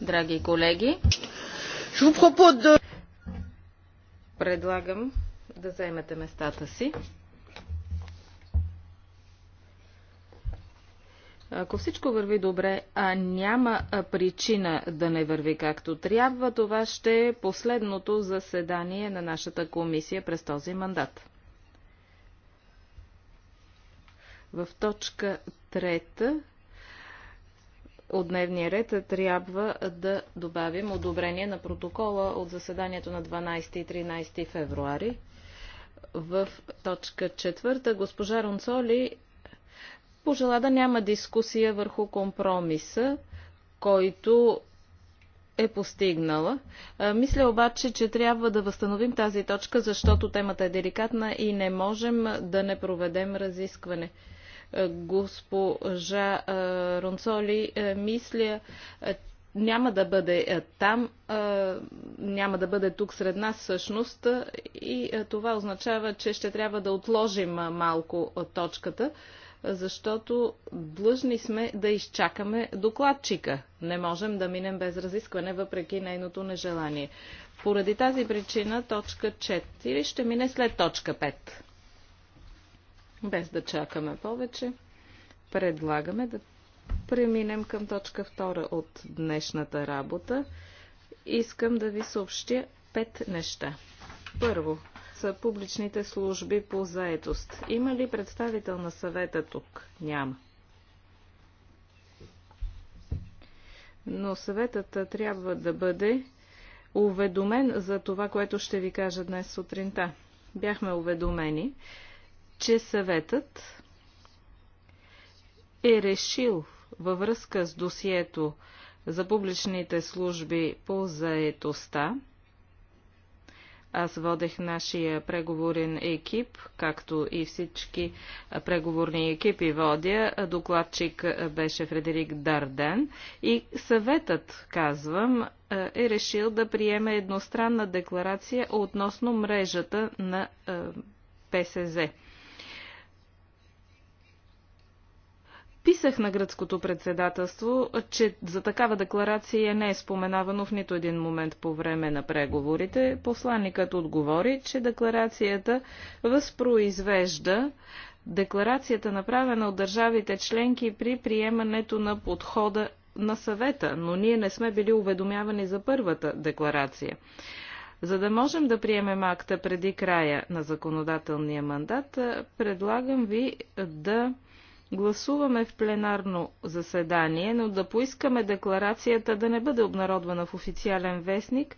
Драги колеги, предлагам да заемете местата си. Ако всичко върви добре, а няма причина да не върви както трябва, това ще е последното заседание на нашата комисия през този мандат. В точка трета от дневния ред трябва да добавим одобрение на протокола от заседанието на 12 и 13 февруари. В точка четвърта госпожа Ронцоли пожела да няма дискусия върху компромиса, който е постигнала. Мисля обаче, че трябва да възстановим тази точка, защото темата е деликатна и не можем да не проведем разискване госпожа Ронцоли, мисля, няма да бъде там, няма да бъде тук сред нас всъщност и това означава, че ще трябва да отложим малко точката, защото длъжни сме да изчакаме докладчика. Не можем да минем без разискване, въпреки нейното нежелание. Поради тази причина точка 4 ще мине след точка 5. Без да чакаме повече, предлагаме да преминем към точка втора от днешната работа. Искам да ви съобщя пет неща. Първо, са публичните служби по заетост. Има ли представител на съвета тук? Няма. Но съветът трябва да бъде уведомен за това, което ще ви кажа днес сутринта. Бяхме уведомени, че съветът е решил във връзка с досието за публичните служби по заетостта. Аз водех нашия преговорен екип, както и всички преговорни екипи водя. Докладчик беше Фредерик Дарден и съветът, казвам, е решил да приеме едностранна декларация относно мрежата на е, ПСЗ. Писах на гръцкото председателство, че за такава декларация не е споменавано в нито един момент по време на преговорите. Посланникът отговори, че декларацията възпроизвежда декларацията направена от държавите членки при приемането на подхода на съвета, но ние не сме били уведомявани за първата декларация. За да можем да приемем акта преди края на законодателния мандат, предлагам ви да гласуваме в пленарно заседание, но да поискаме декларацията да не бъде обнародвана в официален вестник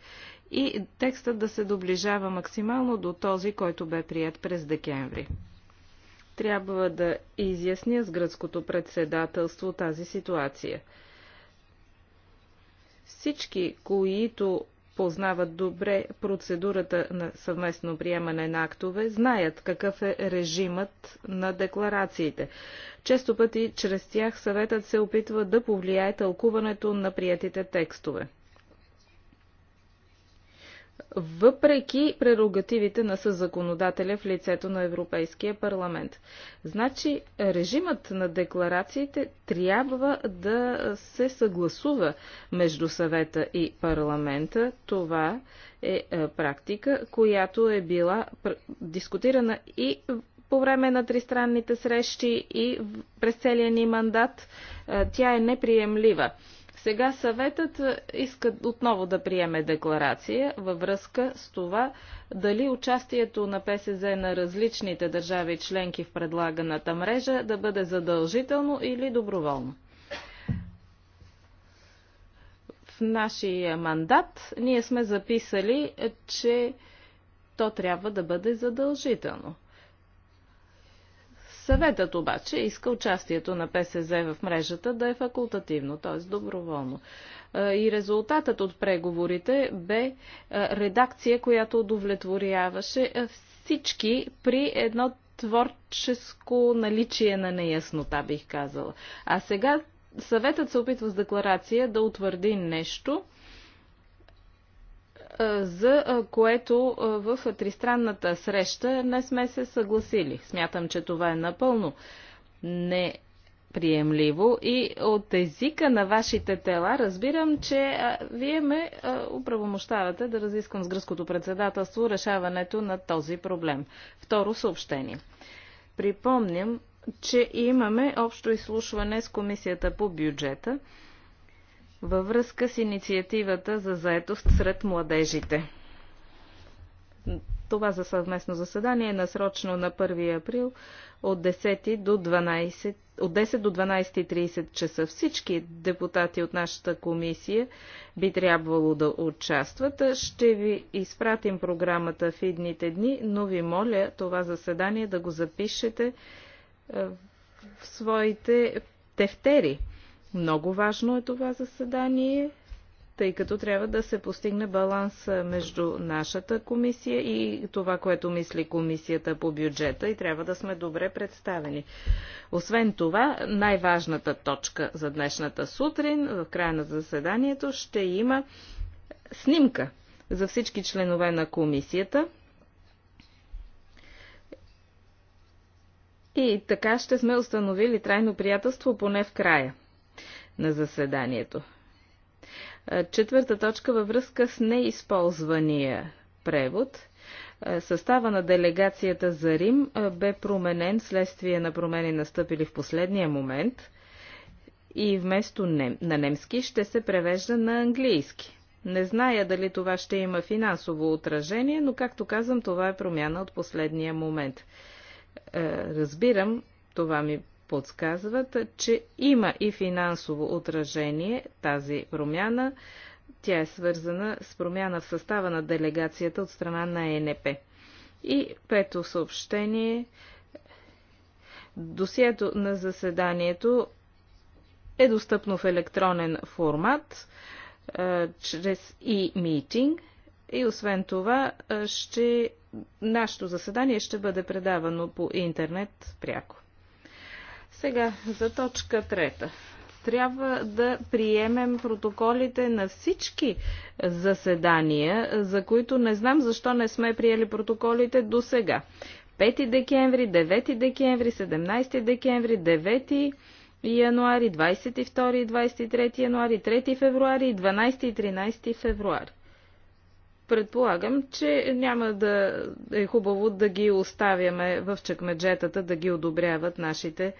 и текстът да се доближава максимално до този, който бе прият през декември. Трябва да изясня с гръцкото председателство тази ситуация. Всички, които познават добре процедурата на съвместно приемане на актове, знаят какъв е режимът на декларациите. Често пъти чрез тях съветът се опитва да повлияе тълкуването на приятите текстове въпреки прерогативите на съзаконодателя в лицето на Европейския парламент. Значи, режимът на декларациите трябва да се съгласува между съвета и парламента. Това е, е практика, която е била дискутирана и по време на тристранните срещи и през целия ни мандат. Е, тя е неприемлива. Сега съветът е, иска отново да приеме декларация във връзка с това дали участието на ПСЗ на различните държави членки в предлаганата мрежа да бъде задължително или доброволно. В нашия мандат ние сме записали, е, че то трябва да бъде задължително. Съветът обаче иска участието на ПСЗ в мрежата да е факултативно, т.е. доброволно. И резултатът от преговорите бе редакция, която удовлетворяваше всички при едно творческо наличие на неяснота, бих казала. А сега съветът се опитва с декларация да утвърди нещо, за което в тристранната среща не сме се съгласили. Смятам, че това е напълно неприемливо и от езика на вашите тела разбирам, че вие ме управомощавате да разискам с гръцкото председателство решаването на този проблем. Второ съобщение. Припомням, че имаме общо изслушване с Комисията по бюджета – във връзка с инициативата за заетост сред младежите. Това за съвместно заседание е насрочено на 1 април от 10 до 12, от 10 до 12.30 часа. Всички депутати от нашата комисия би трябвало да участват. Ще ви изпратим програмата в идните дни, но ви моля това заседание да го запишете е, в своите тефтери. Много важно е това заседание, тъй като трябва да се постигне баланс между нашата комисия и това, което мисли комисията по бюджета и трябва да сме добре представени. Освен това, най-важната точка за днешната сутрин, в края на заседанието, ще има снимка за всички членове на комисията. И така ще сме установили трайно приятелство поне в края на заседанието. Четвърта точка във връзка с неизползвания превод. Състава на делегацията за Рим бе променен следствие на промени настъпили в последния момент и вместо нем, на немски ще се превежда на английски. Не зная дали това ще има финансово отражение, но както казвам, това е промяна от последния момент. Е, разбирам, това ми подсказват, че има и финансово отражение тази промяна. Тя е свързана с промяна в състава на делегацията от страна на ЕНП. И пето съобщение. Досието на заседанието е достъпно в електронен формат чрез e-meeting и освен това ще, нашето заседание ще бъде предавано по интернет пряко. Сега за точка трета. Трябва да приемем протоколите на всички заседания, за които не знам защо не сме приели протоколите до сега. 5 декември, 9 декември, 17 декември, 9 януари, 22 23 януари, 3 февруари, 12 и 13 февруари. Предполагам, че няма да е хубаво да ги оставяме в чекмеджетата да ги одобряват нашите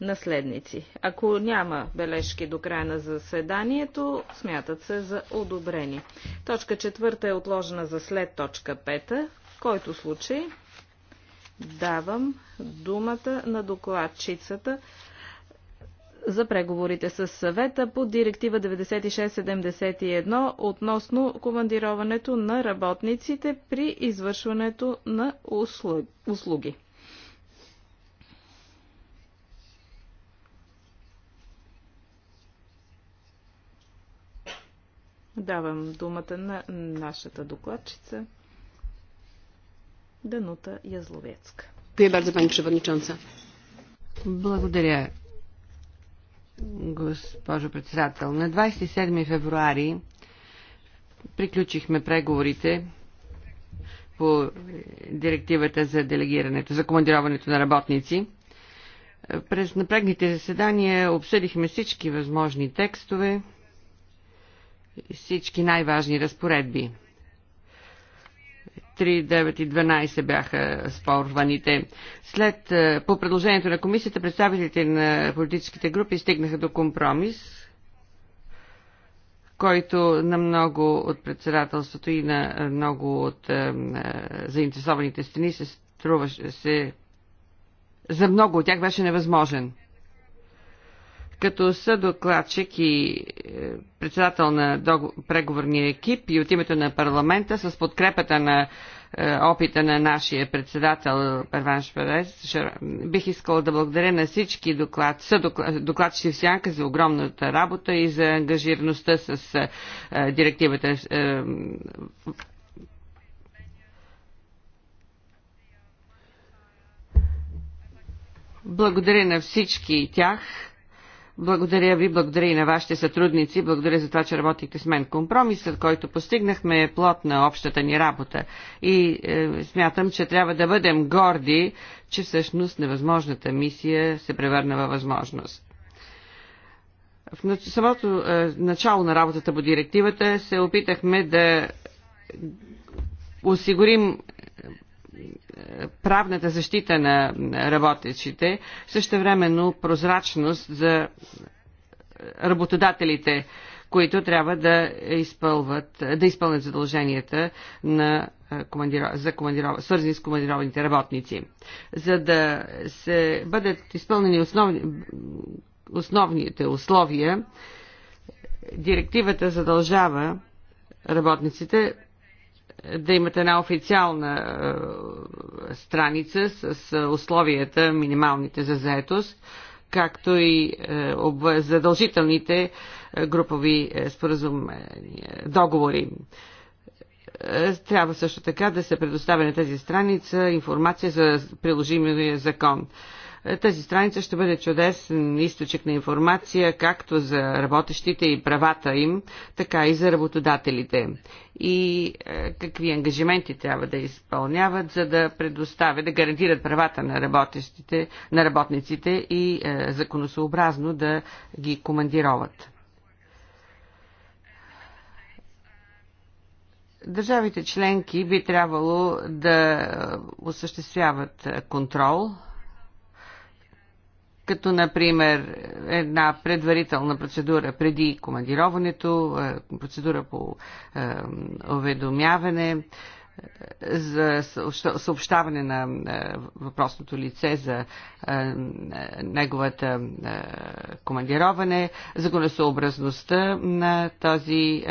наследници. Ако няма бележки до края на заседанието, смятат се за одобрени. Точка четвърта е отложена за след точка пета, в който случай давам думата на докладчицата за преговорите с съвета по директива 9671 относно командироването на работниците при извършването на услуги. Давам думата на нашата докладчица Данута Язловецка. Благодаря, госпожо председател. На 27 февруари приключихме преговорите по директивата за делегирането, за командироването на работници. През напрегните заседания обсъдихме всички възможни текстове, всички най-важни разпоредби. 3, 9 и 12 бяха спорваните. След, е, по предложението на комисията, представителите на политическите групи стигнаха до компромис, който на много от председателството и на е, много от е, е, заинтересованите страни се струваше, се, за много от тях беше невъзможен. Като съдокладчик и е, председател на преговорния екип и от името на парламента с подкрепата на е, опита на нашия председател Перван Шперес. Бих искала да благодаря на всички доклад, съдоклад, докладчици в Сянка за огромната работа и за ангажираността с е, е директивата. Е, благодаря на всички тях благодаря ви, благодаря и на вашите сътрудници, благодаря за това, че работихте с мен. Компромисът, който постигнахме е плод на общата ни работа и е, смятам, че трябва да бъдем горди, че всъщност невъзможната мисия се превърна във възможност. В самото е, начало на работата по директивата се опитахме да осигурим правната защита на работещите, също времено прозрачност за работодателите, които трябва да, изпълват, да изпълнят задълженията на командиров... за командиров... свързани с командированите работници. За да се бъдат изпълнени основни... основните условия, директивата задължава работниците да имат една официална е, страница с условията, минималните за заетост, както и е, задължителните е, групови споразумения, договори. Трябва също така да се предоставя на тази страница информация за приложимия закон. Тази страница ще бъде чудесен източник на информация, както за работещите и правата им, така и за работодателите. И е, какви ангажименти трябва да изпълняват, за да предоставят, да гарантират правата на работещите, на работниците и е, законосообразно да ги командироват. Държавите членки би трябвало да е, осъществяват контрол като например една предварителна процедура преди командироването, е, процедура по е, уведомяване, е, за съобщаване на въпросното лице за неговата командироване, законосъобразността на този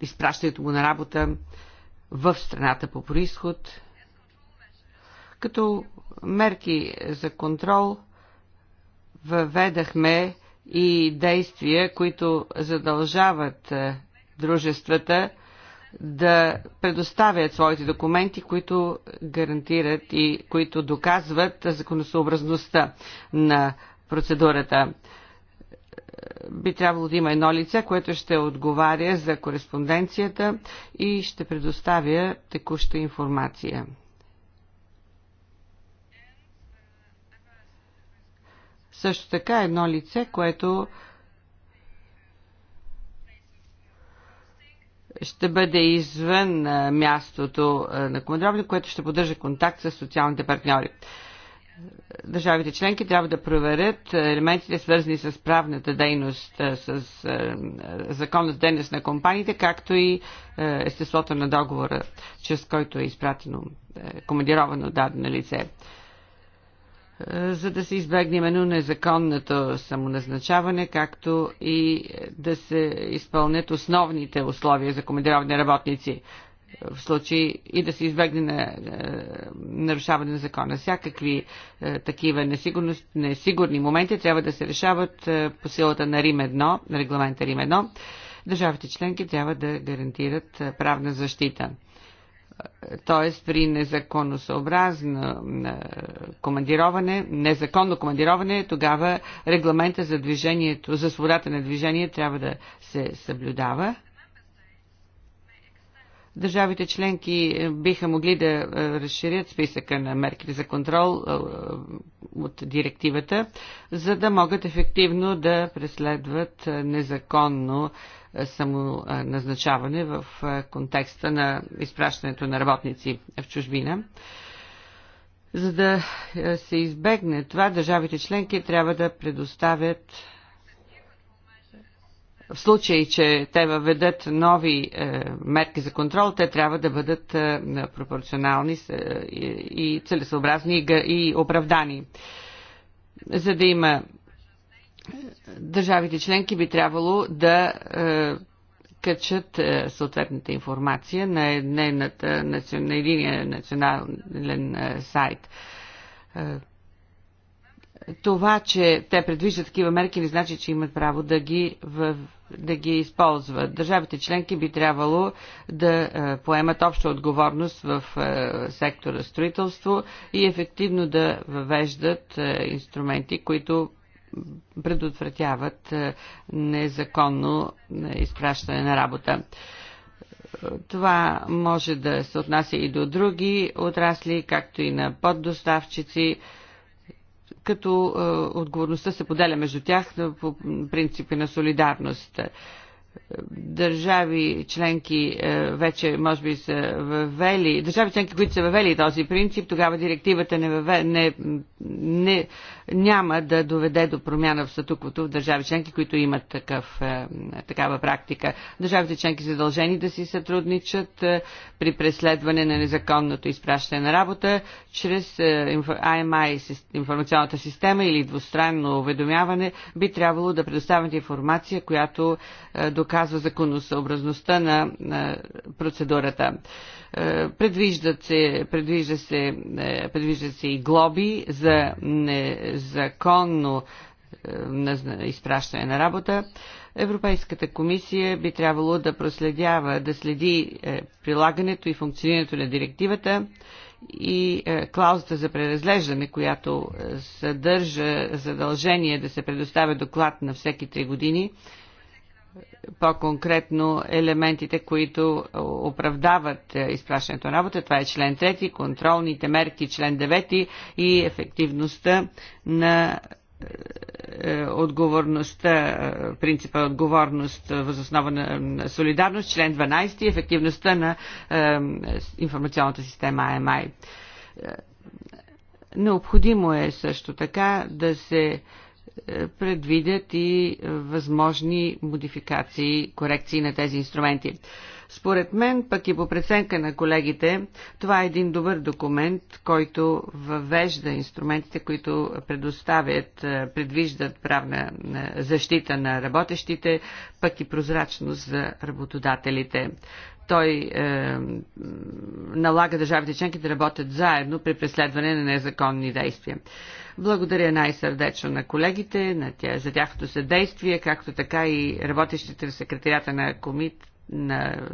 изпращането му на работа в страната по происход – като мерки за контрол въведахме и действия, които задължават е, дружествата да предоставят своите документи, които гарантират и които доказват законосъобразността на процедурата. Е, би трябвало да има едно лице, което ще отговаря за кореспонденцията и ще предоставя текуща информация. Също така едно лице, което ще бъде извън мястото на командировник, което ще поддържа контакт с социалните партньори. Държавите членки трябва да проверят елементите, свързани с правната дейност, с законната дейност на компаниите, както и естеството на договора, чрез който е изпратено, командировано дадено лице. Е, за да се избегне именно незаконното самоназначаване, както и да се изпълнят основните условия за командировни работници в случай и да се избегне на, е, нарушаване на закона. Всякакви е, такива несигурни моменти трябва да се решават е, по силата на Рим 1, регламента Рим 1. Държавите членки трябва да гарантират е, правна защита т.е. при незаконосъобразно е, командироване, незаконно командироване, тогава регламента за движението, за свободата на движение трябва да се съблюдава. Държавите членки е, биха могли да е, разширят списъка на мерките за контрол от директивата, за да могат ефективно да преследват незаконно самоназначаване в контекста на изпращането на работници в чужбина. За да се избегне това, държавите членки трябва да предоставят в случай, че те въведат нови е, мерки за контрол, те трябва да бъдат е, пропорционални е, и целесообразни и, и оправдани. За да има държавите членки би трябвало да е, качат е, съответната информация на, едната, на единия национален е, сайт. Това, че те предвиждат такива мерки, не значи, че имат право да ги, в, да ги използват. Държавите членки би трябвало да поемат обща отговорност в сектора строителство и ефективно да въвеждат инструменти, които предотвратяват е, незаконно е, изпращане на работа. Това може да се отнася и до други отрасли, както и на поддоставчици, като е, отговорността се поделя между тях по принципи на солидарност държави членки вече може би са въвели, държави членки, които са въвели този принцип, тогава директивата не, въве, не, не няма да доведе до промяна в статуквото в държави членки, които имат такъв, е, такава практика. Държавите членки задължени да си сътрудничат е, при преследване на незаконното изпращане на работа чрез IMI е, информационната система или двустранно уведомяване би трябвало да предоставят информация, която доказва законосъобразността на процедурата. Предвиждат се, предвижда се, предвижда се и глоби за не законно е, изпращане на работа, Европейската комисия би трябвало да проследява, да следи е, прилагането и функционирането на директивата и е, клаузата за преразглеждане, която съдържа задължение да се предоставя доклад на всеки три години, по-конкретно елементите, които оправдават е, изпращането на работа. Това е член 3, контролните мерки, член 9 и ефективността на е, е, отговорността, принципа отговорност възоснова на солидарност, член 12 и ефективността на информационната система АМИ. Необходимо е също така да се е, предвидят и е, възможни модификации, корекции на тези инструменти. Според мен, пък и по преценка на колегите, това е един добър документ, който въвежда инструментите, които предоставят, е, предвиждат правна защита на работещите, пък и прозрачност за работодателите. Той е, налага държавите членки да работят заедно при преследване на незаконни действия. Благодаря най-сърдечно на колегите на тя, за тяхното съдействие, както така и работещите в секретарията на, комит, на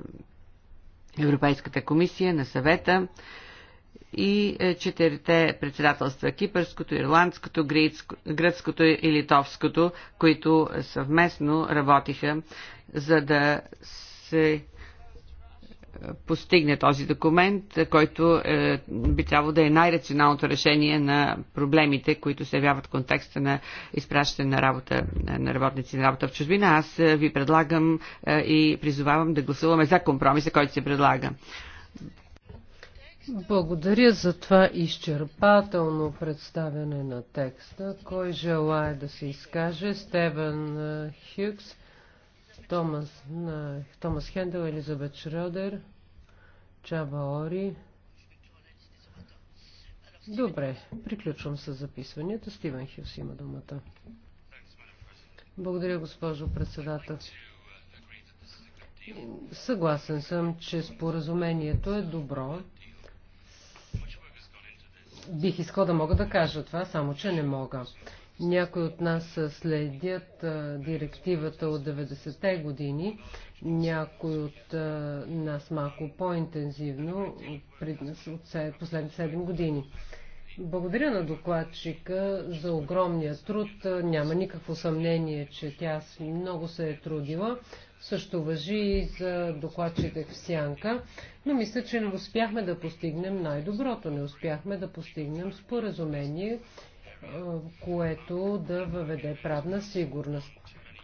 Европейската комисия, на съвета и е, четирите председателства Кипърското, Ирландското, Грецко, Гръцкото и Литовското, които съвместно работиха, за да се постигне този документ, който е, би трябвало да е най-рационалното решение на проблемите, които се явяват в контекста на изпращане на работа на работници на работа в чужбина. Аз е, ви предлагам е, и призовавам да гласуваме за компромиса, който се предлага. Благодаря за това изчерпателно представяне на текста. Кой желая да се изкаже? Стевен е, Хюкс. Томас, на Томас Хендел, Елизабет Шрёдер, Чаба Ори. Добре, приключвам с записванията. Стивен Хюс има думата. Благодаря, госпожо председател. Съгласен съм, че споразумението е добро. Бих искал да мога да кажа това, само че не мога. Някои от нас следят а, директивата от 90-те години, някои от а, нас малко по-интензивно от последните 7 години. Благодаря на докладчика за огромния труд. Няма никакво съмнение, че тя много се е трудила. Също въжи и за докладчите в Сянка, но мисля, че не успяхме да постигнем най-доброто. Не успяхме да постигнем споразумение, което да въведе правна сигурност.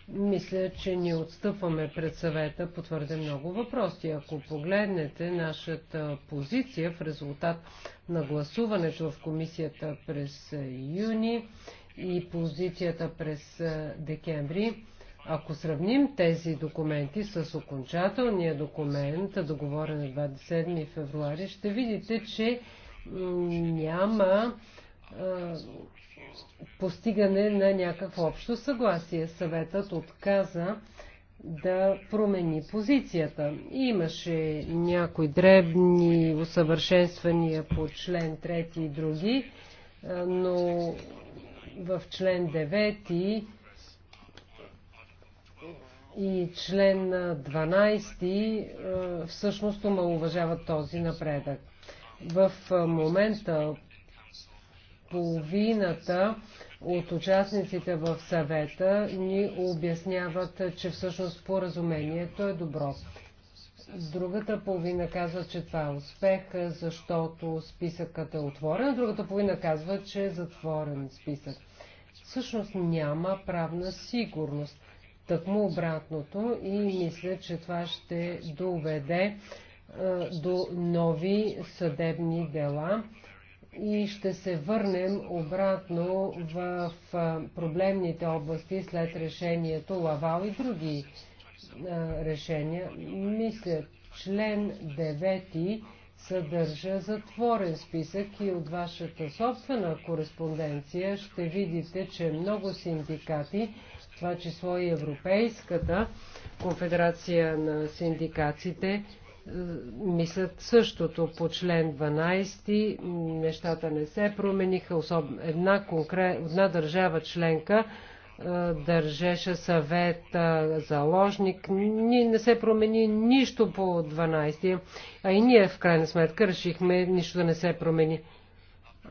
Мисля, че ни отстъпваме пред съвета по твърде много въпроси. Ако погледнете нашата позиция в резултат на гласуването в комисията през юни и позицията през декември, ако сравним тези документи с окончателния документ, договорен на 27 февруари, ще видите, че няма постигане на някакво общо съгласие. Съветът отказа да промени позицията. Имаше някои дребни усъвършенствания по член 3 и други, но в член 9 и член 12 всъщност омалуважават този напредък. В момента половината от участниците в съвета ни обясняват, че всъщност споразумението е добро. Другата половина казва, че това е успех, защото списъкът е отворен. Другата половина казва, че е затворен списък. Всъщност няма правна сигурност. Тъкмо обратното и мисля, че това ще доведе до нови съдебни дела и ще се върнем обратно в проблемните области след решението Лавал и други решения. Мисля, член 9 съдържа затворен списък и от вашата собствена кореспонденция ще видите, че много синдикати, това число и Европейската конфедерация на синдикатите, мислят същото по член 12. Нещата не се промениха. Особ... Една, конкрет... Една държава членка държеше съвет заложник. Ни не се промени нищо по 12. А и ние в крайна сметка решихме нищо да не се промени.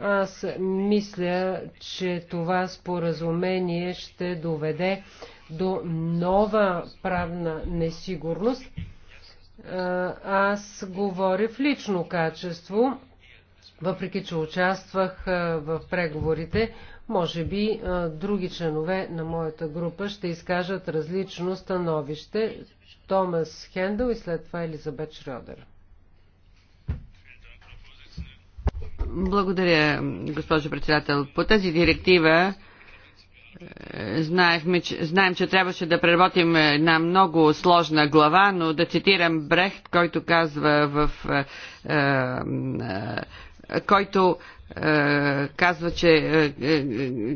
Аз мисля, че това споразумение ще доведе до нова правна несигурност е, аз говоря в лично качество, въпреки че участвах е, в преговорите. Може би е, други членове на моята група ще изкажат различно становище. Томас Хендъл и след това Елизабет Шрёдер. Благодаря, госпожо председател. По тази директива Знаехме, че, знаем, че трябваше да преработим една много сложна глава, но да цитирам Брехт, който казва в... Е, е, е който е, казва, че е,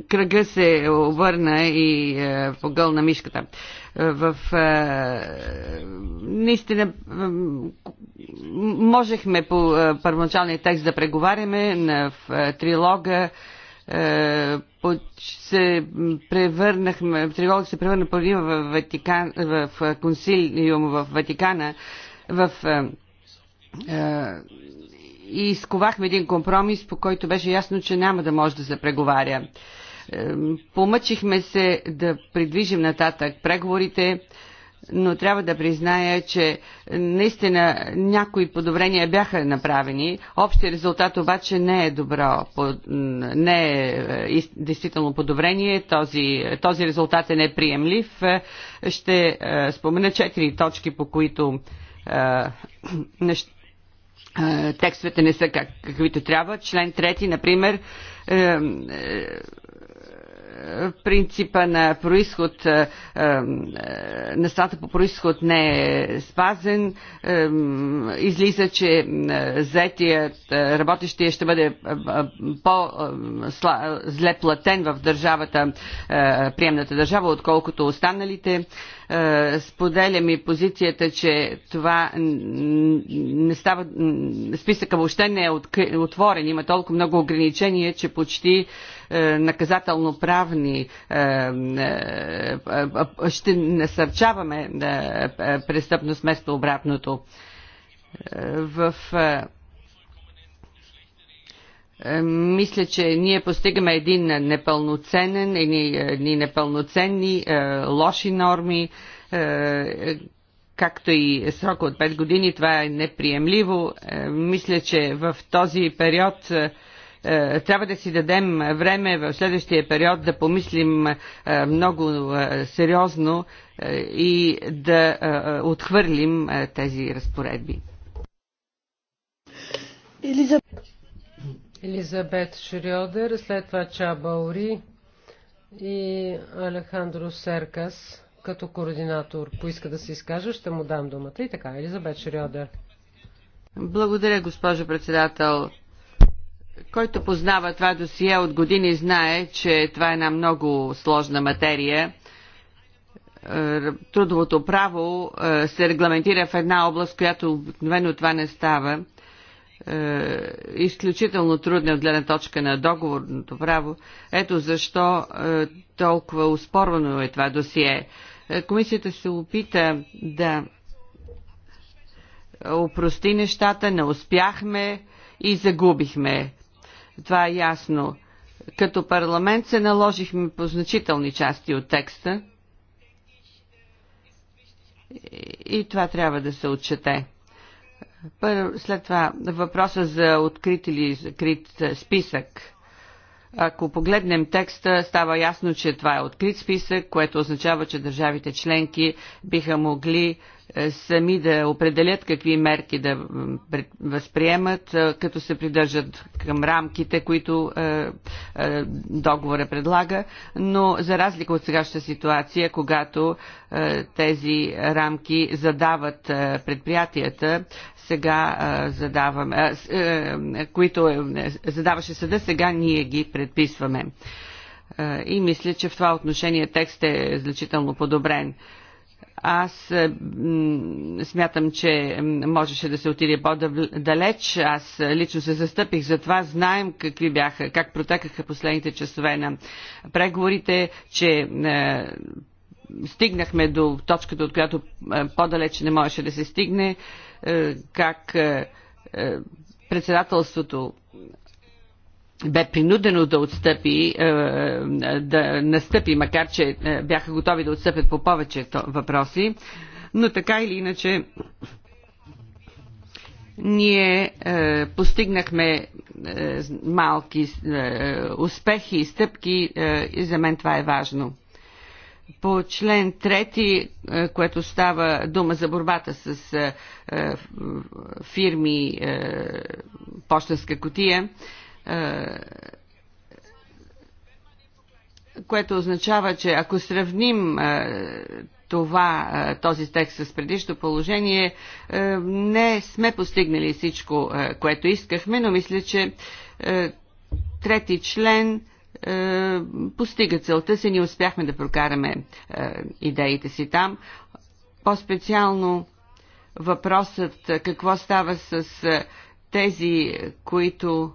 кръга се обърна и погълна мишката. В, наистина можехме по първоначалния текст да преговаряме в трилога е, се превърнахме, тревога се превърна преди в, Ватикан, в консилиум в Ватикана, в е, е, и изковахме един компромис, по който беше ясно, че няма да може да се преговаря. Помъчихме се да придвижим нататък преговорите но трябва да призная, че наистина някои подобрения бяха направени. Общия резултат обаче не е добро, не е, е действително подобрение. Този, този резултат е неприемлив. Ще е, спомена четири точки, по които е, текстовете не са как, каквито трябва. Член трети, например, принципа на происход, е, е, нещата по происход не е спазен. Е, излиза, че заетият, работещия ще бъде по-зле платен в държавата, приемната държава, отколкото останалите. Споделям и позицията, че това не става, списъка въобще не е отворен, има толкова много ограничения, че почти е, наказателно-правни, е, е, ще насърчаваме престъпност вместо обратното. В мисля, че ние постигаме един непълноценен, едни, едни непълноценни, лоши норми, както и срок от 5 години. Това е неприемливо. Мисля, че в този период е, трябва да си дадем време в следващия период да помислим е, много е, сериозно и да отхвърлим тези разпоредби. Елизабет, Елизабет Шриодер, след това Чабаури и Алехандро Серкас като координатор поиска да се изкаже, ще му дам думата. И така, Елизабет Шриодер. Благодаря, госпожо председател. Който познава това досие от години знае, че това е една много сложна материя. Е, трудовото право е, се регламентира в една област, която обикновено това не става. Е, изключително трудна от гледна точка на договорното право. Ето защо толкова успорвано е това досие. Комисията се опита да опрости нещата, не успяхме и загубихме това е ясно. Като парламент се наложихме по значителни части от текста и това трябва да се отчете. Първо, след това въпроса за открит или закрит списък. Ако погледнем текста, става ясно, че това е открит списък, което означава, че държавите членки биха могли е, сами да определят какви мерки да възприемат, е, като се придържат към рамките, които е, договора предлага. Но за разлика от сегашната ситуация, когато тези рамки задават предприятията, сега задаваме, които е, задаваше съда, сега ние ги предписваме. И мисля, че в това отношение текст е значително подобрен. Аз смятам, че можеше да се отиде по-далеч. Аз лично се застъпих за това. Знаем какви бяха, как протекаха последните часове на преговорите, че стигнахме до точката, от която по-далече не можеше да се стигне. Е, как е, е, председателството бе принудено да отстъпи, да настъпи, макар че бяха готови да отстъпят по повече въпроси, но така или иначе ние постигнахме малки успехи и стъпки и за мен това е важно. По член 3, е, което става дума за борбата с е, е, фирми Почтенска котия, което означава, че ако сравним това, този текст с предишното положение, не сме постигнали всичко, което искахме, но мисля, че трети член е, постига целта си. Ние успяхме да прокараме е, идеите си там. По-специално въпросът какво става с е, тези, които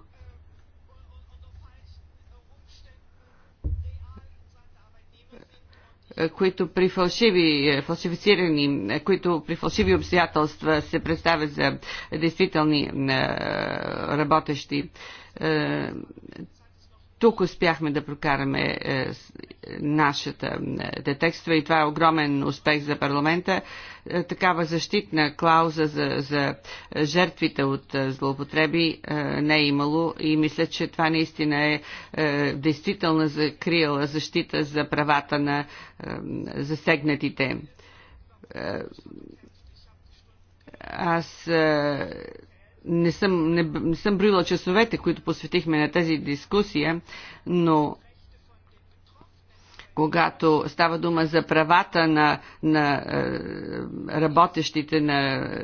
е, които при фалшиви, фалшифицирани, които при фалшиви обстоятелства се представят за действителни работещи. Тук успяхме да прокараме е, нашата детекства и това е огромен успех за парламента. Е, такава защитна клауза за, за жертвите от е, злоупотреби е, не е имало и мисля, че това наистина е, е действителна закрила защита за правата на е, засегнатите. Е, аз е, не съм, не, не съм брила часовете, които посветихме на тази дискусия, но когато става дума за правата на, на е, работещите, на, е,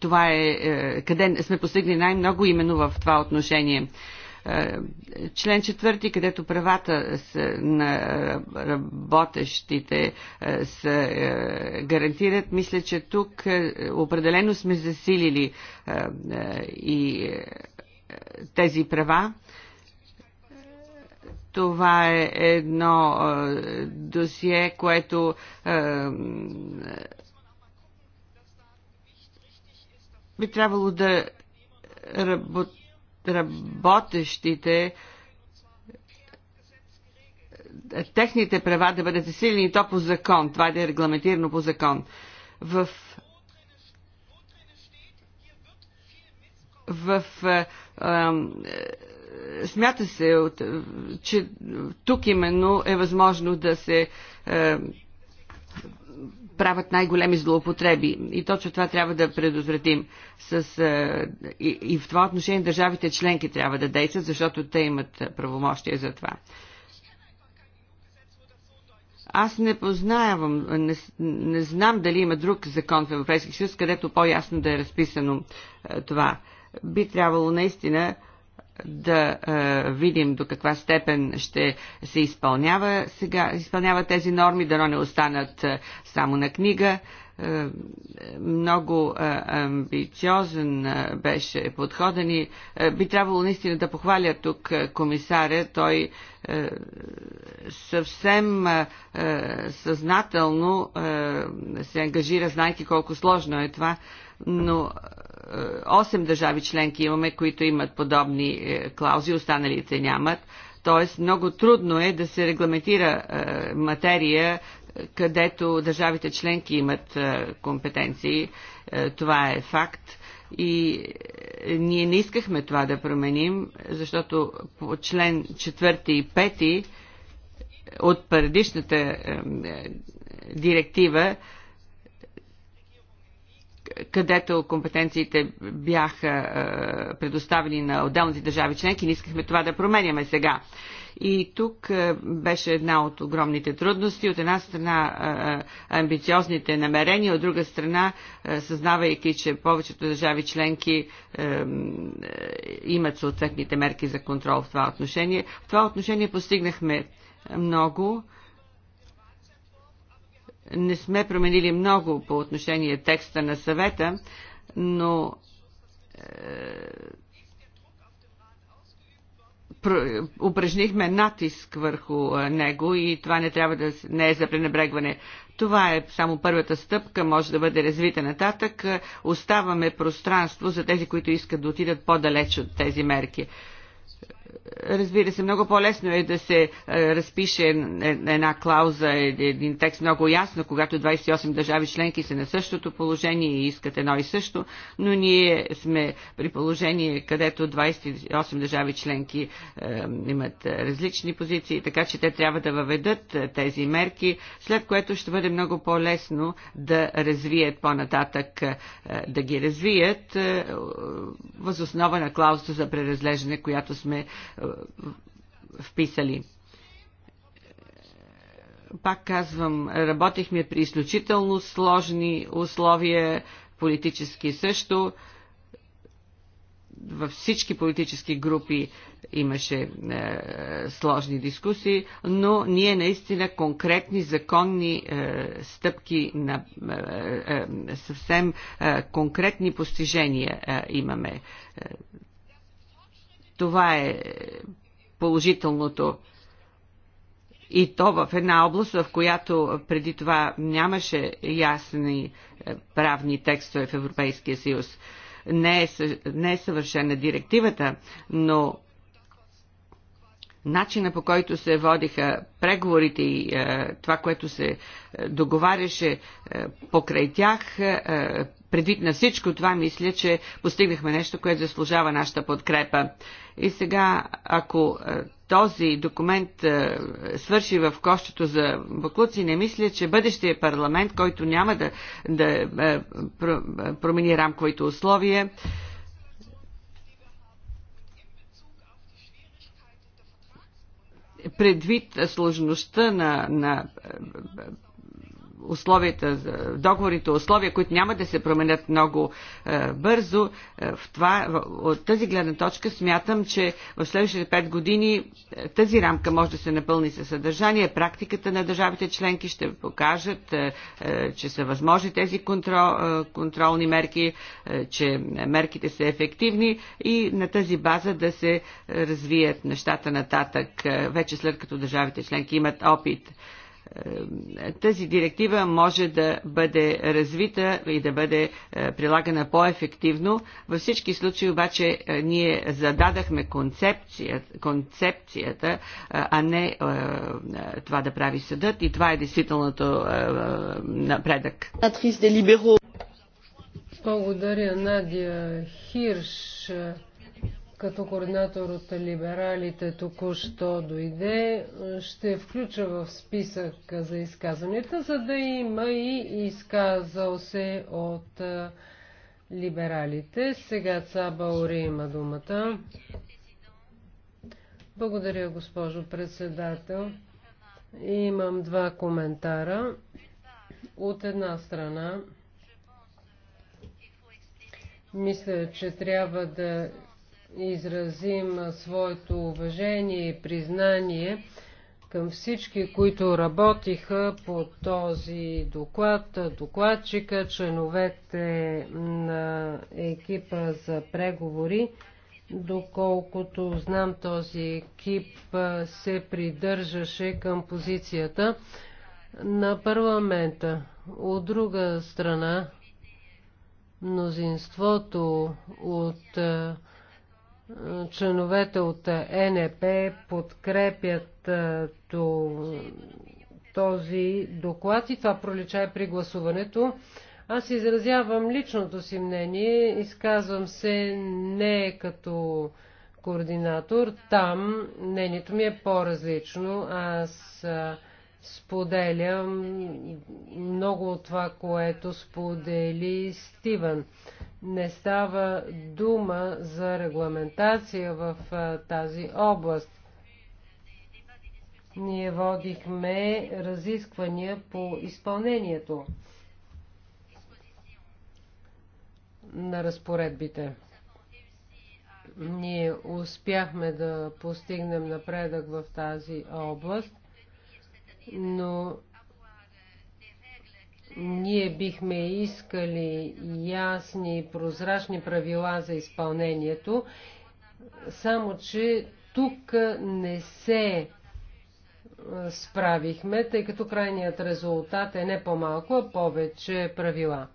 това е, е къде сме постигли най-много именно в това отношение. Е, е, член четвърти, където правата на работещите е, се е, гарантират, мисля, че тук определено сме засилили и тези права. Това е едно досие, което би трябвало да работи работещите техните права да бъдат засилени то по закон. Това да е регламентирано по закон. В в а, е, а, е, смята се, от, че тук именно е възможно да се а, е, правят най-големи злоупотреби. И точно това трябва да предотвратим. С, и, и в това отношение държавите членки трябва да действат, защото те имат правомощия за това. Аз не познавам, не, не знам дали има друг закон в Европейския съюз, където по-ясно да е разписано това. Би трябвало наистина да е, видим до каква степен ще се изпълнява сега, изпълнява тези норми, дано не останат е, само на книга. Е, много е, амбициозен е, беше подходен и е, би трябвало наистина да похваля тук е, комисаря. Той е, съвсем е, е, съзнателно е, се ангажира, знайки колко сложно е това, но 8 е, държави членки имаме, които имат подобни е, клаузи, останалите нямат. Тоест много трудно е да се регламентира е, материя, където държавите членки имат компетенции. Това е факт. И ние не искахме това да променим, защото по член 4 и 5 от предишната директива където компетенциите бяха е, предоставени на отделните държави членки. Не искахме това да променяме сега. И тук е, беше една от огромните трудности. От една страна е, амбициозните намерения, от друга страна съзнавайки, че повечето държави членки имат съответните мерки за контрол в това отношение. В това отношение постигнахме много не сме променили много по отношение текста на съвета, но е, упражнихме натиск върху е, него и това не трябва да не е за пренебрегване. Това е само първата стъпка, може да бъде развита нататък. Е, оставаме пространство за тези, които искат да отидат по-далеч от тези мерки. Разбира се, много по-лесно е да се е, разпише е, една клауза, е, един текст много ясно, когато 28 държави членки са на същото положение и искат едно и също, но ние сме при положение, където 28 държави членки е, имат различни позиции, така че те трябва да въведат тези мерки, след което ще бъде много по-лесно да развият по-нататък, е, да ги развият е, възоснова на клаузата за преразглеждане, която сме вписали пак казвам, работихме при изключително сложни условия, политически също. Във всички политически групи имаше е, сложни дискусии, но ние наистина конкретни законни е, стъпки на е, е, е съвсем е, конкретни постижения е, имаме. Е, това е положителното. И то в една област, в която преди това нямаше ясни е, правни текстове в Европейския съюз. Не е, не е съвършена директивата, но начина по който се водиха преговорите и е, това, което се е, договаряше е, покрай тях, е, предвид на всичко това, мисля, че постигнахме нещо, което заслужава нашата подкрепа. И сега, ако е, този документ е, свърши в кощето за Баклуци, не мисля, че бъдещия парламент, който няма да, да е, промени рамковите условия, предвид сложността на, на условията, договорните условия, които няма да се променят много е, бързо, е, в това, от тази гледна точка смятам, че в следващите 5 години е, тази рамка може да се напълни със съдържание. Практиката на държавите членки ще покажат, е, е, че са възможни тези контрол, е, контролни мерки, е, че мерките са ефективни и на тази база да се развият нещата нататък, е, вече след като държавите членки имат опит. Е, е, тази директива може да бъде развита и да бъде е, прилагана по-ефективно. Във всички случаи обаче е, ние зададахме концепция, концепцията, а не това да прави съдът и това е действителното напредък. Благодаря, Надя Хирш като координатор от либералите току-що дойде, ще включа в списък за изказванията, за да има и изказал се от либералите. Сега Цаба Ори има думата. Благодаря, госпожо председател. Имам два коментара. От една страна, мисля, че трябва да изразим своето уважение и признание към всички, които работиха по този доклад, докладчика, членовете на екипа за преговори. Доколкото знам, този екип се придържаше към позицията на парламента. От друга страна, мнозинството от членовете от НП подкрепят този доклад и това пролича при гласуването. Аз изразявам личното си мнение, изказвам се не като координатор, там мнението ми е по-различно. Аз Споделям много от това, което сподели Стивън. Не става дума за регламентация в тази област. Ние водихме разисквания по изпълнението на разпоредбите ние успяхме да постигнем напредък в тази област но ние бихме искали ясни и прозрачни правила за изпълнението, само че тук не се справихме, тъй като крайният резултат е не по-малко, а повече правила.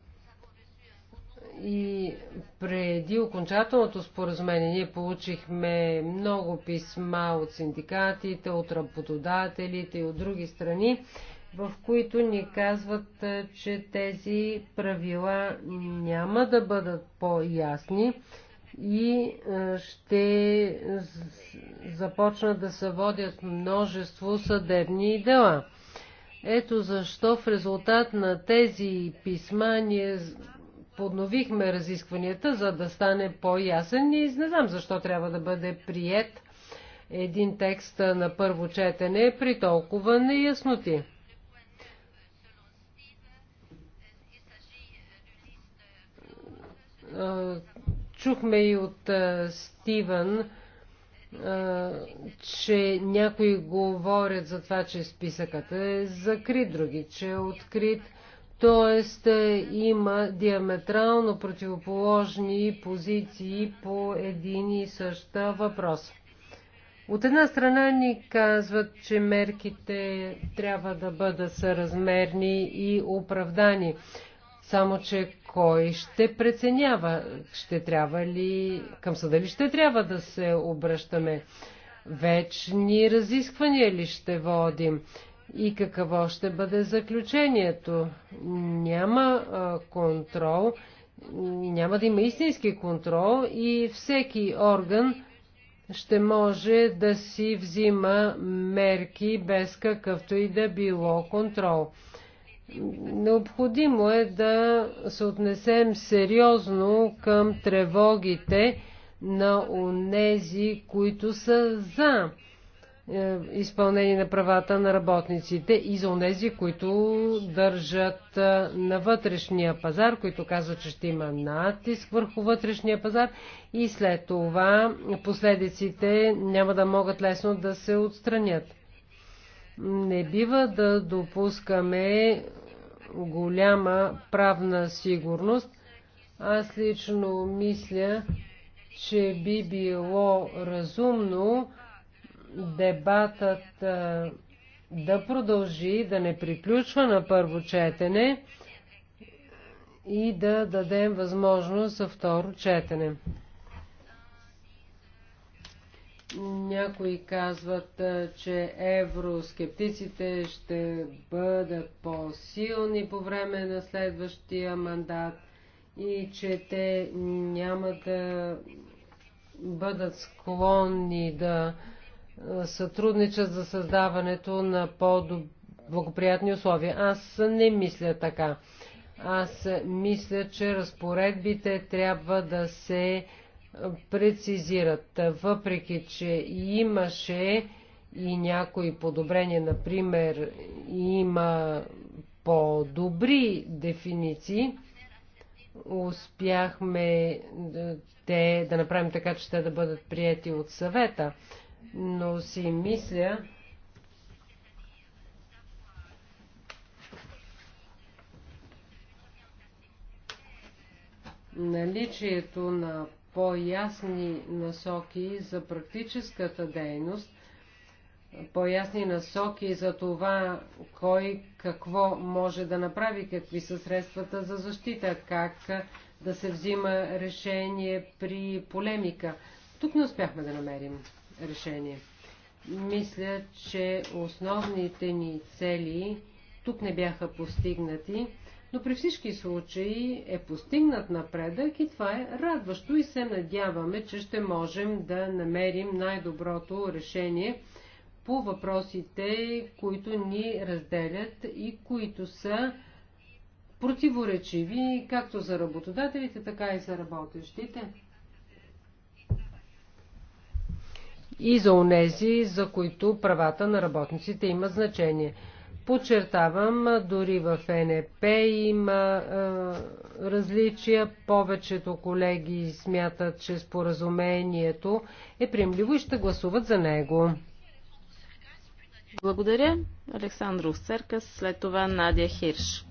И преди окончателното споразумение ние получихме много писма от синдикатите, от работодателите и от други страни, в които ни казват, е, че тези правила няма да бъдат по-ясни и е, ще започнат да се водят множество съдебни дела. Ето защо в резултат на тези писма ние подновихме разискванията, за да стане по-ясен и не знам защо трябва да бъде прият един текст на първо четене при толкова неясноти. Чухме и от Стивън, че някои говорят за това, че списъкът е закрит, други, че е открит. Т.е. има диаметрално противоположни позиции по един и същ въпрос. От една страна ни казват, че мерките трябва да бъдат съразмерни и оправдани. Само, че кой ще преценява? Ще трябва ли, към съда ли ще трябва да се обръщаме? Вечни разисквания ли ще водим? И какво ще бъде заключението? Няма а, контрол, няма да има истински контрол и всеки орган ще може да си взима мерки без какъвто и да било контрол. Необходимо е да се отнесем сериозно към тревогите на онези, които са за е, изпълнение на правата на работниците и за онези, които държат е, на вътрешния пазар, които казват, че ще има натиск върху вътрешния пазар и след това последиците няма да могат лесно да се отстранят. Не бива да допускаме голяма правна сигурност. Аз лично мисля, че би било разумно дебатът да продължи, да не приключва на първо четене и да дадем възможност за второ четене. Някои казват, че евроскептиците ще бъдат по-силни по време на следващия мандат и че те няма да бъдат склонни да сътрудничат за създаването на по-благоприятни условия. Аз не мисля така. Аз мисля, че разпоредбите трябва да се прецизират. Въпреки, че имаше и някои подобрения, например, има по-добри дефиниции, успяхме е, те да направим така, че те да бъдат прияти от съвета но си мисля, наличието на по-ясни насоки за практическата дейност, по-ясни насоки за това кой какво може да направи, какви са средствата за защита, как да се взима решение при полемика. Тук не успяхме да намерим решение. Мисля, че основните ни цели тук не бяха постигнати, но при всички случаи е постигнат напредък и това е радващо и се надяваме, че ще можем да намерим най-доброто решение по въпросите, които ни разделят и които са противоречиви както за работодателите, така и за работещите. и за онези, за които правата на работниците имат значение. Подчертавам, дори в НЕП има е, различия. Повечето колеги смятат, че споразумението е приемливо и ще гласуват за него. Благодаря. Александров Церкас, след това Надя Хирш.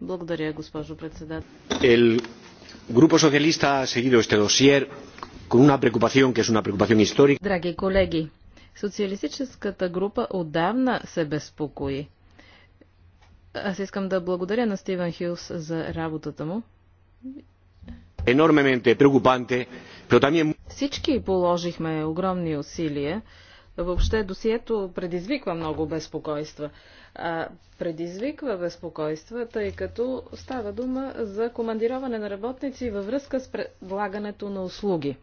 Благодаря, госпожо председател. El Grupo Socialista ha seguido este dossier con una preocupación que es una preocupación histórica. Драги колеги, социалистическата група отдавна се безпокои. Аз искам да благодаря на Стивен Хилс за работата му. Enormemente preocupante, pero también... Всички положихме огромни усилия. Въобще досието предизвиква много безпокойства. А предизвиква безпокойства, тъй като става дума за командироване на работници във връзка с предлагането на услуги.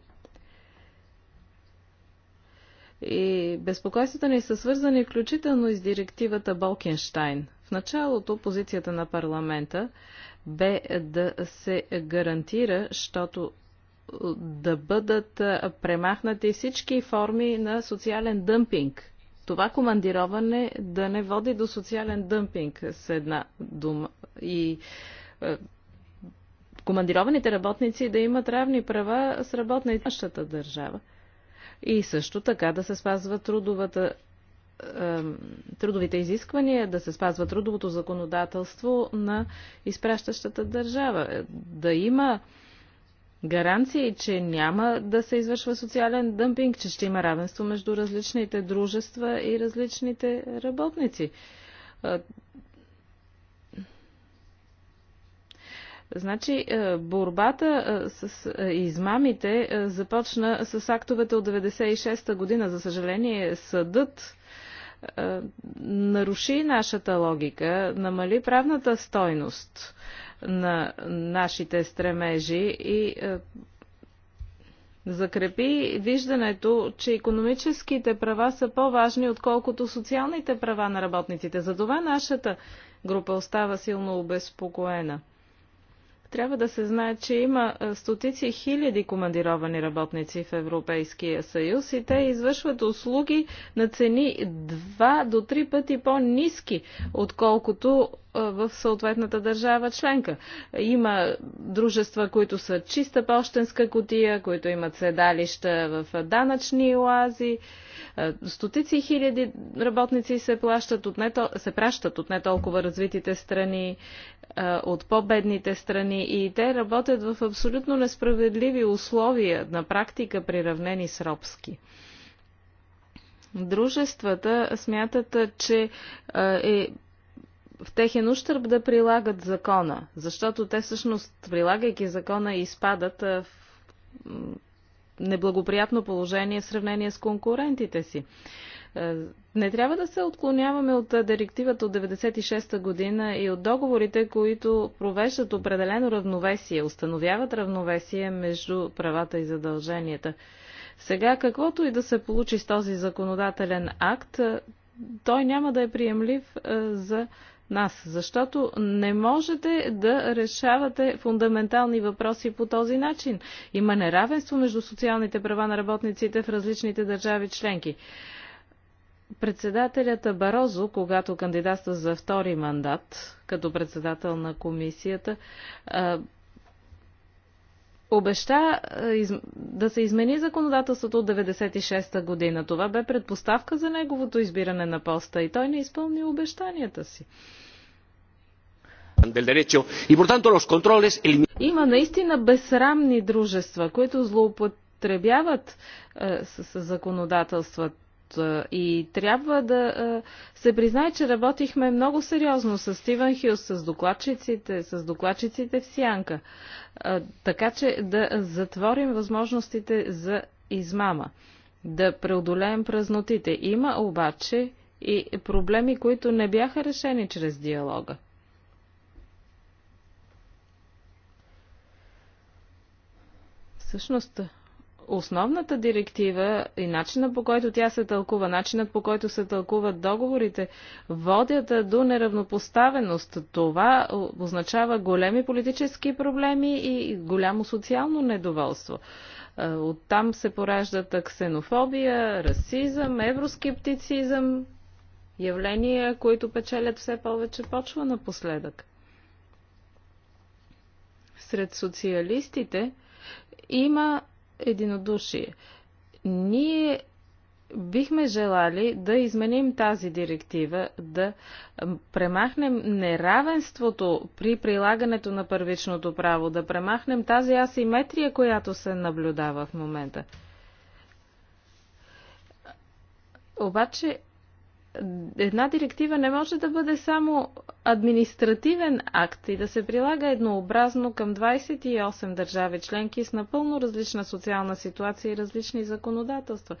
И безпокойствата ни са свързани включително и с директивата Болкенштайн. В началото позицията на парламента бе да се гарантира, защото да бъдат премахнати всички форми на социален дъмпинг. Това командироване да не води до социален дъмпинг с една дума. И командированите работници да имат равни права с работна в нашата държава и също така да се спазва трудовата трудовите изисквания, да се спазва трудовото законодателство на изпращащата държава. Да има гаранции, че няма да се извършва социален дъмпинг, че ще има равенство между различните дружества и различните работници. Е, Значи, е, борбата е, с е, измамите започна с актовете от 96-та година. За съжаление, съдът наруши нашата логика, намали правната стойност на нашите стремежи и закрепи виждането, че економическите права са по-важни, отколкото социалните права на работниците. Затова нашата група остава силно обезпокоена. Трябва да се знае, че има стотици хиляди командировани работници в Европейския съюз и те извършват услуги на цени два до три пъти по-низки, отколкото в съответната държава членка. Има дружества, които са чиста почтенска котия, които имат седалища в данъчни оази. Стотици хиляди работници се, плащат от не, се пращат от не толкова развитите страни, от по-бедните страни и те работят в абсолютно несправедливи условия, на практика приравнени с робски. Дружествата смятат, че е в техен ущърб да прилагат закона, защото те всъщност, прилагайки закона, изпадат в неблагоприятно положение в сравнение с конкурентите си. Не трябва да се отклоняваме от директивата от 96-та година и от договорите, които провеждат определено равновесие, установяват равновесие между правата и задълженията. Сега, каквото и да се получи с този законодателен акт, той няма да е приемлив за нас, защото не можете да решавате фундаментални въпроси по този начин. Има неравенство между социалните права на работниците в различните държави членки. Председателят Барозо, когато кандидатства за втори мандат като председател на комисията, обеща е, да се измени законодателството от 96-та година. Това бе предпоставка за неговото избиране на поста и той не изпълни обещанията си. Има наистина безсрамни дружества, които злоупотребяват законодателствата. с законодателството е, и трябва да е, се признае, че работихме много сериозно с Стивен Хилс, с докладчиците, с докладчиците в Сянка. Е, така че да затворим възможностите за измама, да преодолеем празнотите. Има обаче и проблеми, които не бяха решени чрез диалога. Всъщност, основната директива и начина по който тя се тълкува, начинът по който се тълкуват договорите, водят до неравнопоставеност. Това означава големи политически проблеми и голямо социално недоволство. Е, оттам се пораждат ксенофобия, расизъм, евроскептицизъм, явления, които печелят все повече почва напоследък. Сред социалистите има единодушие. Ние бихме желали да изменим тази директива, да премахнем неравенството при прилагането на първичното право, да премахнем тази асиметрия, която се наблюдава в момента. Обаче една директива не може да бъде само административен акт и да се прилага еднообразно към 28 държави членки с напълно различна социална ситуация и различни законодателства.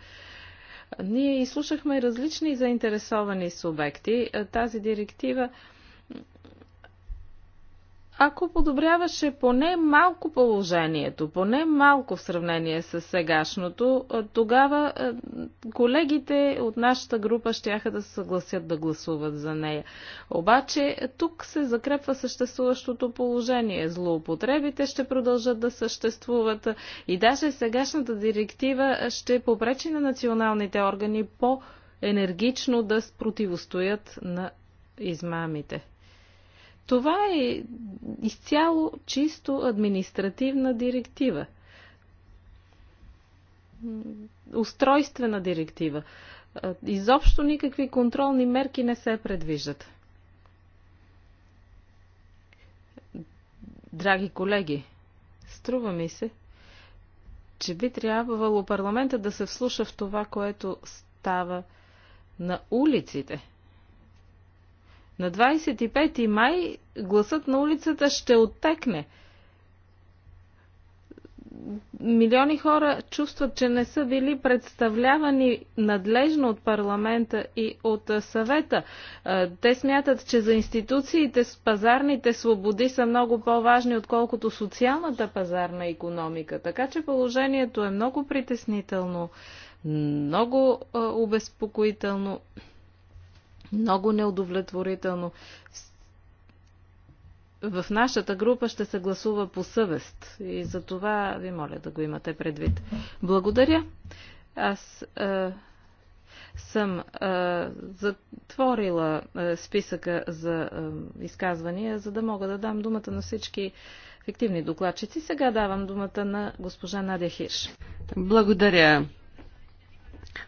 Ние изслушахме различни заинтересовани субекти. Тази директива ако подобряваше поне малко положението, поне малко в сравнение с сегашното, тогава колегите от нашата група щяха да се съгласят да гласуват за нея. Обаче тук се закрепва съществуващото положение. Злоупотребите ще продължат да съществуват и даже сегашната директива ще попречи на националните органи по-енергично да противостоят на измамите. Това е изцяло чисто административна директива. Устройствена директива. Изобщо никакви контролни мерки не се предвиждат. Драги колеги, струва ми се, че би трябвало парламента да се вслуша в това, което става на улиците – на 25 май гласът на улицата ще оттекне. Милиони хора чувстват, че не са били представлявани надлежно от парламента и от съвета. Те смятат, че за институциите с пазарните свободи са много по-важни, отколкото социалната пазарна економика. Така че положението е много притеснително, много обезпокоително много неудовлетворително. В нашата група ще се гласува по съвест и за това ви моля да го имате предвид. Благодаря. Аз е, съм е, затворила е, списъка за е, изказвания, за да мога да дам думата на всички фиктивни докладчици. Сега давам думата на госпожа Надя Хирш. Благодаря.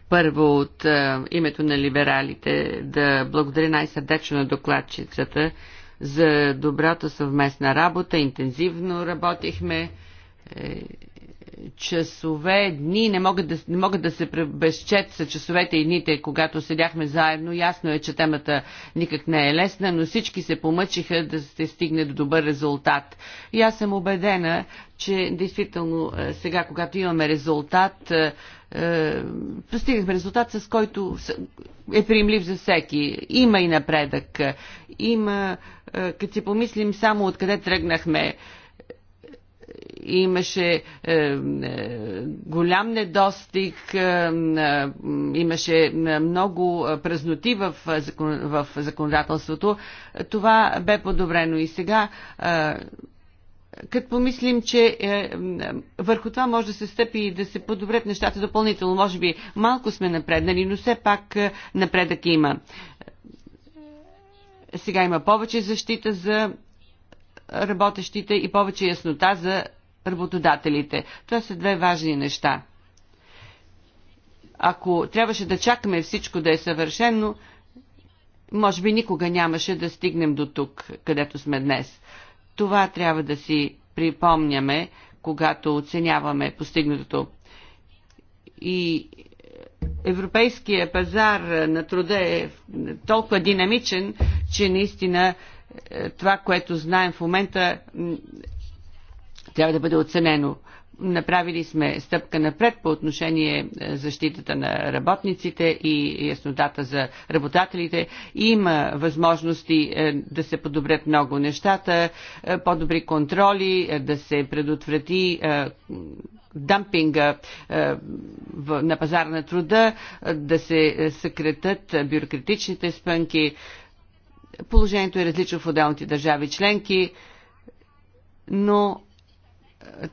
Първо от а, е, името на либералите да благодаря най-сърдечно на докладчицата за добрата съвместна работа. Интензивно работихме. Е, часове, дни, не могат да, не могат да се безчет са часовете и дните, когато седяхме заедно. Ясно е, че темата никак не е лесна, но всички се помъчиха да се стигне до добър резултат. И аз съм убедена, че действително е, сега, когато имаме резултат, е, е, постигнахме резултат, с който е приемлив за всеки. Има и напредък. Има, е, като си помислим само откъде тръгнахме, имаше е, е, голям недостиг, е, е имаше много празноти в, закон, в законодателството. Това бе подобрено и сега е, като помислим, че е, върху това може да се стъпи и да се подобрят нещата допълнително. Може би малко сме напреднали, но все пак е, напредък има. Сега има повече защита за работещите и повече яснота за работодателите. Това са две важни неща. Ако трябваше да чакаме всичко да е съвършено, може би никога нямаше да стигнем до тук, където сме днес. Това трябва да си припомняме, когато оценяваме постигнатото. И европейския пазар на труда е толкова динамичен, че наистина е, това, което знаем в момента, трябва да бъде оценено. Направили сме стъпка напред по отношение е, защитата на работниците и яснотата за работателите. Има възможности е, да се подобрят много нещата, е, по-добри контроли, да се предотврати дампинга на пазара на труда, да се съкретат бюрократичните спънки. Положението е различно в отделните държави членки, но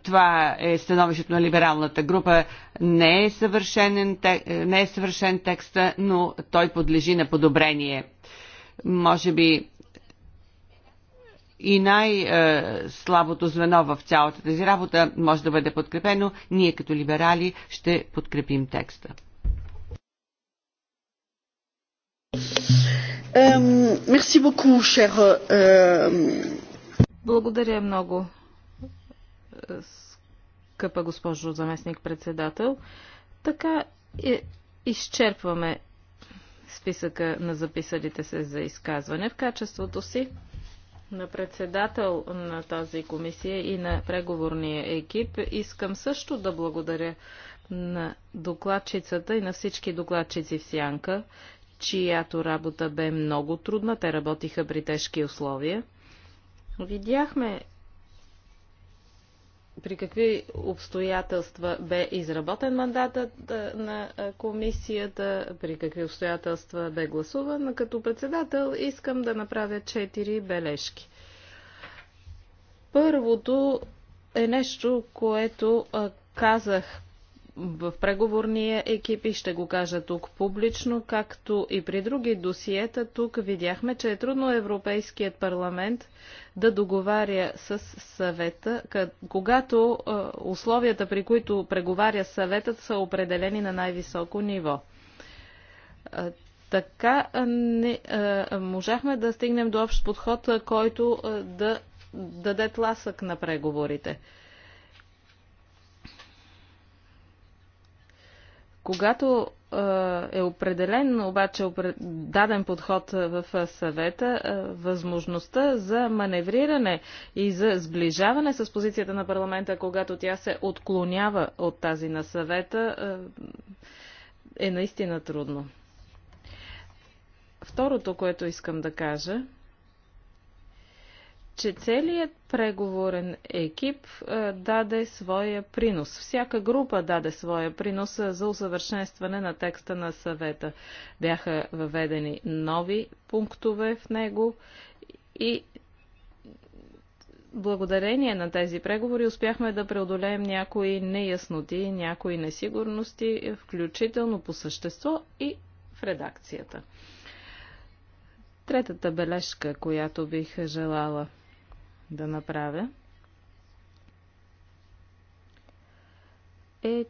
това е становището на либералната група. Не е, съвършен, не е съвършен текста, но той подлежи на подобрение. Може би и най-слабото звено в цялата тази работа може да бъде подкрепено. Ние като либерали ще подкрепим текста. Благодаря много, скъпа госпожо заместник-председател. Така е, изчерпваме списъка на записалите се за изказване в качеството си на председател на тази комисия и на преговорния екип. Искам също да благодаря на докладчицата и на всички докладчици в Сянка, чиято работа бе много трудна. Те работиха при тежки условия. Видяхме при какви обстоятелства бе изработен мандатът на комисията, при какви обстоятелства бе гласуван. Като председател искам да направя четири бележки. Първото е нещо, което казах в преговорния екип и ще го кажа тук публично, както и при други досиета, тук видяхме, че е трудно Европейският парламент да договаря с съвета, когато условията, при които преговаря съветът, са определени на най-високо ниво. Така не можахме да стигнем до общ подход, който да даде тласък на преговорите. Когато е определен обаче даден подход в съвета, възможността за маневриране и за сближаване с позицията на парламента, когато тя се отклонява от тази на съвета, е наистина трудно. Второто, което искам да кажа – че целият преговорен екип е, даде своя принос. Всяка група даде своя принос е, за усъвършенстване на текста на съвета. Бяха въведени нови пунктове в него и благодарение на тези преговори успяхме да преодолеем някои неясноти, някои несигурности, включително по същество и в редакцията. Третата бележка, която бих желала да направя, е,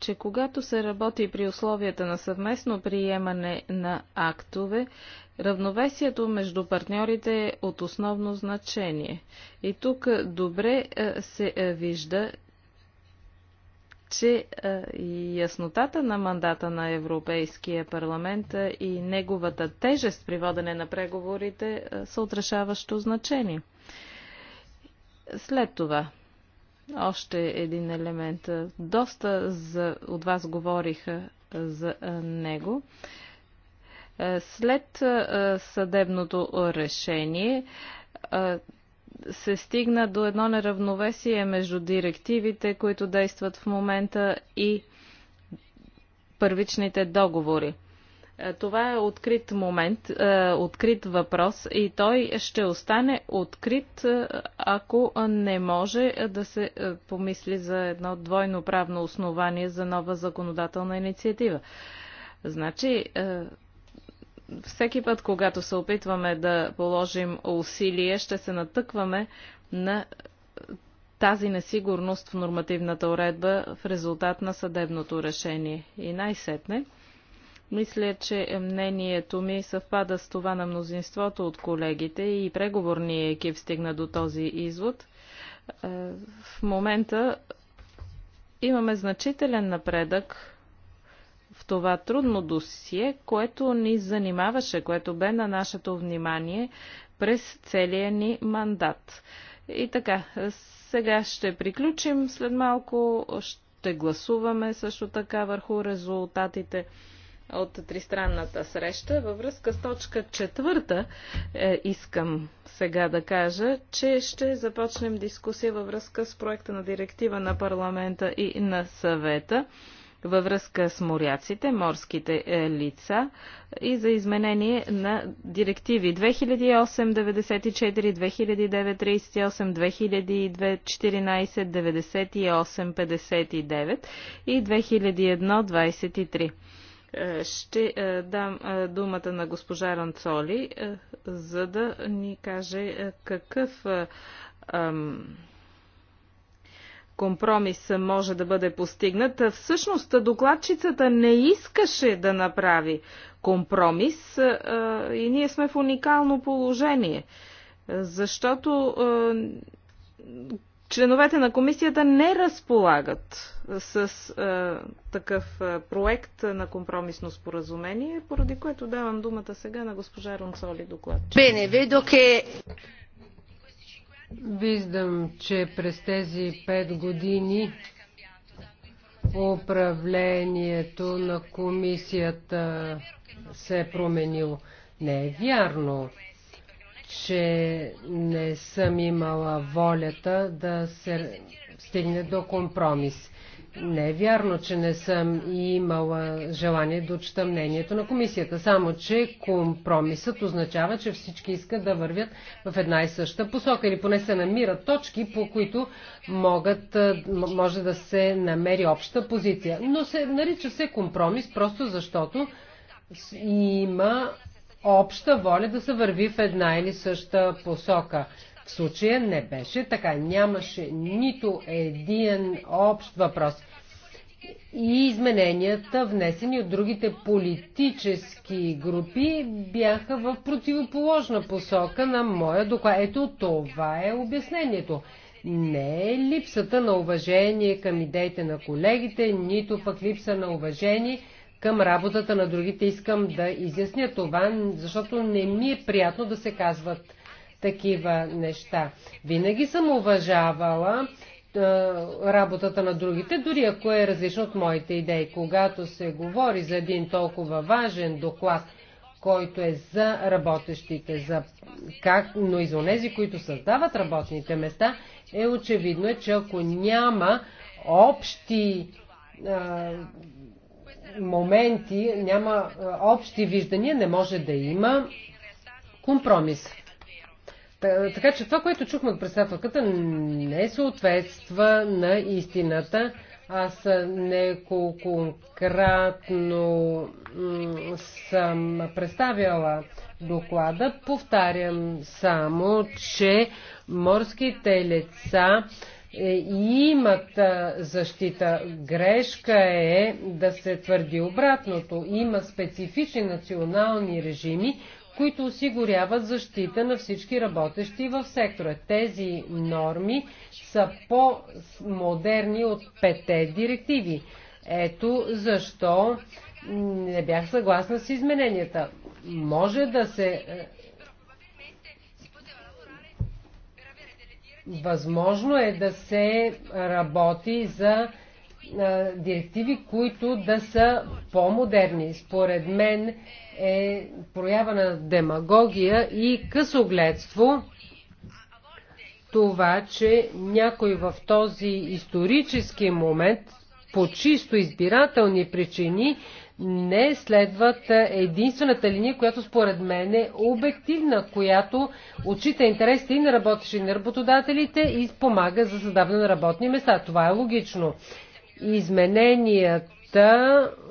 че когато се работи при условията на съвместно приемане на актове, равновесието между партньорите е от основно значение. И тук добре е, се е, вижда, че яснотата на мандата на Европейския парламент и неговата тежест при водене на преговорите са отрешаващо значение. След това, още един елемент. Доста за, от вас говориха за него. След съдебното решение се стигна до едно неравновесие между директивите, които действат в момента и първичните договори. Е, това е открит момент, е, открит въпрос и той ще остане открит, е, ако не може да се помисли за едно двойно правно основание за нова законодателна инициатива. Значи, всеки път, когато се опитваме да положим усилие, ще се натъкваме на тази несигурност в нормативната уредба в резултат на съдебното решение. И най-сетне, мисля, че мнението ми съвпада с това на мнозинството от колегите и преговорния екип стигна до този извод. Е, в момента имаме значителен напредък в това трудно досие, което ни занимаваше, което бе на нашето внимание през целия ни мандат. И така, сега ще приключим след малко, ще гласуваме също така върху резултатите от тристранната среща. Във връзка с точка четвърта е, искам сега да кажа, че ще започнем дискусия във връзка с проекта на директива на парламента и на съвета във връзка с моряците, морските е, лица и за изменение на директиви 2008-94, 38 2002-14-98-59 и 2001-23. Ще е, дам е, думата на госпожа Ранцоли, за да ни каже какъв компромис може да бъде постигнат. Всъщност докладчицата не искаше да направи компромис и ние сме в уникално положение, защото членовете на комисията не разполагат с такъв проект на компромисно споразумение, поради което давам думата сега на госпожа Ронцоли докладчик. Бене, видоке... Виждам, че през тези пет години управлението на комисията се е променило. Не е вярно, че не съм имала волята да се стигне до компромис. Не е вярно, че не съм имала желание да отчета мнението на комисията, само че компромисът означава, че всички искат да вървят в една и съща посока или поне се намират точки, по които могат, може да се намери обща позиция. Но се нарича се компромис, просто защото има обща воля да се върви в една или съща посока. В случая не беше така. Нямаше нито един общ въпрос. И измененията, внесени от другите политически групи, бяха в противоположна посока на моя доклад. Ето това е обяснението не е липсата на уважение към идеите на колегите, нито пък липса на уважение към работата на другите. Искам да изясня това, защото не ми е приятно да се казват такива неща. Винаги съм уважавала работата на другите, дори ако е различно от моите идеи. Когато се говори за един толкова важен доклад, който е за работещите, за как, но и за тези, които създават работните места, е очевидно, е, че ако няма общи а, моменти, няма общи виждания, не може да има компромис. Така че това, което чухме от председателката, не съответства на истината. Аз неколкократно съм представяла доклада. Повтарям само, че морските лица е, имат защита. Грешка е да се твърди обратното. Има специфични национални режими, които осигуряват защита на всички работещи в сектора. Тези норми са по-модерни от пете директиви. Ето защо не бях съгласна с измененията. Може да се е, Възможно е да се работи за директиви, които да са по-модерни. Според мен е проява на демагогия и късогледство това, че някой в този исторически момент по чисто избирателни причини не следват единствената линия, която според мен е обективна, която отчита интересите и на работещи и на работодателите и спомага за създаване на работни места. Това е логично. Измененията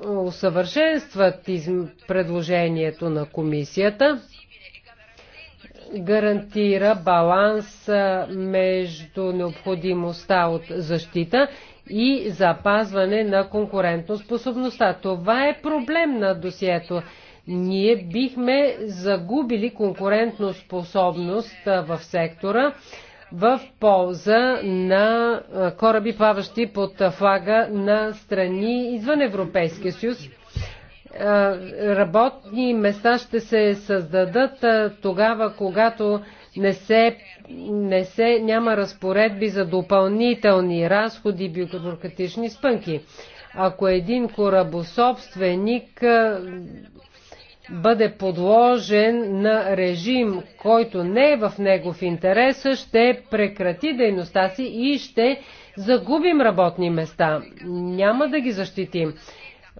усъвършенстват из... предложението на комисията, гарантира баланс между необходимостта от защита и запазване на конкурентоспособността. Това е проблем на досието. Ние бихме загубили конкурентоспособност в сектора, в полза на кораби, плаващи под флага на страни извън Европейския съюз. Работни места ще се създадат тогава, когато не се, не се няма разпоредби за допълнителни разходи и бюрократични спънки. Ако един корабособственик бъде подложен на режим, който не е в негов интерес, ще прекрати дейността си и ще загубим работни места. Няма да ги защитим.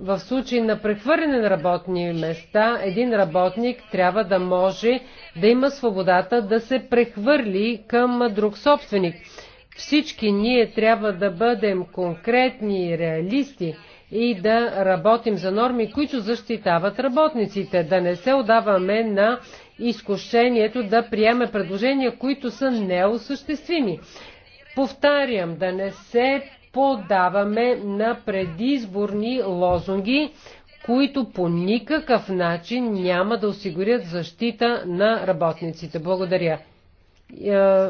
В случай на прехвърляне на работни места, един работник трябва да може да има свободата да се прехвърли към друг собственик. Всички ние трябва да бъдем конкретни и реалисти – и да работим за норми, които защитават работниците, да не се отдаваме на изкушението да приеме предложения, които са неосъществими. Повтарям, да не се подаваме на предизборни лозунги, които по никакъв начин няма да осигурят защита на работниците. Благодаря. Е,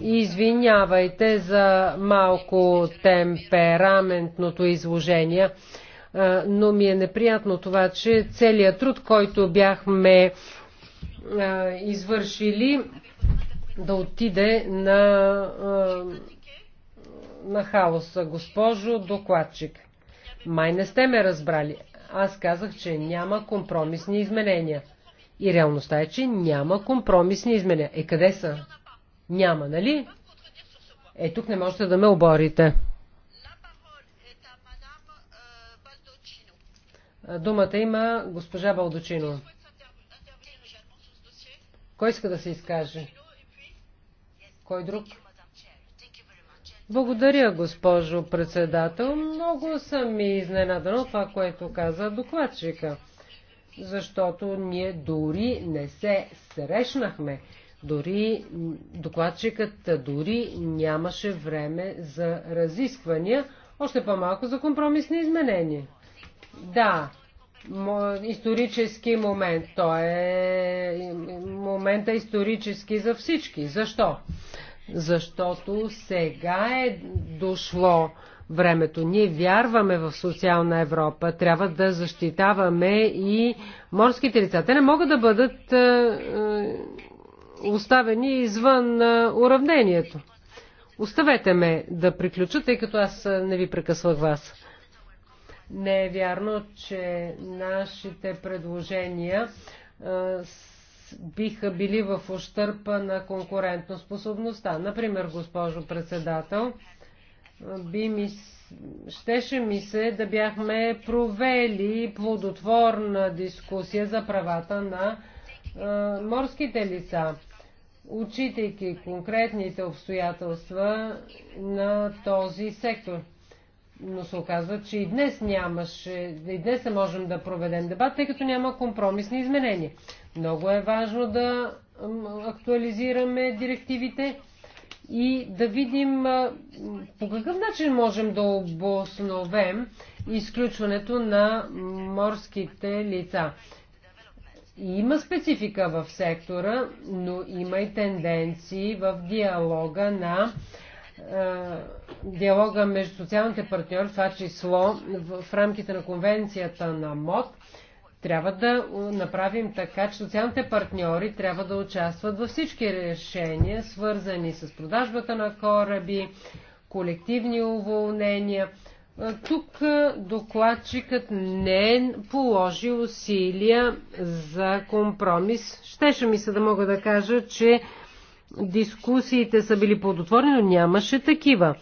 извинявайте за малко темпераментното изложение, е, но ми е неприятно това, че целият труд, който бяхме е, извършили, да отиде на, на хаоса. Госпожо докладчик, май не сте ме разбрали. Аз казах, че няма компромисни изменения. И реалността е, че няма компромисни изменения. Е, къде са? Няма, нали? Е, тук не можете да ме оборите. Думата има госпожа Балдочино. Кой иска да се изкаже? Кой друг? Благодаря, госпожо председател. Много съм изненадан от това, което каза докладчика, защото ние дори не се срещнахме. Дори докладчикът дори нямаше време за разисквания, още по-малко за компромисни изменения. Да, исторически момент. Той е момента е исторически за всички. Защо? Защото сега е дошло времето. Ние вярваме в социална Европа. Трябва да защитаваме и морските лица. Те не могат да бъдат е, е оставени извън уравнението. Оставете ме да приключа, тъй като аз не ви прекъсвах вас. Не е вярно, че нашите предложения биха били в ущърпа на способността. Например, госпожо председател, би ми, щеше ми се да бяхме провели плодотворна дискусия за правата на а, морските лица отчитайки конкретните обстоятелства на този сектор. Но се оказва, че и днес нямаше, и днес не можем да проведем дебат, тъй като няма компромисни изменения. Много е важно да актуализираме директивите и да видим по какъв начин можем да обосновем изключването на морските лица. Има специфика в сектора, но има и тенденции в диалога на диалога между социалните партньори, това число в рамките на конвенцията на МОД, трябва да направим така, че социалните партньори трябва да участват във всички решения, свързани с продажбата на кораби, колективни уволнения. Тук докладчикът не е положи усилия за компромис. Щеше ми се да мога да кажа, че дискусиите са били плодотворни, но нямаше такива.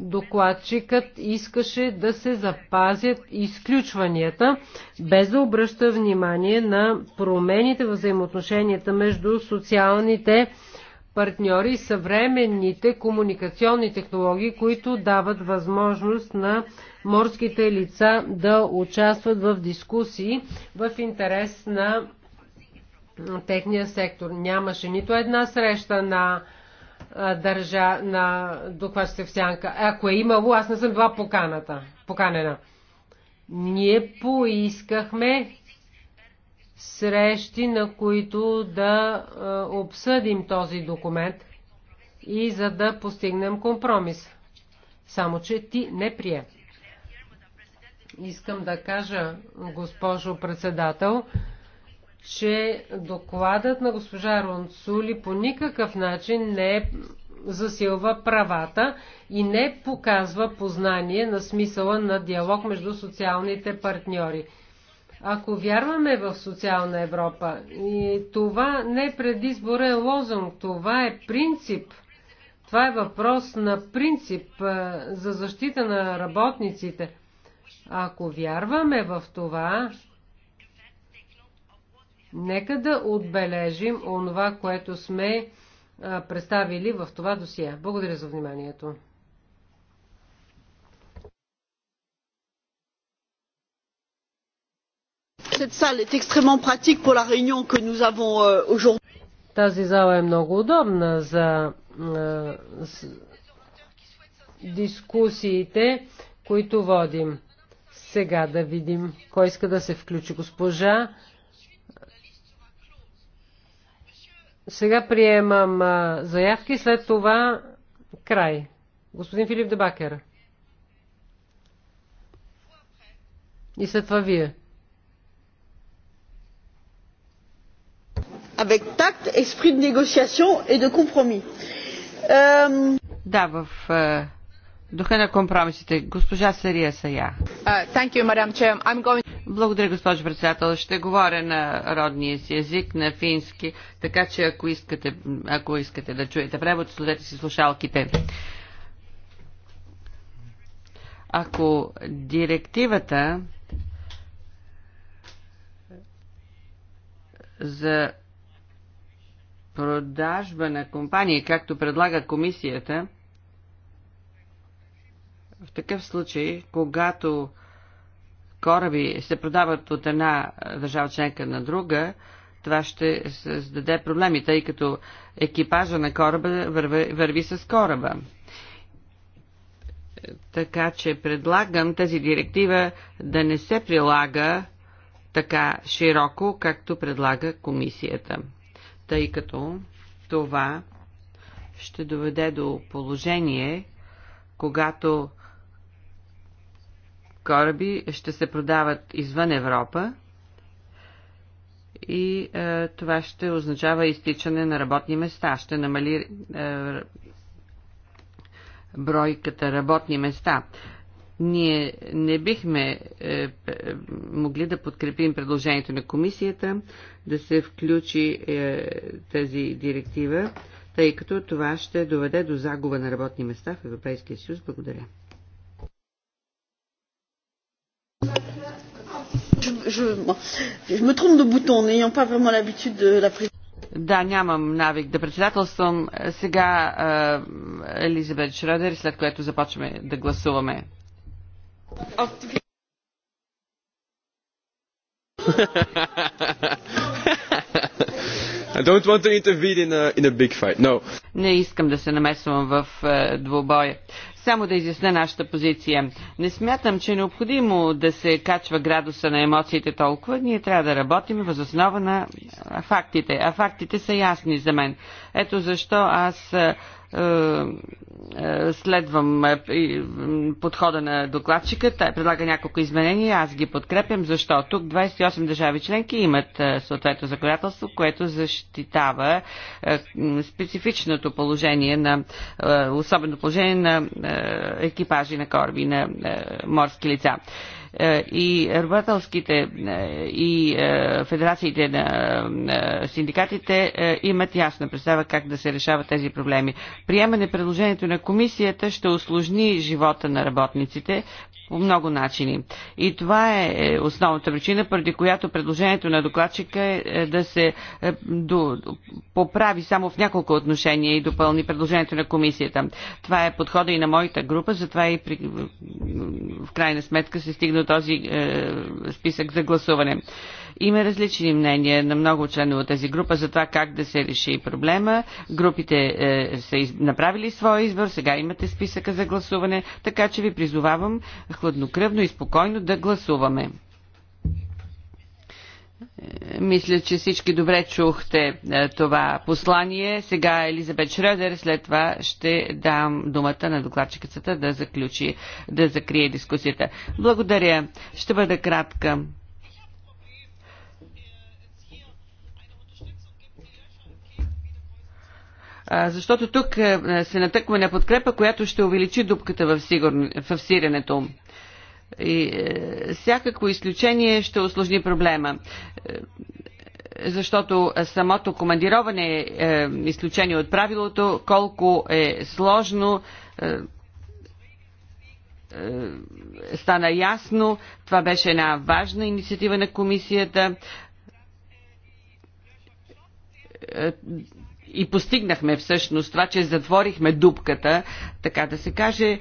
Докладчикът искаше да се запазят изключванията, без да обръща внимание на промените в взаимоотношенията между социалните партньори съвременните комуникационни технологии, които дават възможност на морските лица да участват в дискусии в интерес на техния сектор. Нямаше нито една среща на държа на докладчите в сянка. Ако е имало, аз не съм била поканата, поканена. Ние поискахме срещи, на които да обсъдим този документ и за да постигнем компромис. Само, че ти не прие. Искам да кажа, госпожо председател, че докладът на госпожа Ронцули по никакъв начин не е засилва правата и не показва познание на смисъла на диалог между социалните партньори. Ако вярваме в социална Европа, и това не е предизборен лозунг, това е принцип. Това е въпрос на принцип е, за защита на работниците. Ако вярваме в това, нека да отбележим онова, което сме е, представили в това досие. Благодаря за вниманието. cette salle est extrêmement pratique pour la réunion que nous avons euh, aujourd'hui. Тази зала е много удобна за дискусиите, които водим. Сега да видим кой иска да се включи. Госпожа Сега приемам заявки, след това край. Господин Филип Дебакер. И след това вие. avec tact, esprit de négociation et de compromis. Euh... Да, в е, компромисите. Госпожа Сария Сая. Uh, thank you, Madam Chair. I'm going... Благодаря, госпожо председател. Ще говоря на родния си език, на фински, така че ако искате, ако искате да чуете превод, следете си слушалките. Ако директивата за продажба на компании, както предлага комисията, в такъв случай, когато кораби се продават от една държава членка на друга, това ще създаде проблеми, тъй като екипажа на кораба върви, с кораба. Така че предлагам тази директива да не се прилага така широко, както предлага комисията тъй като това ще доведе до положение, когато кораби ще се продават извън Европа и е, това ще означава изтичане на работни места, ще намали е, бройката работни места. Ние не бихме е, е, могли да подкрепим предложението на комисията да се включи е, тази директива, тъй като това ще доведе до загуба на работни места в Европейския съюз. Благодаря. Да, нямам навик да председателствам. Сега е, Елизабет Шрёдер, след което започваме да гласуваме. I don't want to intervene in a, in a big fight. No. Не искам да се намесвам в двубоя. Само да изясня нашата позиция. Не смятам, че е необходимо да се качва градуса на емоциите толкова. Ние трябва да работим въз основа на фактите. А фактите са ясни за мен. Ето защо аз следвам подхода на докладчика. Той предлага няколко изменения. Аз ги подкрепям, защото тук 28 държави членки имат съответно законодателство, което защитава специфичното положение на особено положение на е, екипажи на кораби, на е, морски лица е, и работелските и федерациите на синдикатите имат ясна представа как да се решават тези проблеми. Приемане предложението на комисията ще осложни живота на работниците, по много начини. И това е, е основната причина, преди която предложението на докладчика е, е да се е, до, поправи само в няколко отношения и допълни предложението на комисията. Това е подхода и на моята група, затова и при, в крайна сметка се стигна този е, списък за гласуване. Има различни мнения на много членове тази група за това как да се реши проблема. Групите е, са из... направили своя избор, сега имате списъка за гласуване, така че ви призовавам хладнокръвно и спокойно да гласуваме. Е, мисля, че всички добре чухте е, това послание. Сега Елизабет Шредер, след това ще дам думата на докладчиката да заключи, да закрие дискусията. Благодаря. Ще бъда кратка. защото тук е, се натъкваме на подкрепа, която ще увеличи дупката в, сигурно, в сиренето. И е, всякакво изключение ще осложни проблема. Е, защото самото командироване е изключение от правилото, колко е сложно, стана ясно. Това беше една важна инициатива на комисията и постигнахме всъщност това, че затворихме дупката, така да се каже,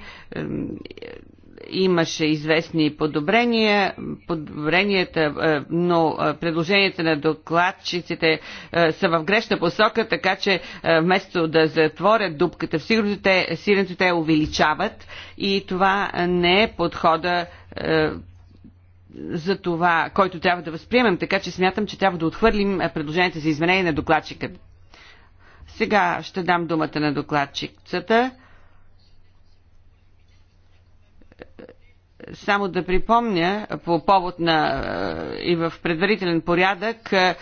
имаше известни подобрения, подобренията, е, но е, предложенията на докладчиците е, са в грешна посока, така че вместо да затворят дупката в сигурност, те, те увеличават и това не е подхода за това, който трябва да възприемем, така че смятам, че трябва да отхвърлим предложението за изменение на докладчиката. Сега ще дам думата на докладчицата. Само да припомня по повод на е, и в предварителен порядък е, е,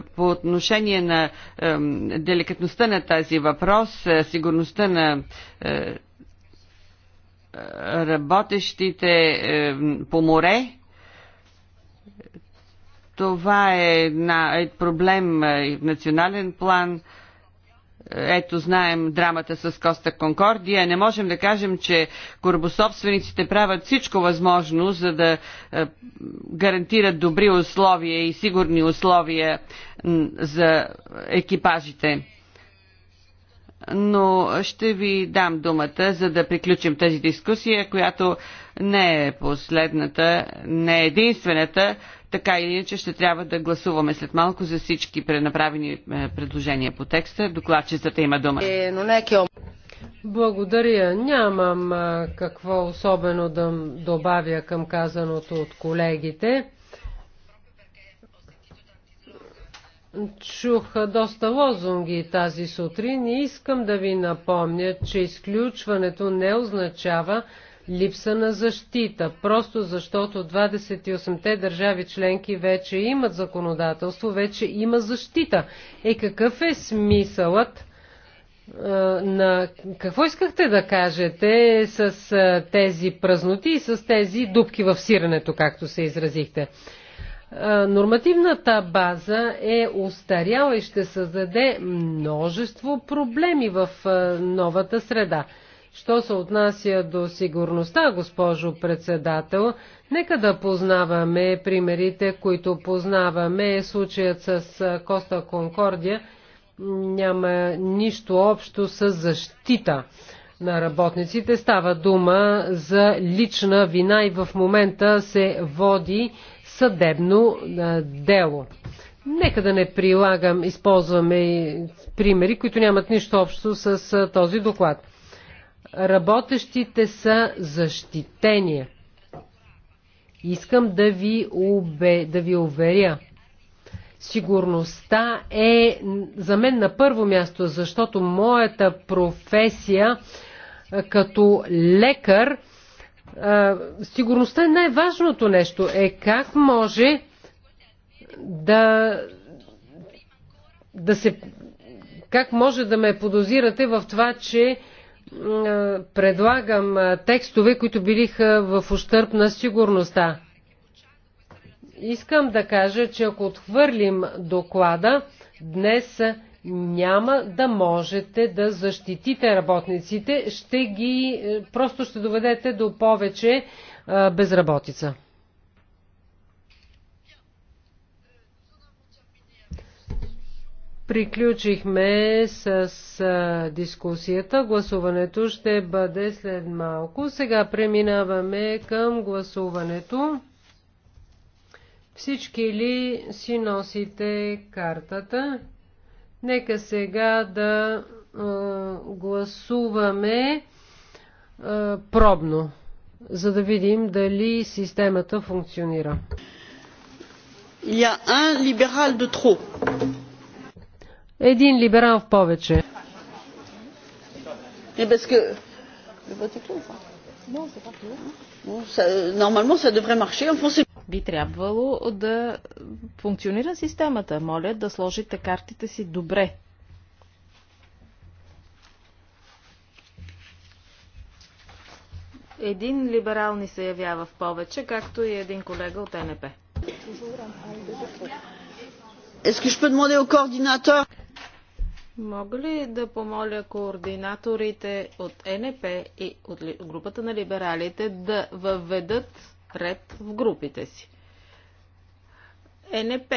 по отношение на деликатността на тази въпрос, сигурността на работещите по море, това е, е проблем и в национален план. Ето знаем драмата с Коста Конкордия. Не можем да кажем, че корабособствениците правят всичко възможно, за да е, гарантират добри условия и сигурни условия за екипажите. Но ще ви дам думата, за да приключим тази дискусия, която не е последната, не е единствената, така или иначе ще трябва да гласуваме след малко за всички пренаправени е, предложения по текста. Докладчицата има дума. Е, Благодаря. Нямам какво особено да добавя към казаното от колегите. Чух доста лозунги тази сутрин и искам да ви напомня, че изключването не означава, липса на защита, просто защото 28-те държави членки вече имат законодателство, вече има защита. Е какъв е смисълът е, на... Какво искахте да кажете с е, тези празноти и с тези дубки в сирането, както се изразихте? нормативната база е устаряла и ще създаде множество проблеми в новата среда. Що се отнася до сигурността, госпожо председател, нека да познаваме примерите, които познаваме. Случаят с Коста Конкордия няма нищо общо с защита на работниците. Става дума за лична вина и в момента се води съдебно дело. Нека да не прилагам, използваме примери, които нямат нищо общо с този доклад. Работещите са защитени. Искам да ви, убе, да ви уверя. Сигурността е за мен на първо място, защото моята професия като лекар, сигурността е най-важното нещо. Е как може да, да се. Как може да ме подозирате в това, че предлагам текстове, които билиха в ущърп на сигурността. Искам да кажа, че ако отхвърлим доклада, днес няма да можете да защитите работниците, ще ги, е, просто ще доведете до повече безработица. Приключихме с дискусията. Гласуването ще бъде след малко. Сега преминаваме към гласуването. Всички ли си носите картата? Нека сега да а, гласуваме а, пробно, за да видим дали системата функционира. Il y a un libéral de trop. Един либерал в повече. Би трябвало да функционира системата. Моля да сложите картите си добре. Един либерал ни се явява в повече, както и един колега от НП. Мога ли да помоля координаторите от НП и от групата на либералите да въведат ред в групите си? НП,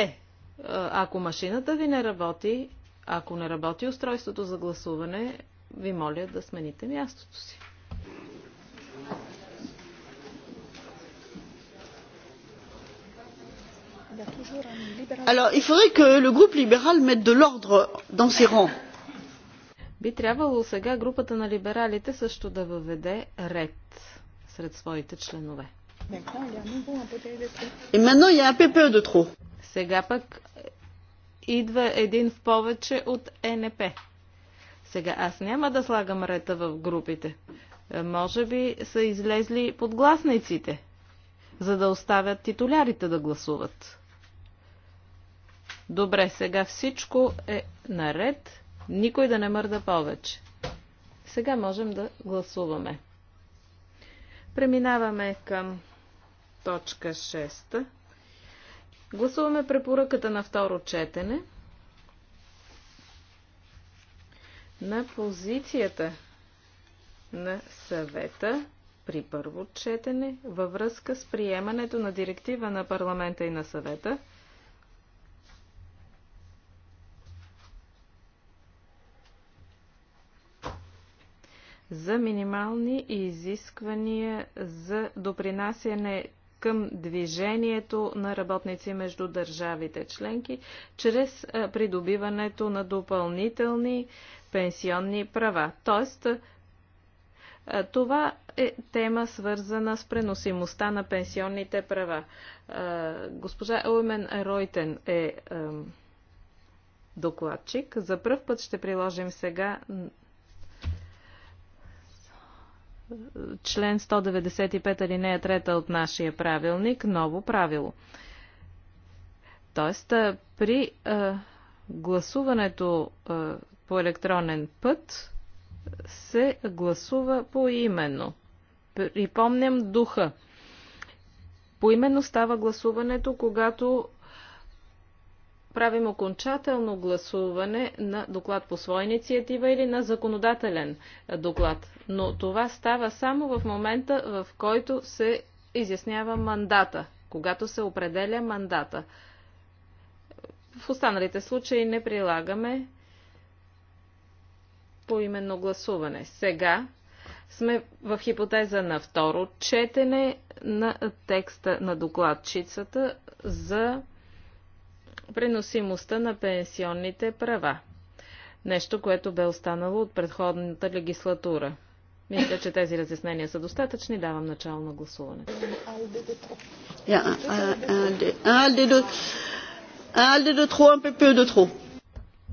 ако машината ви не работи, ако не работи устройството за гласуване, ви моля да смените мястото си. alors il faudrait que le groupe libéral mette de l'ordre dans ses rangs. Би трябвало сега групата на либералите също да въведе ред сред своите членове. И maintenant il y до un e Сега пък идва един в повече от НП. Сега аз няма да слагам рета в групите. Е, може би са излезли подгласниците, за да оставят титулярите да гласуват. Добре, сега всичко е наред. Никой да не мърда повече. Сега можем да гласуваме. Преминаваме към точка 6. Гласуваме препоръката на второ четене на позицията на съвета при първо четене във връзка с приемането на директива на парламента и на съвета – за минимални изисквания за допринасяне към движението на работници между държавите членки чрез придобиването на допълнителни пенсионни права. Тоест, това е тема свързана с преносимостта на пенсионните права. Госпожа Елмен Ройтен е докладчик. За първ път ще приложим сега член 195 алинея 3 от нашия правилник, ново правило. Тоест, при а, гласуването а, по електронен път се гласува поименно. Припомням духа. Поименно става гласуването, когато направим окончателно гласуване на доклад по своя инициатива или на законодателен доклад. Но това става само в момента, в който се изяснява мандата, когато се определя мандата. В останалите случаи не прилагаме поименно гласуване. Сега сме в хипотеза на второ четене на текста на докладчицата за преносимостта на пенсионните права. Нещо, което бе останало от предходната легислатура. Мисля, че тези разяснения са достатъчни. Давам начало на гласуване.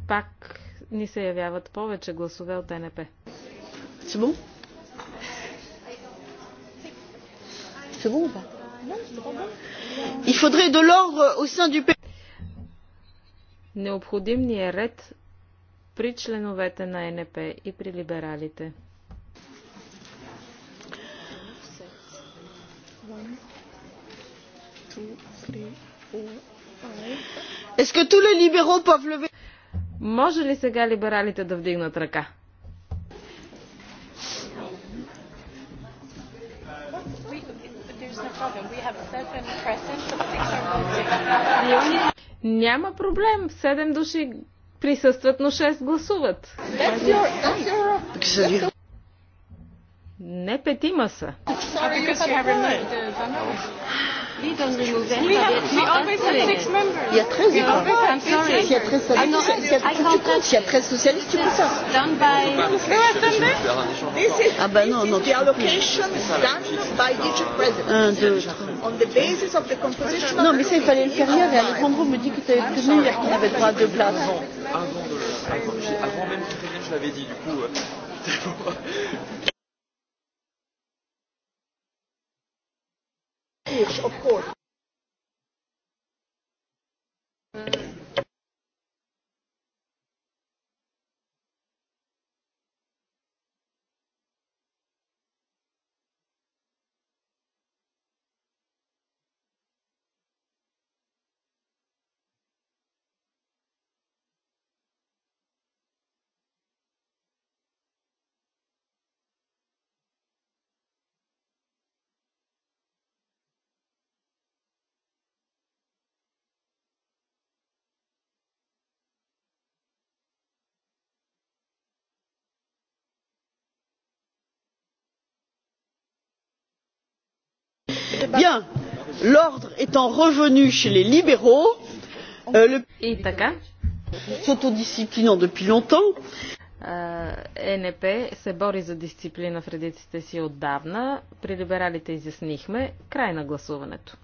Пак ни се явяват повече гласове от НП. Il faudrait de l'ordre au sein du необходимния ред при членовете на НП и при либералите. Може ли сега либералите да вдигнат ръка? The only няма проблем. Седем души присъстват, но 6 гласуват. That's your, that's your... Не петима са. Il y a 13 S'il y a 13 socialistes, tu peux ça. Ah ben non, non. The allocation is done by each president. 1, 2, 3. Non, mais ça, il fallait le faire hier, et Alejandro me dit que tu avais prévenu hier qu'il n'avait pas de place. Avant, avant, de le, avant, avant même que je l'avais dit, du coup... Euh, of course. Bien, l'ordre étant revenu chez les libéraux, euh, s'autodisciplinant depuis longtemps, ЕНП се бори за дисциплина в редиците си отдавна. При либералите изяснихме. Край на гласуването.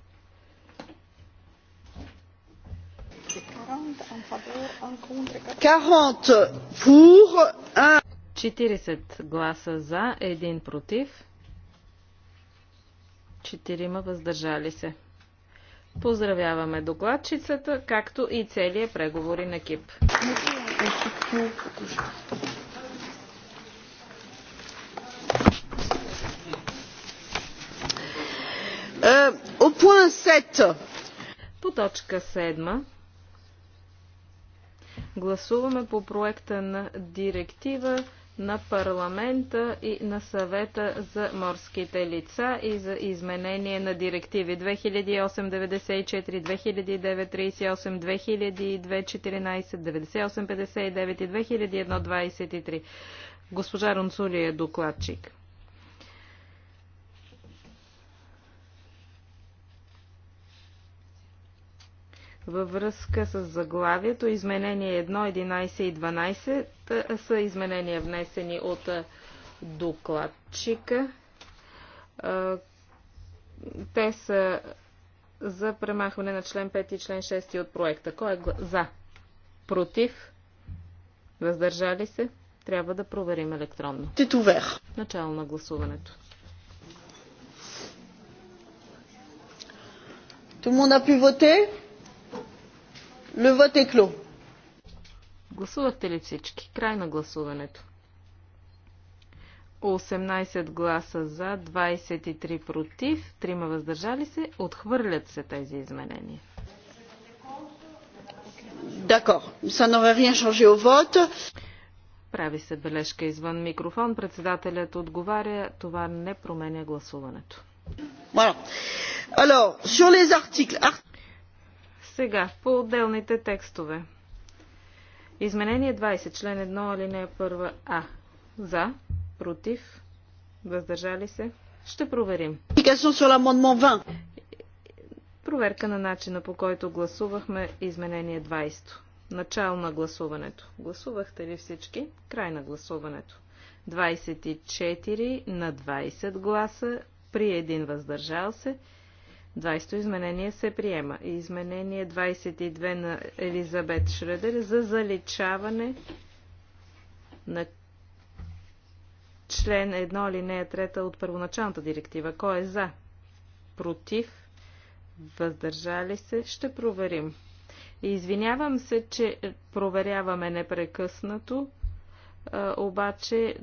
Quarante гласа за, един против. 4 въздържали се. Поздравяваме докладчицата, както и целият преговорен екип. Е, по точка 7 гласуваме по проекта на директива на парламента и на съвета за морските лица и за изменение на директиви 2008-94, 2009-38, 2002-14, 98-59 и 2001-23. Госпожа Ронцули е докладчик. във връзка с заглавието. Изменение 1, 11 и 12 са изменения внесени от докладчика. Те са за премахване на член 5 и член 6 от проекта. Кой е за? Против? Въздържали се? Трябва да проверим електронно. Титувер. Начало на гласуването. Tout le monde a pu voter Le vote est clos. ли всички? Край на гласуването. 18 гласа за, 23 против, 3 въздържали се, отхвърлят се тези изменения. D'accord. Ça n'aurait rien changé au vote. Прави се бележка извън микрофон. Председателят отговаря, това не променя гласуването. Voilà. Alors, sur les articles... Сега, по отделните текстове. Изменение 20, член 1, алинея 1 А. За, против, въздържали се. Ще проверим. Проверка на начина по който гласувахме изменение 20. Начало на гласуването. Гласувахте ли всички? Край на гласуването. 24 на 20 гласа при един въздържал се. 20-то изменение се приема. Изменение 22 на Елизабет Шредер за заличаване на член 1 алинея 3 от първоначалната директива. Кой е за? Против? Въздържали се? Ще проверим. Извинявам се, че проверяваме непрекъснато, обаче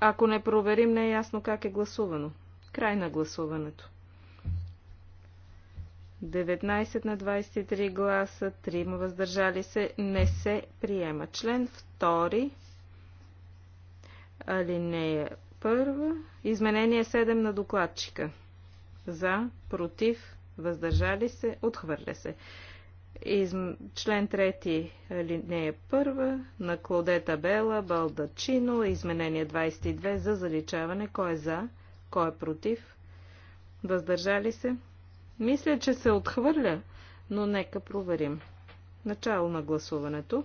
ако не проверим, не е ясно как е гласувано. Край на гласуването. 19 на 23 гласа, 3 въздържали се, не се приема. Член 2, алинея 1, изменение 7 на докладчика. За, против, въздържали се, отхвърля се. Из, член 3, алинея 1, на Клодета Бела, Балдачино, изменение 22 за заличаване. Кой е за, кой е против, въздържали се, мисля, че се отхвърля, но нека проверим. Начало на гласуването.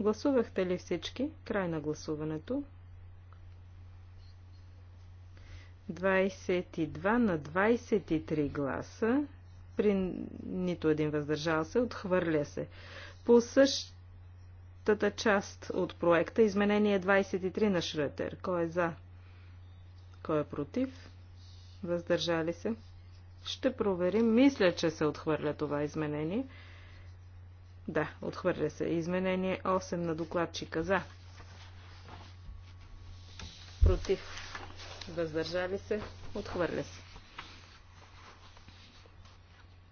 Гласувахте ли всички? Край на гласуването. 22 на 23 гласа. При нито един въздържал се, отхвърля се. По същата част от проекта, изменение 23 на Шрътер. Кой е за? Кой е против? въздържали се. Ще проверим. Мисля, че се отхвърля това изменение. Да, отхвърля се. Изменение 8 на докладчика за. Против. Въздържали се. Отхвърля се.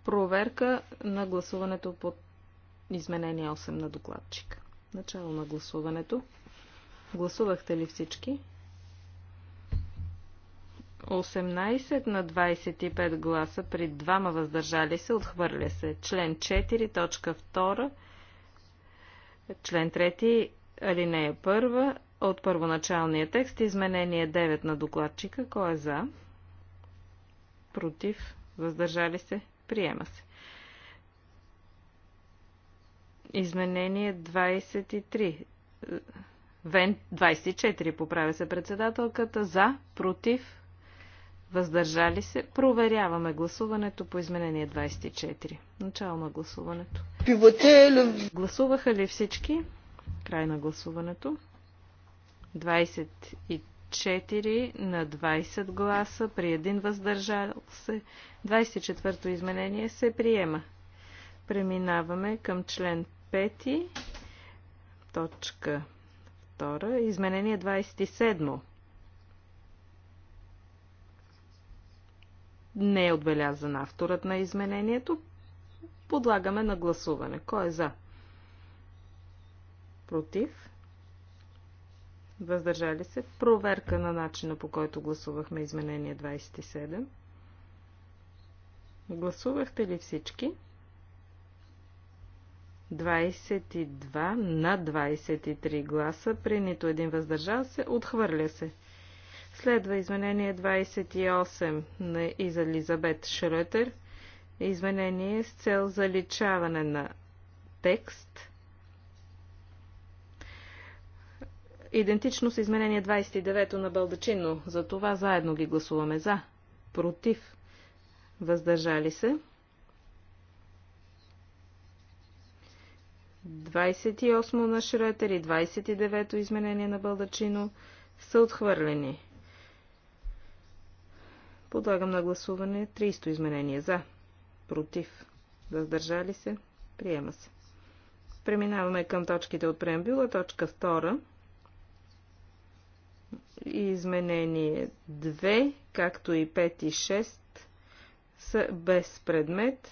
Проверка на гласуването по изменение 8 на докладчика. Начало на гласуването. Гласувахте ли всички? 18 на 25 гласа при двама въздържали се, отхвърля се. Член 4, точка 2, член 3, алинея 1 от първоначалния текст, изменение 9 на докладчика. Кой е за? Против? Въздържали се? Приема се. Изменение 23. Вен 24 поправя се председателката. За? Против? въздържали се. Проверяваме гласуването по изменение 24. Начало на гласуването. Гласуваха ли всички? Край на гласуването. 24 на 20 гласа при един въздържал се. 24-то изменение се приема. Преминаваме към член 5, точка 2, изменение 27. Не е отбелязан авторът на изменението. Подлагаме на гласуване. Кой е за? Против? Въздържали се? Проверка на начина по който гласувахме изменение 27. Гласувахте ли всички? 22 на 23 гласа, при нито един въздържал се, отхвърля се. Следва изменение 28 на Изализабет Шрътер. Изменение с цел заличаване на текст. Идентично с изменение 29 на Балдачино. За това заедно ги гласуваме за. Против. Въздържали се. 28 на Шрътер и 29 изменение на Балдачино са отхвърлени. Подлагам на гласуване 300 изменения за, против, въздържали се, приема се. Преминаваме към точките от преамбюла. Точка 2. Изменение 2, както и 5 и 6 са без предмет.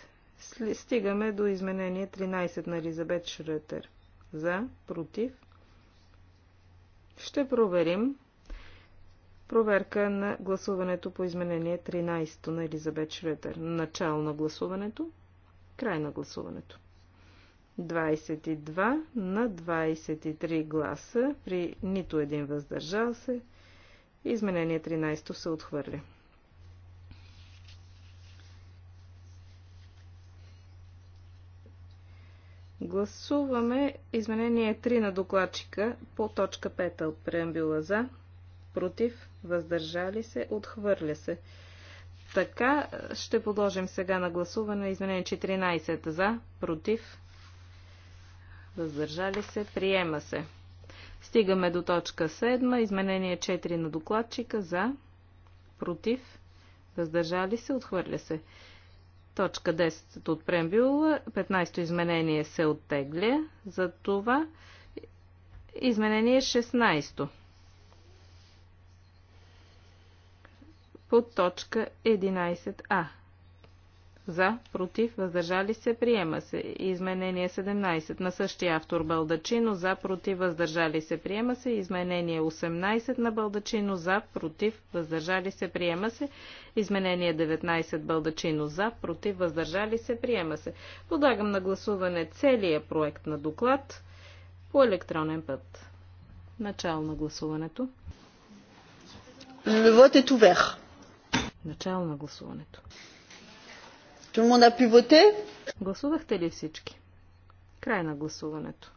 Стигаме до изменение 13 на Елизабет Шретер. За, против. Ще проверим Проверка на гласуването по изменение 13 на Елизабет Шретер. Начало на гласуването. Край на гласуването. 22 на 23 гласа при нито един въздържал се. Изменение 13 се отхвърля. Гласуваме изменение 3 на докладчика по точка 5 от преамбюла за, против, въздържали се, отхвърля се. Така е, ще подложим сега на гласуване изменение 14 за, против, въздържали се, приема се. Стигаме до точка 7, изменение 4 на докладчика за, против, въздържали се, отхвърля се. Точка 10 от прембюла, 15-то изменение се оттегля, за това изменение 16. по точка 11а. За, против, въздържали се, приема се. Изменение 17 на същия автор Балдачино. За, против, въздържали се, приема се. Изменение 18 на Балдачино. За, против, въздържали се, приема се. Изменение 19 Балдачино. За, против, въздържали се, приема се. Подлагам на гласуване целия проект на доклад по електронен път. Начало на гласуването. Le vote est ouvert. Начало на гласуването. пивоте? Гласувахте ли всички? Край на гласуването.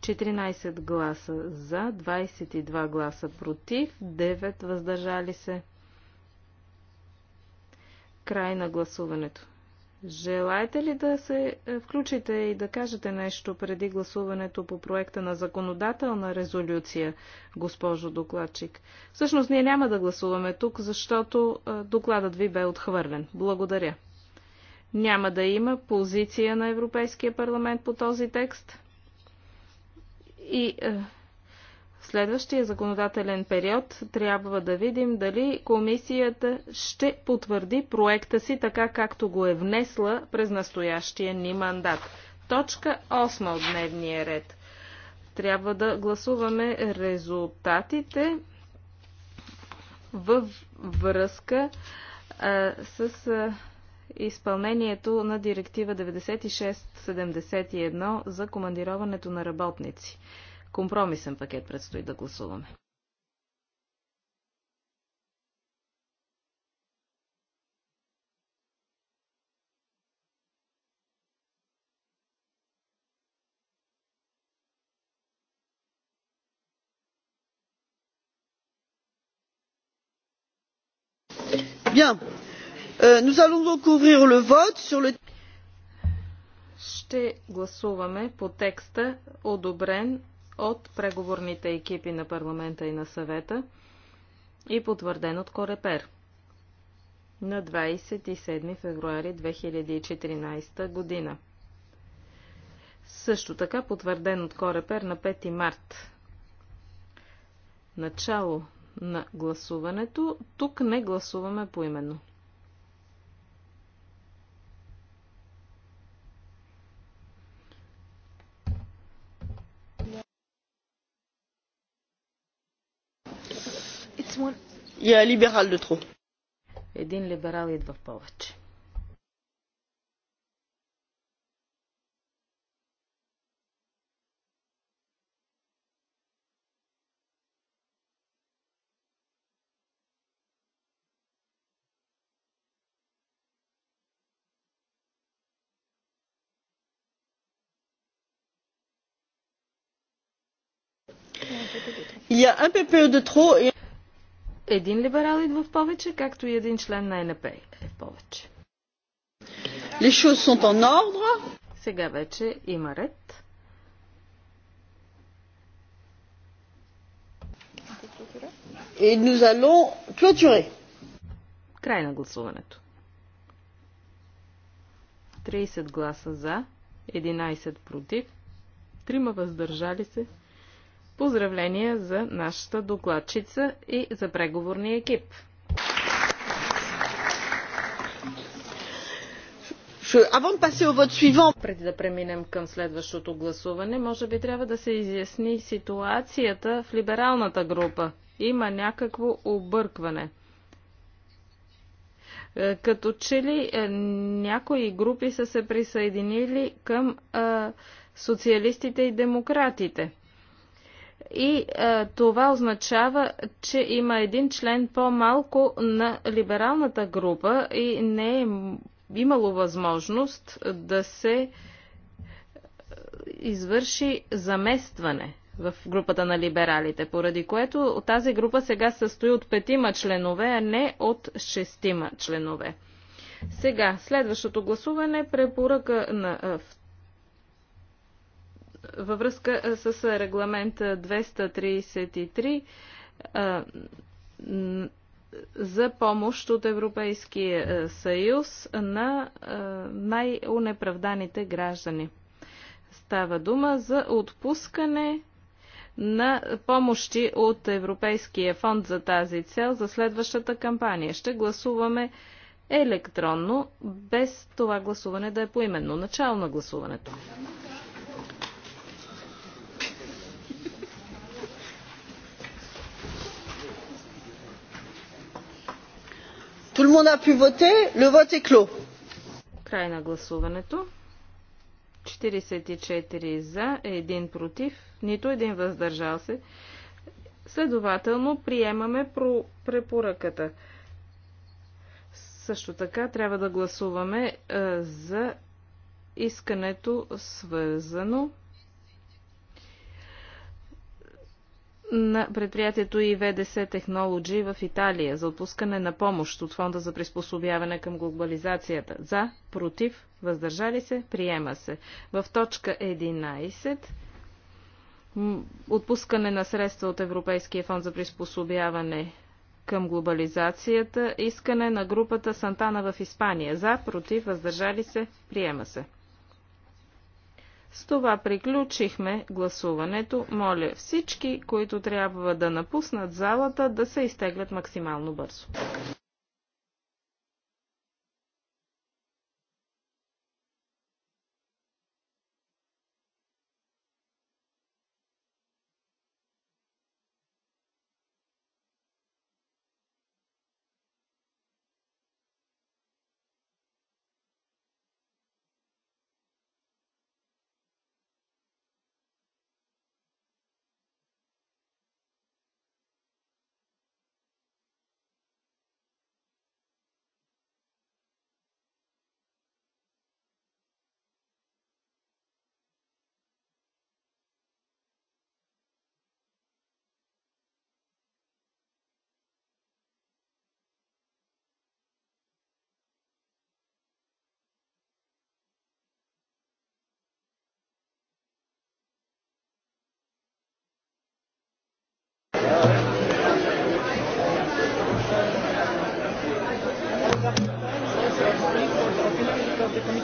14 гласа за, 22 гласа против, 9 въздържали се. Край на гласуването. Желаете ли да се е, включите и да кажете нещо преди гласуването по проекта на законодателна резолюция, госпожо докладчик? Всъщност ние няма да гласуваме тук, защото е, докладът ви бе отхвърлен. Благодаря. Няма да има позиция на Европейския парламент по този текст. И е, в следващия законодателен период трябва да видим дали комисията ще потвърди проекта си така, както го е внесла през настоящия ни мандат. Точка 8 от дневния ред. Трябва да гласуваме резултатите във връзка а, с а, изпълнението на директива 9671 за командироването на работници. Компромисен пакет предстои да гласуваме. Bien. Euh, nous allons donc ouvrir le vote sur le Ще гласуваме по текста одобрен от преговорните екипи на парламента и на съвета и потвърден от Корепер на 27 февруари 2014 година. Също така потвърден от Корепер на 5 март. Начало на гласуването. Тук не гласуваме поименно. Il y a un libéral Един либерал идва в повече. Il y a un PPE de trop et един либерал идва в повече, както и един член на НП е в повече. Les choses sont en ordre. Сега вече има ред. И nous allons clôturer. Край на гласуването. 30 гласа за, 11 против, 3 въздържали се, Поздравления за нашата докладчица и за преговорния екип. Преди да преминем към следващото гласуване, може би трябва да се изясни ситуацията в либералната група. Има някакво объркване. Е, като че ли е, някои групи са се присъединили към а, е, социалистите и демократите – и а, е, това означава, че има един член по-малко на либералната група и не е имало възможност да се е, извърши заместване в групата на либералите, поради което тази група сега състои от петима членове, а не от шестима членове. Сега, следващото гласуване препоръка на е, във връзка с регламент 233 за помощ от Европейския съюз на най-унеправданите граждани. Става дума за отпускане на помощи от Европейския фонд за тази цел за следващата кампания. Ще гласуваме електронно, без това гласуване да е поименно. Начало на гласуването. Tout le monde a pu voter. Le vote est clos. Край на гласуването. 44 за, 1 против, нито един въздържал се. Следователно приемаме препоръката. Също така трябва да гласуваме е, за искането свързано на предприятието ИВДС Технологи в Италия за отпускане на помощ от Фонда за приспособяване към глобализацията. За, против, въздържали се, приема се. В точка 11 отпускане на средства от Европейския фонд за приспособяване към глобализацията, искане на групата Сантана в Испания. За, против, въздържали се, приема се. С това приключихме гласуването. Моля всички, които трябва да напуснат залата, да се изтеглят максимално бързо.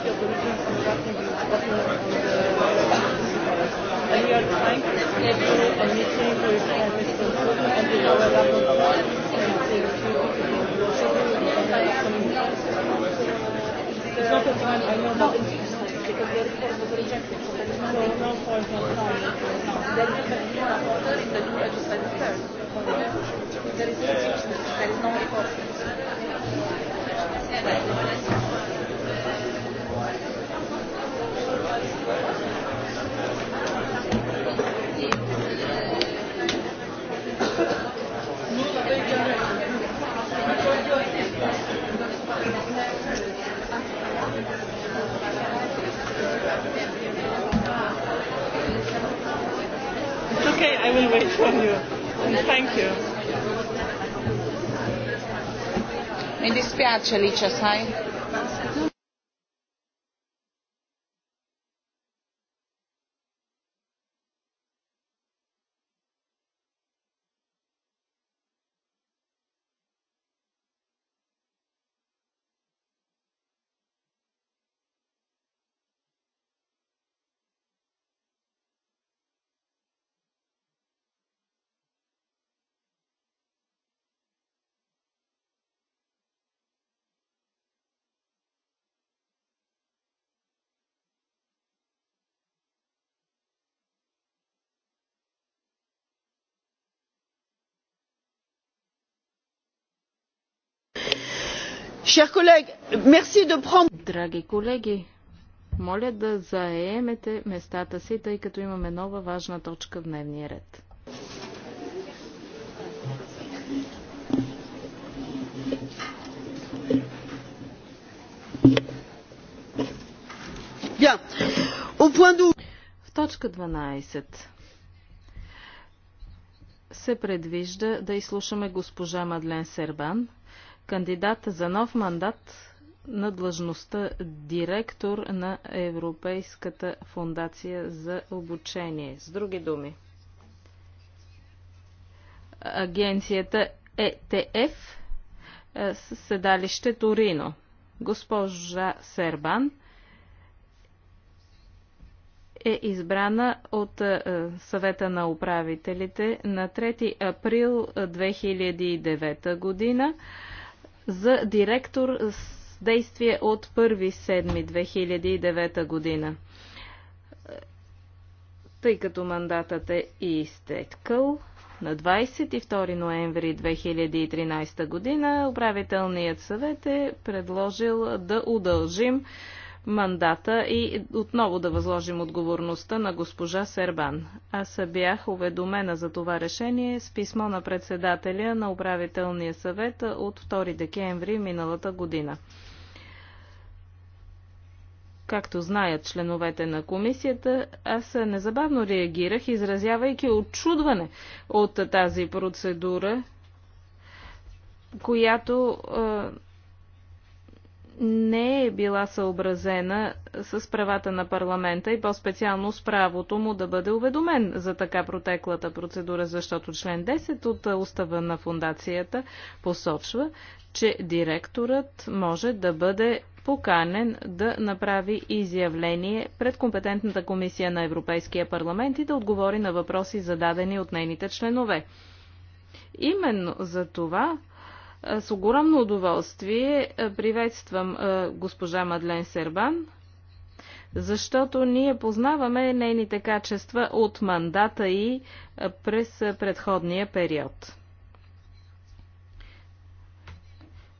your position is discussing the and we are trying to schedule a meeting with uh, Mr. Putin and the lower level board and It's not the time I know how because the report was rejected, so no, point on time. There is a There is no report. There is no report okay, I will wait for you. thank you. Mi dispiace Alicia, sai? Драги колеги, моля да заемете местата си, тъй като имаме нова важна точка в дневния ред. В точка 12 се предвижда да изслушаме госпожа Мадлен Сербан – кандидат за нов мандат на длъжността директор на Европейската фундация за обучение. С други думи, агенцията ЕТФ е, с седалище Торино. Госпожа Сербан е избрана от е, съвета на управителите на 3 април 2009 е, година за директор с действие от 1.7.2009 година. Тъй като мандатът е изтекъл, на 22 ноември 2013 година управителният съвет е предложил да удължим мандата и отново да възложим отговорността на госпожа Сербан. Аз бях уведомена за това решение с писмо на председателя на управителния съвет от 2 декември миналата година. Както знаят членовете на комисията, аз незабавно реагирах, изразявайки очудване от тази процедура, която не е била съобразена с правата на парламента и по-специално с правото му да бъде уведомен за така протеклата процедура, защото член 10 от устава на фундацията посочва, че директорът може да бъде поканен да направи изявление пред компетентната комисия на Европейския парламент и да отговори на въпроси зададени от нейните членове. Именно за това е, с огромно удоволствие е, приветствам е, госпожа Мадлен Сербан, защото ние познаваме нейните качества от мандата и през предходния период.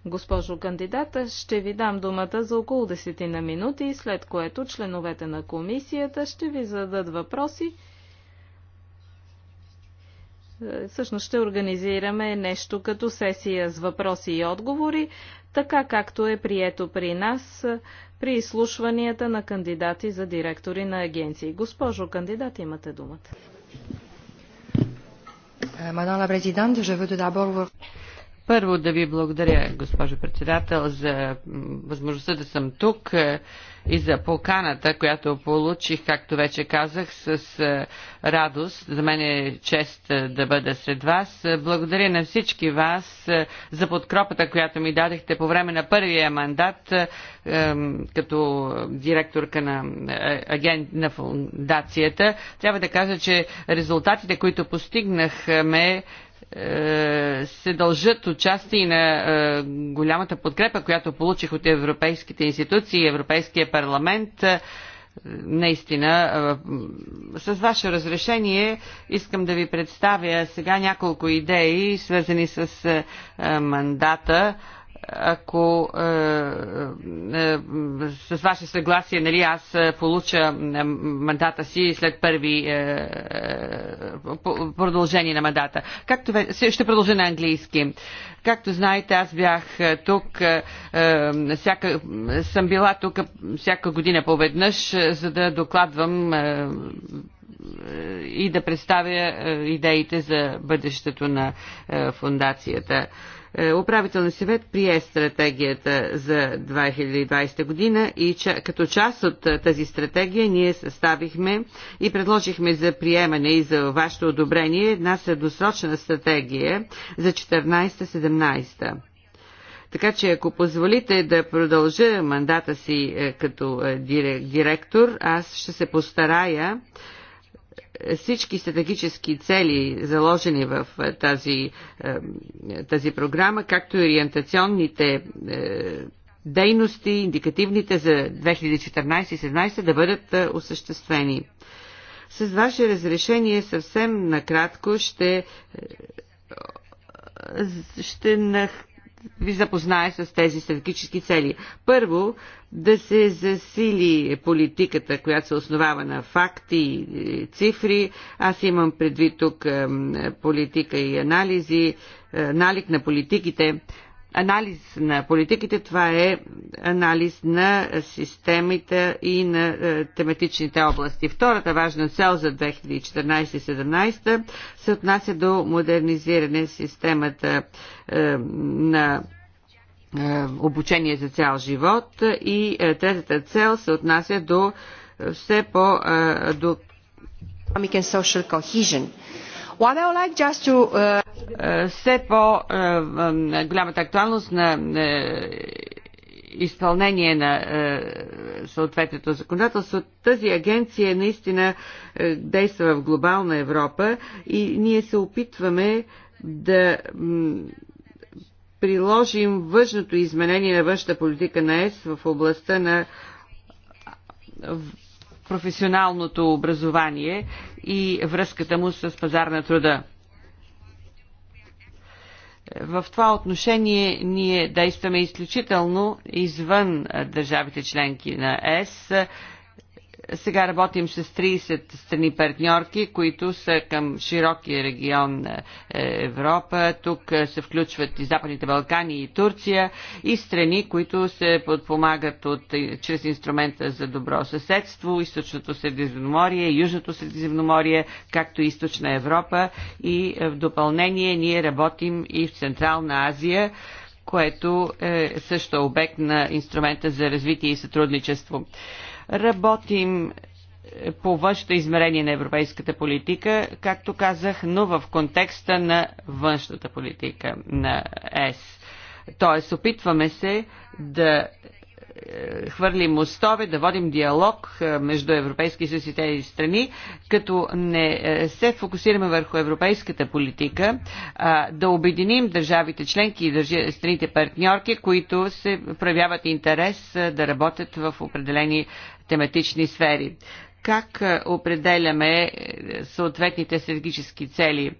Госпожо кандидата, ще ви дам думата за около 10 на минути, след което членовете на комисията ще ви зададат въпроси е, всъщност ще организираме нещо като сесия с въпроси и отговори, така както е прието при нас е, при изслушванията на кандидати за директори на агенции. Госпожо кандидат, имате думата. Е, Първо да ви благодаря, госпожо председател, за възможността да съм тук и за поканата, която получих, както вече казах, с е, радост. За мен е чест е, да бъда сред вас. Благодаря на всички вас е, за подкропата, която ми дадехте по време на първия мандат като директорка на, агент, на фундацията. Трябва да кажа, че резултатите, които постигнахме, се дължат отчасти на е, голямата подкрепа, която получих от европейските институции, и Европейския парламент. Е, наистина, е, с ваше разрешение искам да ви представя сега няколко идеи, свързани с мандата ако е, е, е, с ваше съгласие нали, аз е, получа е, мандата си след първи е, продължение на мандата. Както, ще продължа на английски. Както знаете, аз бях тук, е, всяка, съм била тук всяка година поведнъж, за да докладвам е, и да представя идеите за бъдещето на фундацията. Е, Управителни съвет прие стратегията за 2020 година и като част от е, тази стратегия ние съставихме и предложихме за приемане и за вашето одобрение една средносрочна стратегия за 14-17. Така че ако позволите да продължа мандата си е, като директор, аз ще се постарая всички стратегически цели, заложени в е, тази, е, тази програма, както и ориентационните е, дейности, индикативните за 2014-2017 да бъдат осъществени. С ваше разрешение съвсем накратко ще ще ви запознае с тези стратегически цели. Първо, да се засили политиката, която се основава на факти и е, цифри. Аз имам предвид тук политика и анализи, е, налик на политиките, анализ на политиките, това е анализ на системите и на е, тематичните области. Втората важна цел за 2014-2017 се отнася до модернизиране системата е, на е, обучение за цял живот и третата цел се отнася до все по до economic and social cohesion Uh, е, все по-голямата е, е, актуалност на изпълнение на съответното законодателство. Тази агенция наистина действа в глобална Европа и ние се опитваме да приложим външното изменение на външната политика на ЕС в областта на професионалното образование и връзката му с пазар на труда. В това отношение ние действаме изключително извън държавите членки на ЕС. Сега работим с 30 страни партньорки, които са към широкия регион е, Европа. Тук е, се включват и Западните Балкани и Турция и страни, които се подпомагат от, е, чрез инструмента за добро съседство, източното Средиземноморие, южното Средиземноморие, както и източна Европа. И в допълнение ние работим и в Централна Азия което е също обект на инструмента за развитие и сътрудничество. Работим е, по външното измерение на европейската политика, както казах, но в контекста на външната политика на ЕС. Тоест, опитваме се да е, хвърлим мостове, да водим диалог е, между Европейски съюз и тези страни, като не е, се фокусираме върху европейската политика, а да обединим държавите членки и страните партньорки, които се проявяват интерес да работят в определени тематични сфери. Как определяме съответните стратегически цели?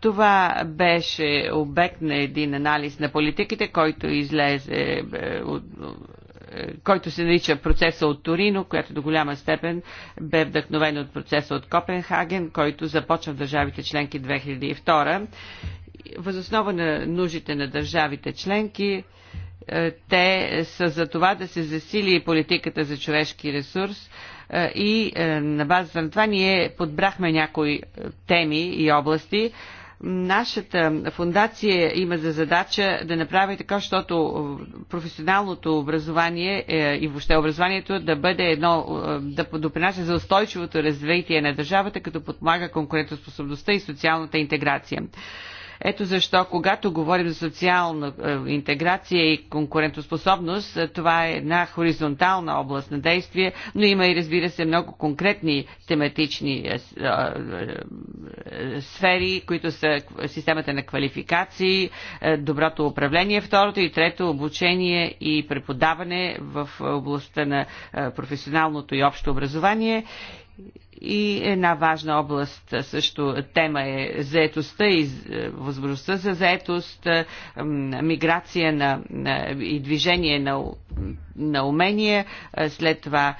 Това беше обект на един анализ на политиките, който излезе от който се нарича процеса от Торино, която до голяма степен бе вдъхновен от процеса от Копенхаген, който започва в държавите членки 2002. Възоснова на нуждите на държавите членки, е, те са за това да се засили политиката за човешки ресурс е, и е, на базата на това ние подбрахме някои теми и области, Нашата фундация има за задача да направи така, защото професионалното образование е, и въобще образованието да бъде едно, е, да допринася за устойчивото развитие на държавата, като подмага конкурентоспособността и социалната интеграция. Ето защо, когато говорим за социална е, интеграция и конкурентоспособност, е, това е една хоризонтална област на действие, но има и, разбира се, много конкретни тематични е, сфери, които са системата на квалификации, доброто управление, второто и трето обучение и преподаване в областта на професионалното и общо образование и една важна област също тема е заетостта и е, възможността за заетост, е, миграция на, на, и движение на, на умения, е, след това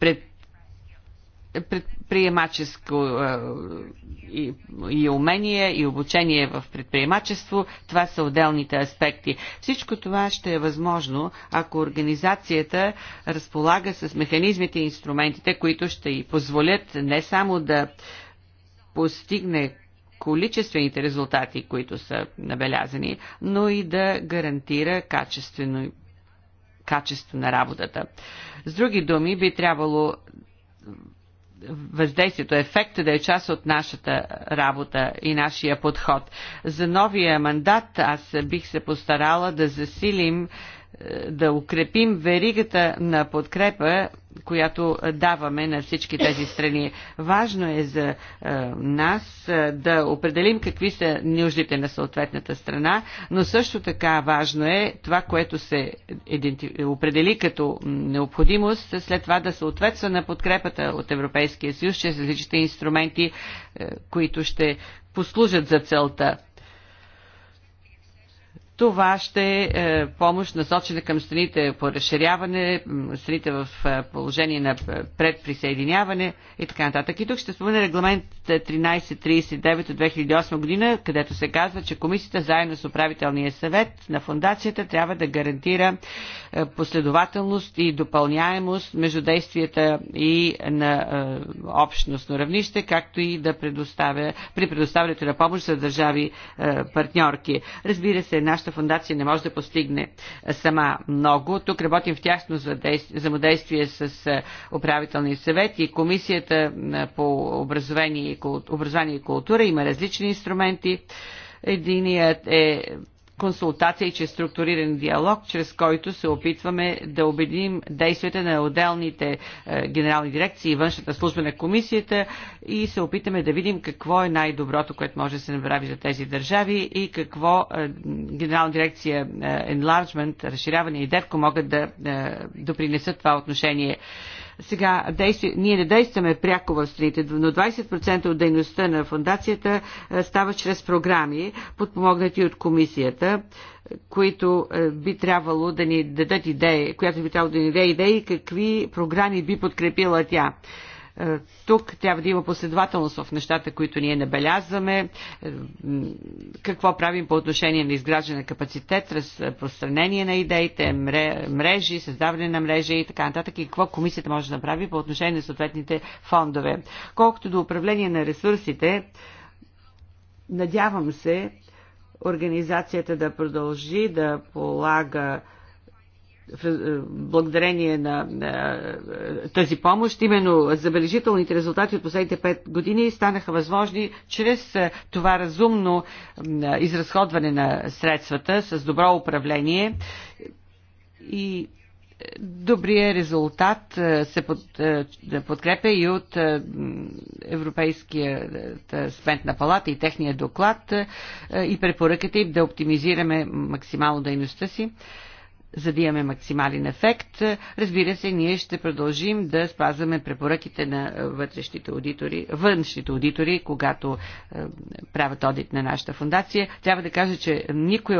пред предприемаческо и, и умение, и обучение в предприемачество. Това са отделните аспекти. Всичко това ще е възможно, ако организацията разполага с механизмите и инструментите, които ще й позволят не само да постигне количествените резултати, които са набелязани, но и да гарантира качествено качество на работата. С други думи, би трябвало въздействието, ефекта да е част от нашата работа и нашия подход. За новия мандат аз бих се постарала да засилим да укрепим веригата на подкрепа, която даваме на всички тези страни. Важно е за е, нас е, да определим какви са нуждите на съответната страна, но също така важно е това, което се определи като необходимост, след това да съответства на подкрепата от Европейския съюз чрез различните инструменти, е, които ще послужат за целта това ще е помощ насочена към страните по разширяване, страните в е, положение на е, предприсъединяване и така нататък. И тук ще спомена регламент 1339 от 2008 година, където се казва, че комисията заедно с управителния съвет на фундацията трябва да гарантира е, последователност и допълняемост между действията и на общностно равнище, както и да предоставя, при предоставянето на помощ за държави партньорки. Разбира се, нашата нашата фундация не може да постигне сама много. Тук работим в тясно взаимодействие с управителния съвет и комисията по образование и култура има различни инструменти. Единият е консултация и чрез структуриран диалог, чрез който се опитваме да обединим действията на отделните е, генерални дирекции и външната служба на комисията и се опитаме да видим какво е най-доброто, което може да се направи за тези държави и какво е, генерална дирекция е, Enlargement, разширяване и Девко могат да е, допринесат това отношение. Е, сега действи, ние не действаме пряко в страните, но 20% от дейността на фундацията е, става чрез програми, подпомогнати от комисията, които е, би трябвало да ни дадат идеи, която би трябвало да ни даде идеи какви програми би подкрепила тя. Е, тук трябва да има последователност в нещата, които ние набелязваме, е, какво правим по отношение на изграждане на капацитет, разпространение на идеите, мрежи, създаване на мрежи и така нататък и какво комисията може да направи по отношение на съответните фондове. Колкото до управление на ресурсите, надявам се организацията да продължи да полага е, благодарение на е, тази помощ. Именно забележителните резултати от последните 5 години станаха възможни чрез е, това разумно изразходване на средствата с добро управление и добрия резултат се под, подкрепя и от Европейския сметна палата и техния доклад и препоръката им да оптимизираме максимално дейността си за да имаме максимален ефект. Разбира се, ние ще продължим да спазваме препоръките на вътрешните аудитори, външните аудитори, когато е, правят одит на нашата фундация. Трябва да кажа, че никой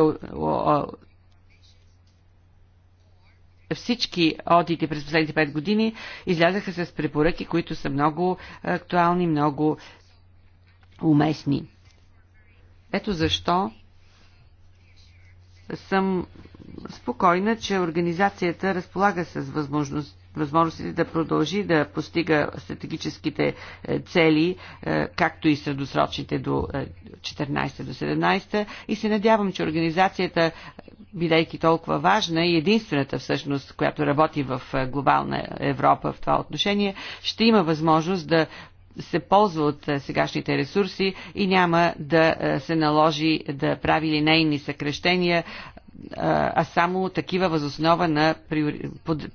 всички одити през последните 5 години излязаха с препоръки, които са много актуални, много уместни. Ето защо съм спокойна, че организацията разполага с възможност възможностите да продължи да постига стратегическите е, цели, е, както и средосрочните до 14 е, до 17 и се надявам, че организацията, бидейки толкова важна и единствената всъщност, която работи в глобална Европа в това отношение, ще има възможност да се ползва от сегашните ресурси и няма да се наложи да прави линейни съкрещения а само такива възоснова на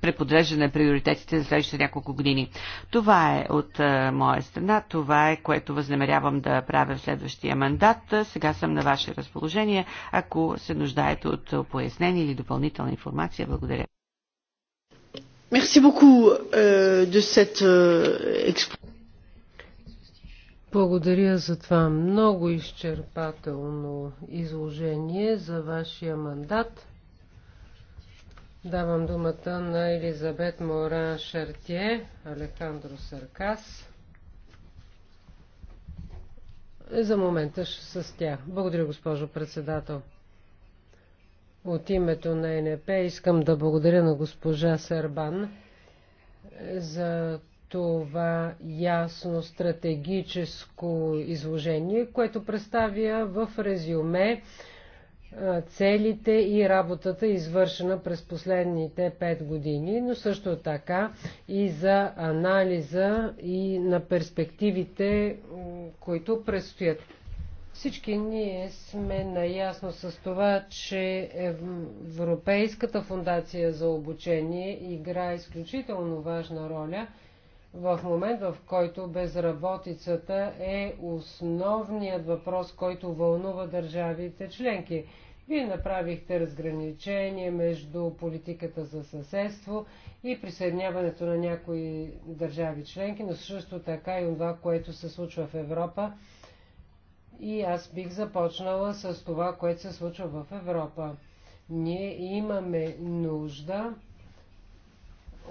преподреждане на приоритетите за следващите няколко години. Това е от моя страна, това е което възнамерявам да правя в следващия мандат. Сега съм на ваше разположение, ако се нуждаете от пояснение или допълнителна информация. Благодаря. Merci beaucoup euh, de cette euh, благодаря за това много изчерпателно изложение за вашия мандат. Давам думата на Елизабет Моран Шартие, Алехандро Саркас. За момента с тях. Благодаря, госпожо председател. От името на НП искам да благодаря на госпожа Сербан за това ясно стратегическо изложение, което представя в резюме целите и работата, извършена през последните 5 години, но също така и за анализа и на перспективите, които предстоят. Всички ние сме наясно с това, че Европейската фундация за обучение играе изключително важна роля – в момент, в който безработицата е основният въпрос, който вълнува държавите членки. Вие направихте разграничение между политиката за съседство и присъединяването на някои държави членки, но също така и това, което се случва в Европа. И аз бих започнала с това, което се случва в Европа. Ние имаме нужда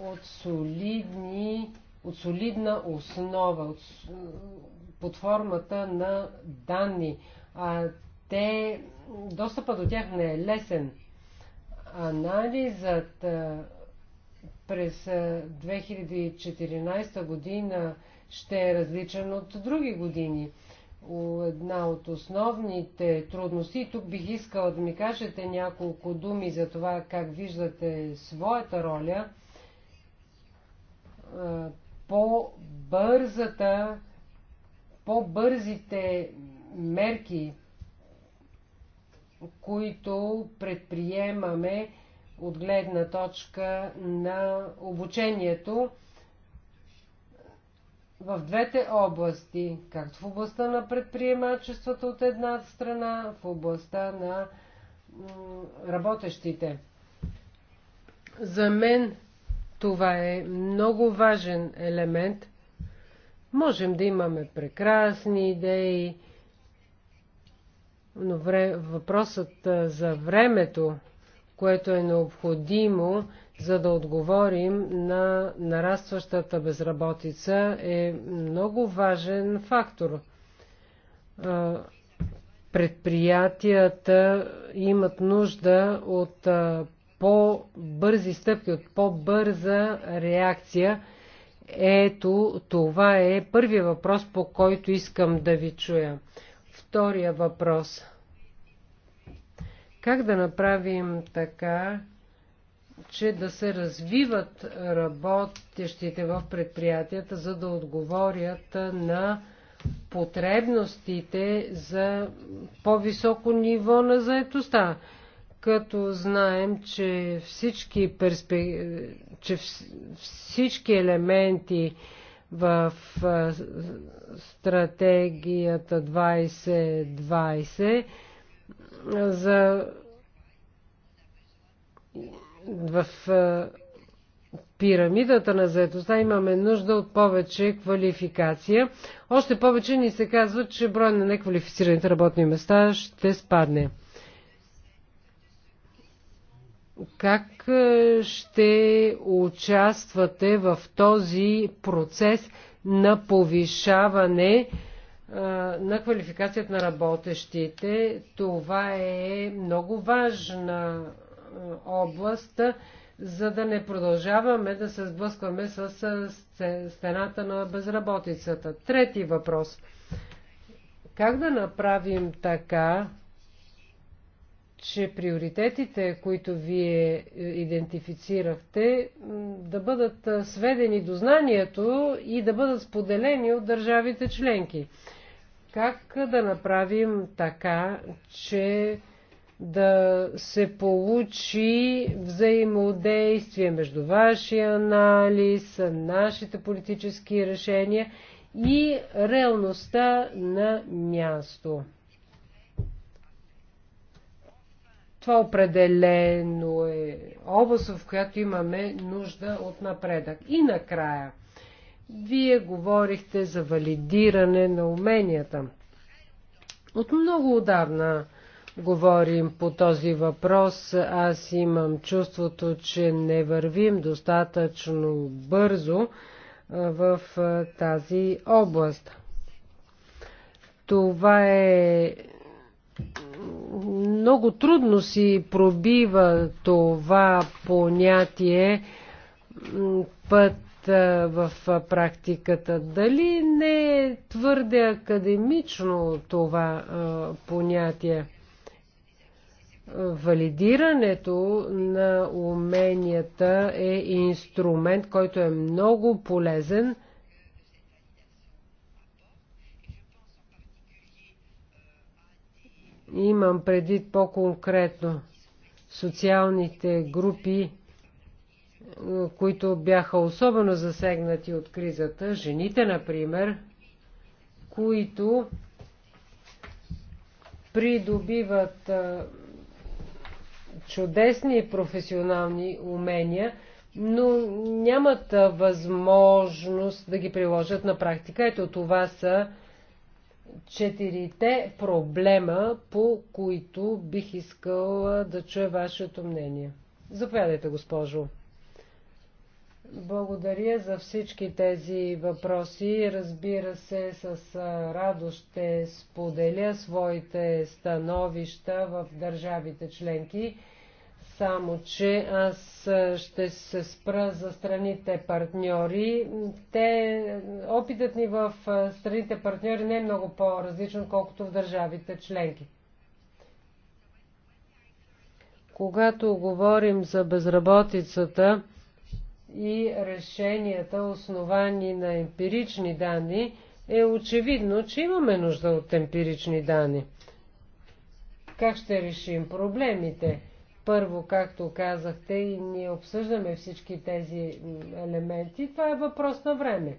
от солидни от солидна основа, от, под формата на данни. А, те, достъпа до тях не е лесен. Анализът а, през 2014 година ще е различен от други години. Една от основните трудности, тук бих искала да ми кажете няколко думи за това как виждате своята роля по-бързата, по-бързите мерки, които предприемаме от гледна точка на обучението в двете области, както в областта на предприемачеството от една страна, в областта на работещите. За мен това е много важен елемент. Можем да имаме прекрасни идеи, но вре... въпросът за времето, което е необходимо, за да отговорим на нарастващата безработица, е много важен фактор. Предприятията имат нужда от по-бързи стъпки, от по-бърза реакция. Ето, това е първия въпрос, по който искам да ви чуя. Втория въпрос. Как да направим така, че да се развиват работещите в предприятията, за да отговорят на потребностите за по-високо ниво на заетостта като знаем, че всички, перспе... че всички елементи в стратегията 2020 за в пирамидата на заедостта имаме нужда от повече квалификация. Още повече ни се казва, че броя на неквалифицираните работни места ще спадне. Как е, ще участвате в този процес на повишаване е, на квалификацията на работещите? Това е много важна е, област, за да не продължаваме да се сблъскваме с стената на безработицата. Трети въпрос. Как да направим така, че приоритетите, които вие е, идентифицирахте, да бъдат е, сведени до знанието и да бъдат споделени от държавите членки. Как да направим така, че да се получи взаимодействие между вашия анализ, нашите политически решения и реалността на място? Това определено е област, в която имаме нужда от напредък. И накрая, вие говорихте за валидиране на уменията. От много отдавна говорим по този въпрос. Аз имам чувството, че не вървим достатъчно бързо в тази област. Това е много трудно си пробива това понятие път в практиката. Дали не е твърде академично това понятие? Валидирането на уменията е инструмент, който е много полезен Имам предвид по-конкретно социалните групи, е, които бяха особено засегнати от кризата, жените, например, които придобиват е, чудесни професионални умения, но нямат е, възможност да ги приложат на практика. Ето това са четирите проблема, по които бих искал да чуя вашето мнение. Заповядайте, госпожо. Благодаря за всички тези въпроси. Разбира се, с радост ще споделя своите становища в държавите членки само, че аз ще се спра за страните партньори. Те, опитът ни в страните партньори не е много по-различен, колкото в държавите членки. Когато говорим за безработицата и решенията, основани на емпирични данни, е очевидно, че имаме нужда от емпирични данни. Как ще решим проблемите? Първо, както казахте, и ние обсъждаме всички тези елементи, това е въпрос на време.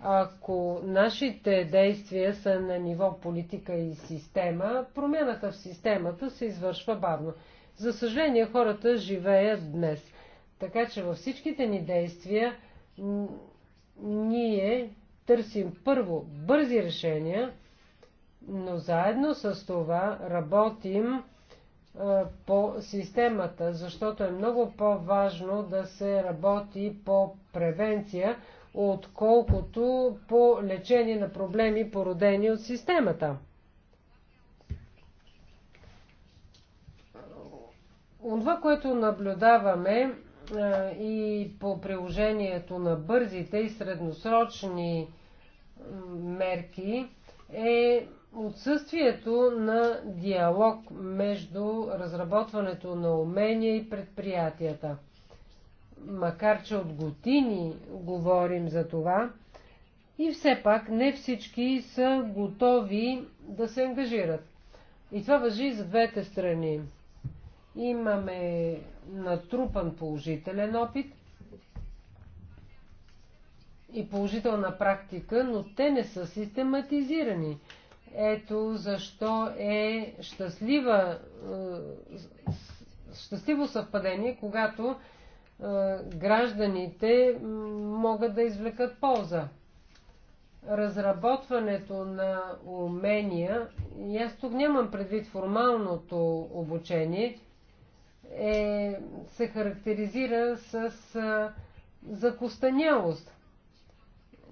Ако нашите действия са на ниво политика и система, промяната в системата се извършва бавно. За съжаление, хората живеят днес. Така че във всичките ни действия ние търсим първо бързи решения, но заедно с това работим е, по системата, защото е много по-важно да се работи по превенция, отколкото по лечение на проблеми, породени от системата. Това, което наблюдаваме е, и по приложението на бързите и средносрочни мерки е Отсъствието на диалог между разработването на умения и предприятията. Макар, че от години говорим за това, и все пак не всички са готови да се ангажират. И това въжи и за двете страни. Имаме натрупан положителен опит и положителна практика, но те не са систематизирани. Ето защо е щастлива, е, щастливо съвпадение, когато е, гражданите могат да извлекат полза. Разработването на умения, и аз тук нямам предвид формалното обучение, е, се характеризира с е, закостанялост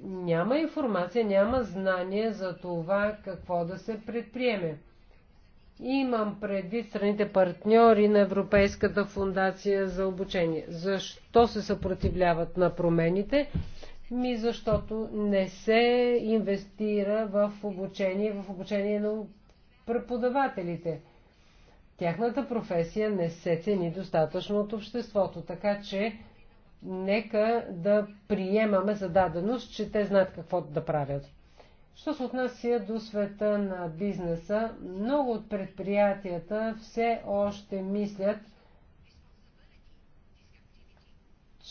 няма информация, няма знание за това какво да се предприеме. Имам предвид страните партньори на Европейската фундация за обучение. Защо се съпротивляват на промените? Ми защото не се инвестира в обучение, в обучение на преподавателите. Тяхната професия не се цени достатъчно от обществото, така че нека да приемаме зададеност, че те знаят какво да правят. Що се отнася до света на бизнеса, много от предприятията все още мислят,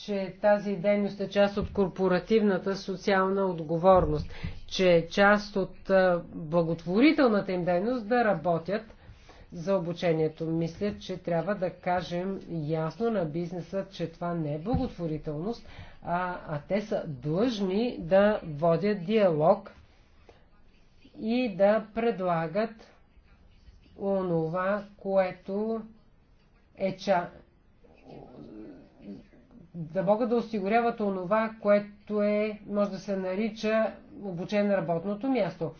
че тази дейност е част от корпоративната социална отговорност, че е част от благотворителната им дейност да работят – за обучението. Мисля, че трябва да кажем ясно на бизнеса, че това не е благотворителност, а, а те са длъжни да водят диалог и да предлагат онова, което е ча... да могат да осигуряват онова, което е, може да се нарича обучение на работното място.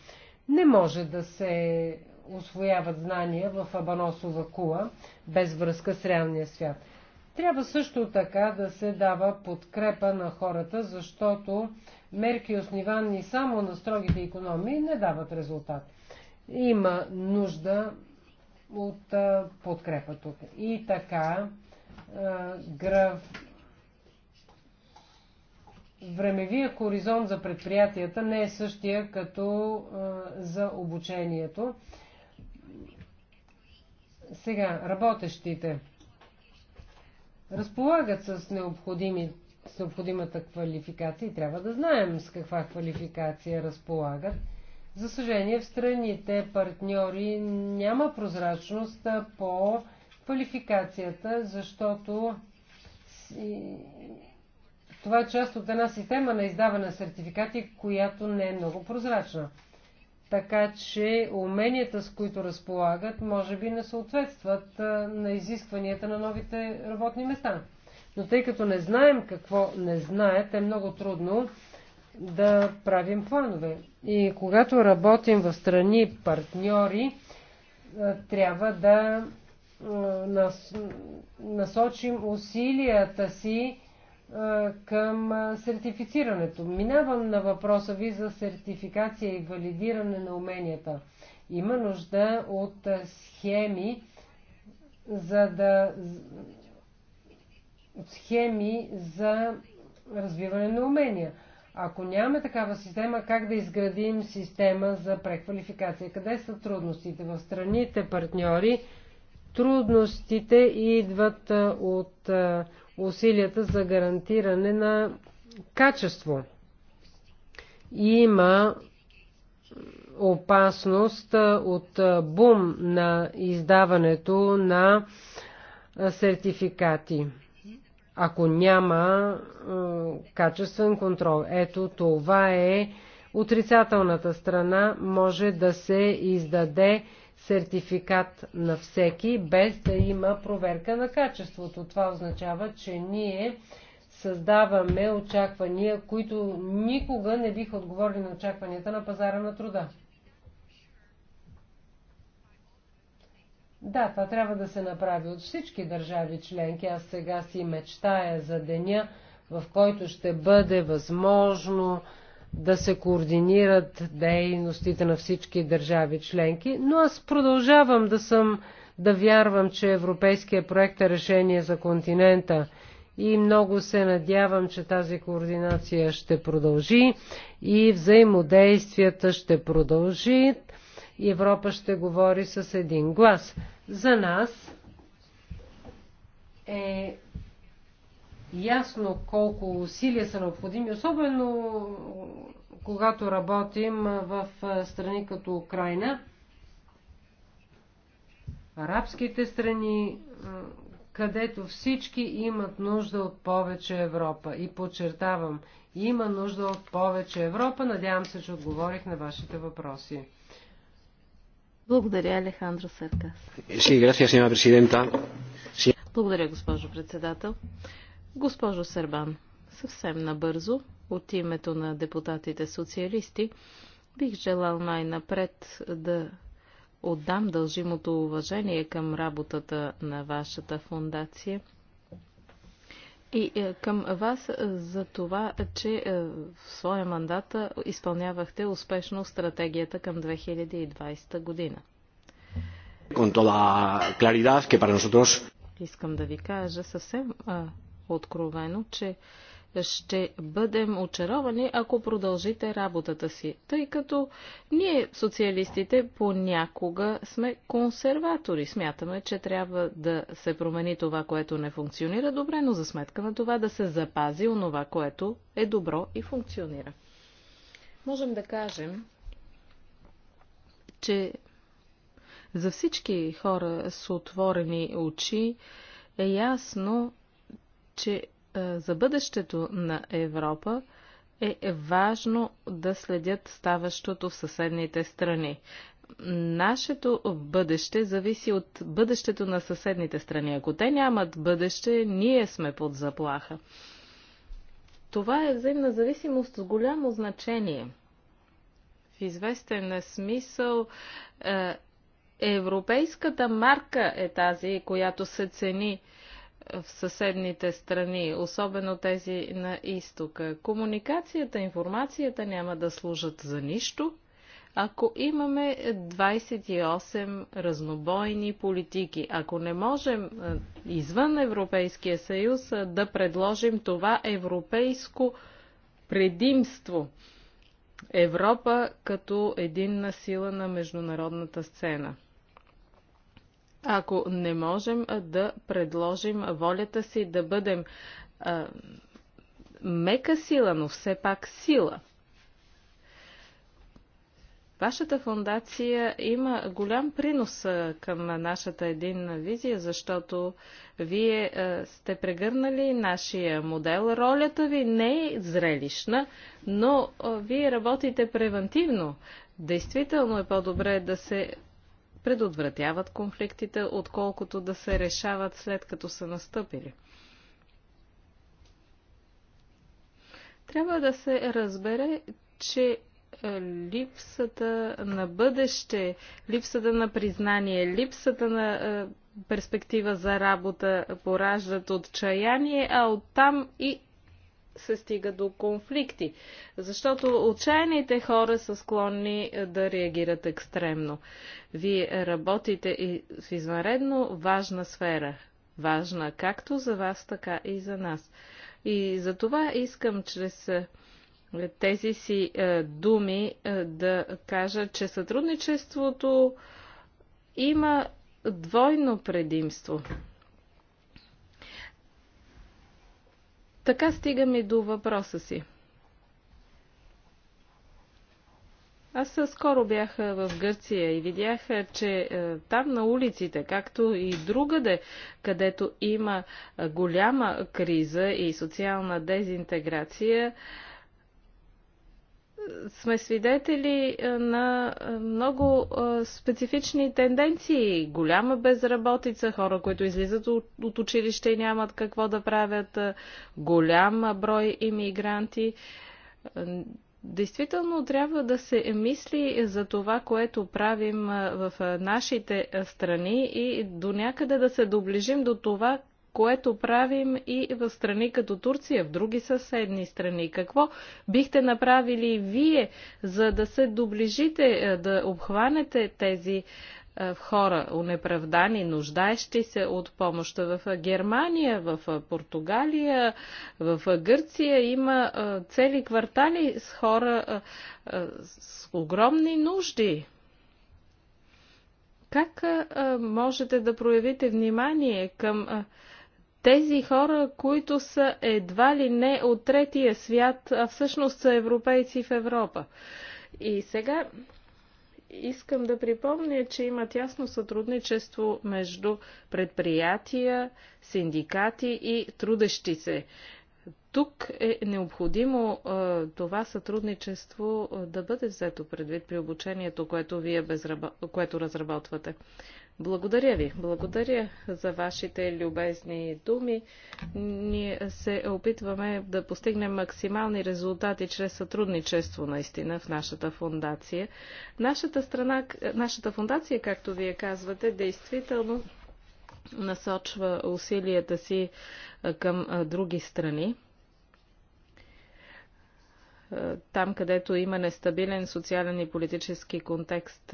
Не може да се освояват знания в Абаносова кула, без връзка с реалния свят. Трябва също така да се дава подкрепа на хората, защото мерки основани само на строгите економии не дават резултат. Има нужда от подкрепа тук. И така, граф... времевия хоризонт за предприятията не е същия като за обучението. Сега, работещите разполагат с, необходими, с необходимата квалификация и трябва да знаем с каква квалификация разполагат. За съжаление, в страните партньори няма прозрачност по квалификацията, защото това е част от една система на издаване на сертификати, която не е много прозрачна така че уменията, с които разполагат, може би не съответстват на изискванията на новите работни места. Но тъй като не знаем какво не знаят, е много трудно да правим планове. И когато работим в страни партньори, трябва да насочим усилията си към сертифицирането. Минавам на въпроса ви за сертификация и валидиране на уменията. Има нужда от схеми, за да от схеми за развиване на умения. Ако нямаме такава система, как да изградим система за преквалификация? Къде са трудностите? В страните партньори трудностите идват от усилията за гарантиране на качество. Има опасност от бум на издаването на сертификати, ако няма качествен контрол. Ето това е отрицателната страна. Може да се издаде сертификат на всеки, без да има проверка на качеството. Това означава, че ние създаваме очаквания, които никога не биха отговорили на очакванията на пазара на труда. Да, това трябва да се направи от всички държави членки. Аз сега си мечтая за деня, в който ще бъде възможно да се координират дейностите на всички държави членки, но аз продължавам да съм да вярвам, че европейския проект е решение за континента и много се надявам, че тази координация ще продължи и взаимодействията ще продължи. Европа ще говори с един глас. За нас е ясно колко усилия са необходими, особено когато работим в страни като Украина, арабските страни, където всички имат нужда от повече Европа. И подчертавам, има нужда от повече Европа. Надявам се, че отговорих на вашите въпроси. Благодаря, Алехандро Серкас. Благодаря, госпожо председател. Госпожо Сърбан, съвсем набързо, от името на депутатите социалисти, бих желал най-напред да отдам дължимото уважение към работата на вашата фундация и е, към вас за това, че е, в своя мандат е, изпълнявахте успешно стратегията към 2020 година. Искам да ви кажа съвсем откровено, че ще бъдем очаровани, ако продължите работата си, тъй като ние, социалистите, понякога сме консерватори. Смятаме, че трябва да се промени това, което не функционира добре, но за сметка на това да се запази онова, което е добро и функционира. Можем да кажем, че за всички хора с отворени очи е ясно, че е, за бъдещето на Европа е важно да следят ставащото в съседните страни. Нашето бъдеще зависи от бъдещето на съседните страни. Ако те нямат бъдеще, ние сме под заплаха. Това е взаимна зависимост с голямо значение. В известен смисъл е, европейската марка е тази, която се цени в съседните страни, особено тези на изтока. Комуникацията, информацията няма да служат за нищо, ако имаме 28 разнобойни политики, ако не можем е, извън Европейския съюз е, да предложим това европейско предимство, Европа като на сила на международната сцена – ако не можем да предложим волята си да бъдем а, мека сила, но все пак сила. Вашата фундация има голям принос към нашата единна визия, защото вие сте прегърнали нашия модел. Ролята ви не е зрелищна, но вие работите превентивно. Действително е по-добре да се предотвратяват конфликтите, отколкото да се решават след като са настъпили. Трябва да се разбере, че е, липсата на бъдеще, липсата на признание, липсата на е, перспектива за работа пораждат отчаяние, а оттам и се стига до конфликти, защото отчаяните хора са склонни е, да реагират екстремно. Вие работите и в извънредно важна сфера, важна както за вас, така и за нас. И за това искам чрез е, тези си е, думи е, да кажа, че сътрудничеството има двойно предимство. Така стигаме и до въпроса си. Аз скоро бях в Гърция и видях, че там на улиците, както и другаде, където има голяма криза и социална дезинтеграция, сме свидетели е, на е, много е, специфични тенденции. Голяма безработица, хора, които излизат от училище и нямат какво да правят, голям брой иммигранти. Действително трябва да се мисли за това, което правим в нашите страни и до някъде да се доближим до това, което правим и в страни като Турция, в други съседни страни. Какво бихте направили вие, за да се доближите, е, да обхванете тези е, хора, унеправдани, нуждаещи се от помощ. В е, Германия, в Португалия, в Гърция има цели квартали с хора с огромни нужди. Как можете да проявите внимание към тези хора, които са едва ли не от третия свят, а всъщност са европейци в Европа. И сега искам да припомня, че има тясно сътрудничество между предприятия, синдикати и трудещи се. Тук е необходимо а, това сътрудничество а, да бъде взето предвид при обучението, което вие безрабо... което разработвате. Благодаря ви. Благодаря за вашите любезни думи. Ние се опитваме да постигнем максимални резултати чрез сътрудничество наистина в нашата фундация. Нашата, страна, нашата фундация, както вие казвате, действително насочва усилията си към други страни там, където има нестабилен социален и политически контекст,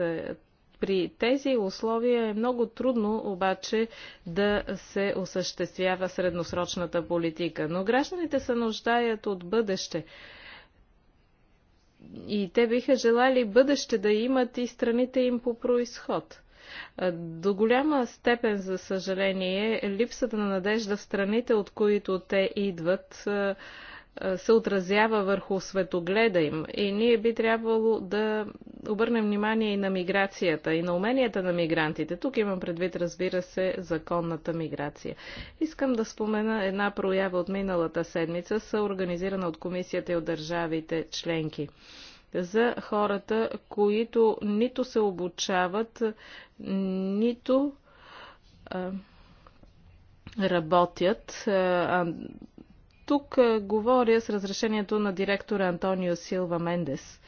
при тези условия е много трудно обаче да се осъществява средносрочната политика. Но гражданите се нуждаят от бъдеще. И те биха желали бъдеще да имат и страните им по происход. До голяма степен, за съжаление, е липсата на надежда в страните, от които те идват, се отразява върху светогледа им и ние би трябвало да обърнем внимание и на миграцията, и на уменията на мигрантите. Тук имам предвид, разбира се, законната миграция. Искам да спомена една проява от миналата седмица, съорганизирана от комисията и от държавите членки за хората, които нито се обучават, нито а, работят, а, тук говоря с разрешението на директора Антонио Силва Мендес.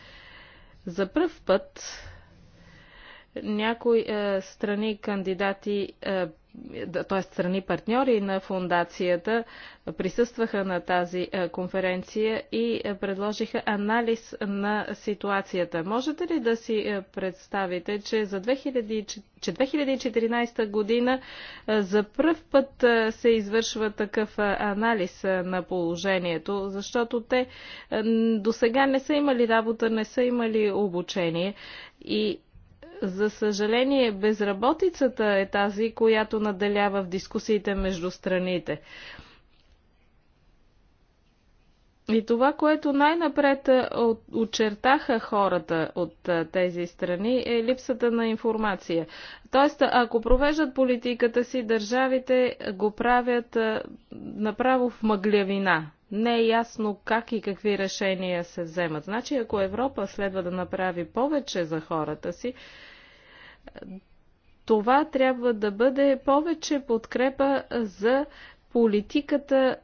За пръв път някои е, страни кандидати е, т.е. страни партньори на фундацията присъстваха на тази е, конференция и е, предложиха анализ на ситуацията. Можете ли да си е, представите, че за 2014 година за пръв път се извършва такъв анализ на положението, защото те до сега не са имали работа, не са имали обучение и за съжаление, безработицата е тази, която наделява в дискусиите между страните. И това, което най-напред очертаха хората от тези страни е липсата на информация. Тоест, ако провеждат политиката си, държавите го правят направо в мъглявина. Не е ясно как и какви решения се вземат. Значи, ако Европа следва да направи повече за хората си, това трябва да бъде повече подкрепа за политиката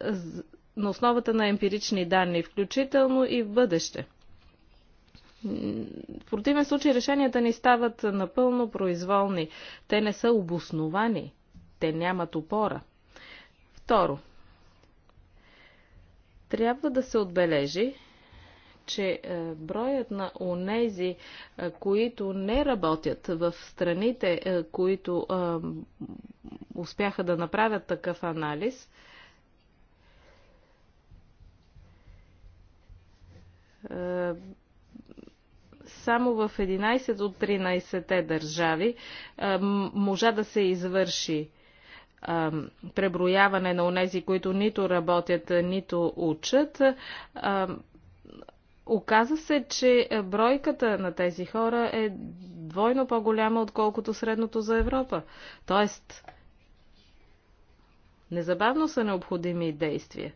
на основата на емпирични данни, включително и в бъдеще. В противен случай решенията ни стават напълно произволни. Те не са обосновани. Те нямат опора. Второ. Трябва да се отбележи, че е, броят на онези, е, които не работят в страните, е, които успяха да направят такъв анализ, само в 11 от 13-те държави можа да се извърши преброяване на онези, които нито работят, нито учат. Оказа се, че е, бройката на тези хора е двойно по-голяма, отколкото средното за Европа. Тоест, незабавно са необходими действия.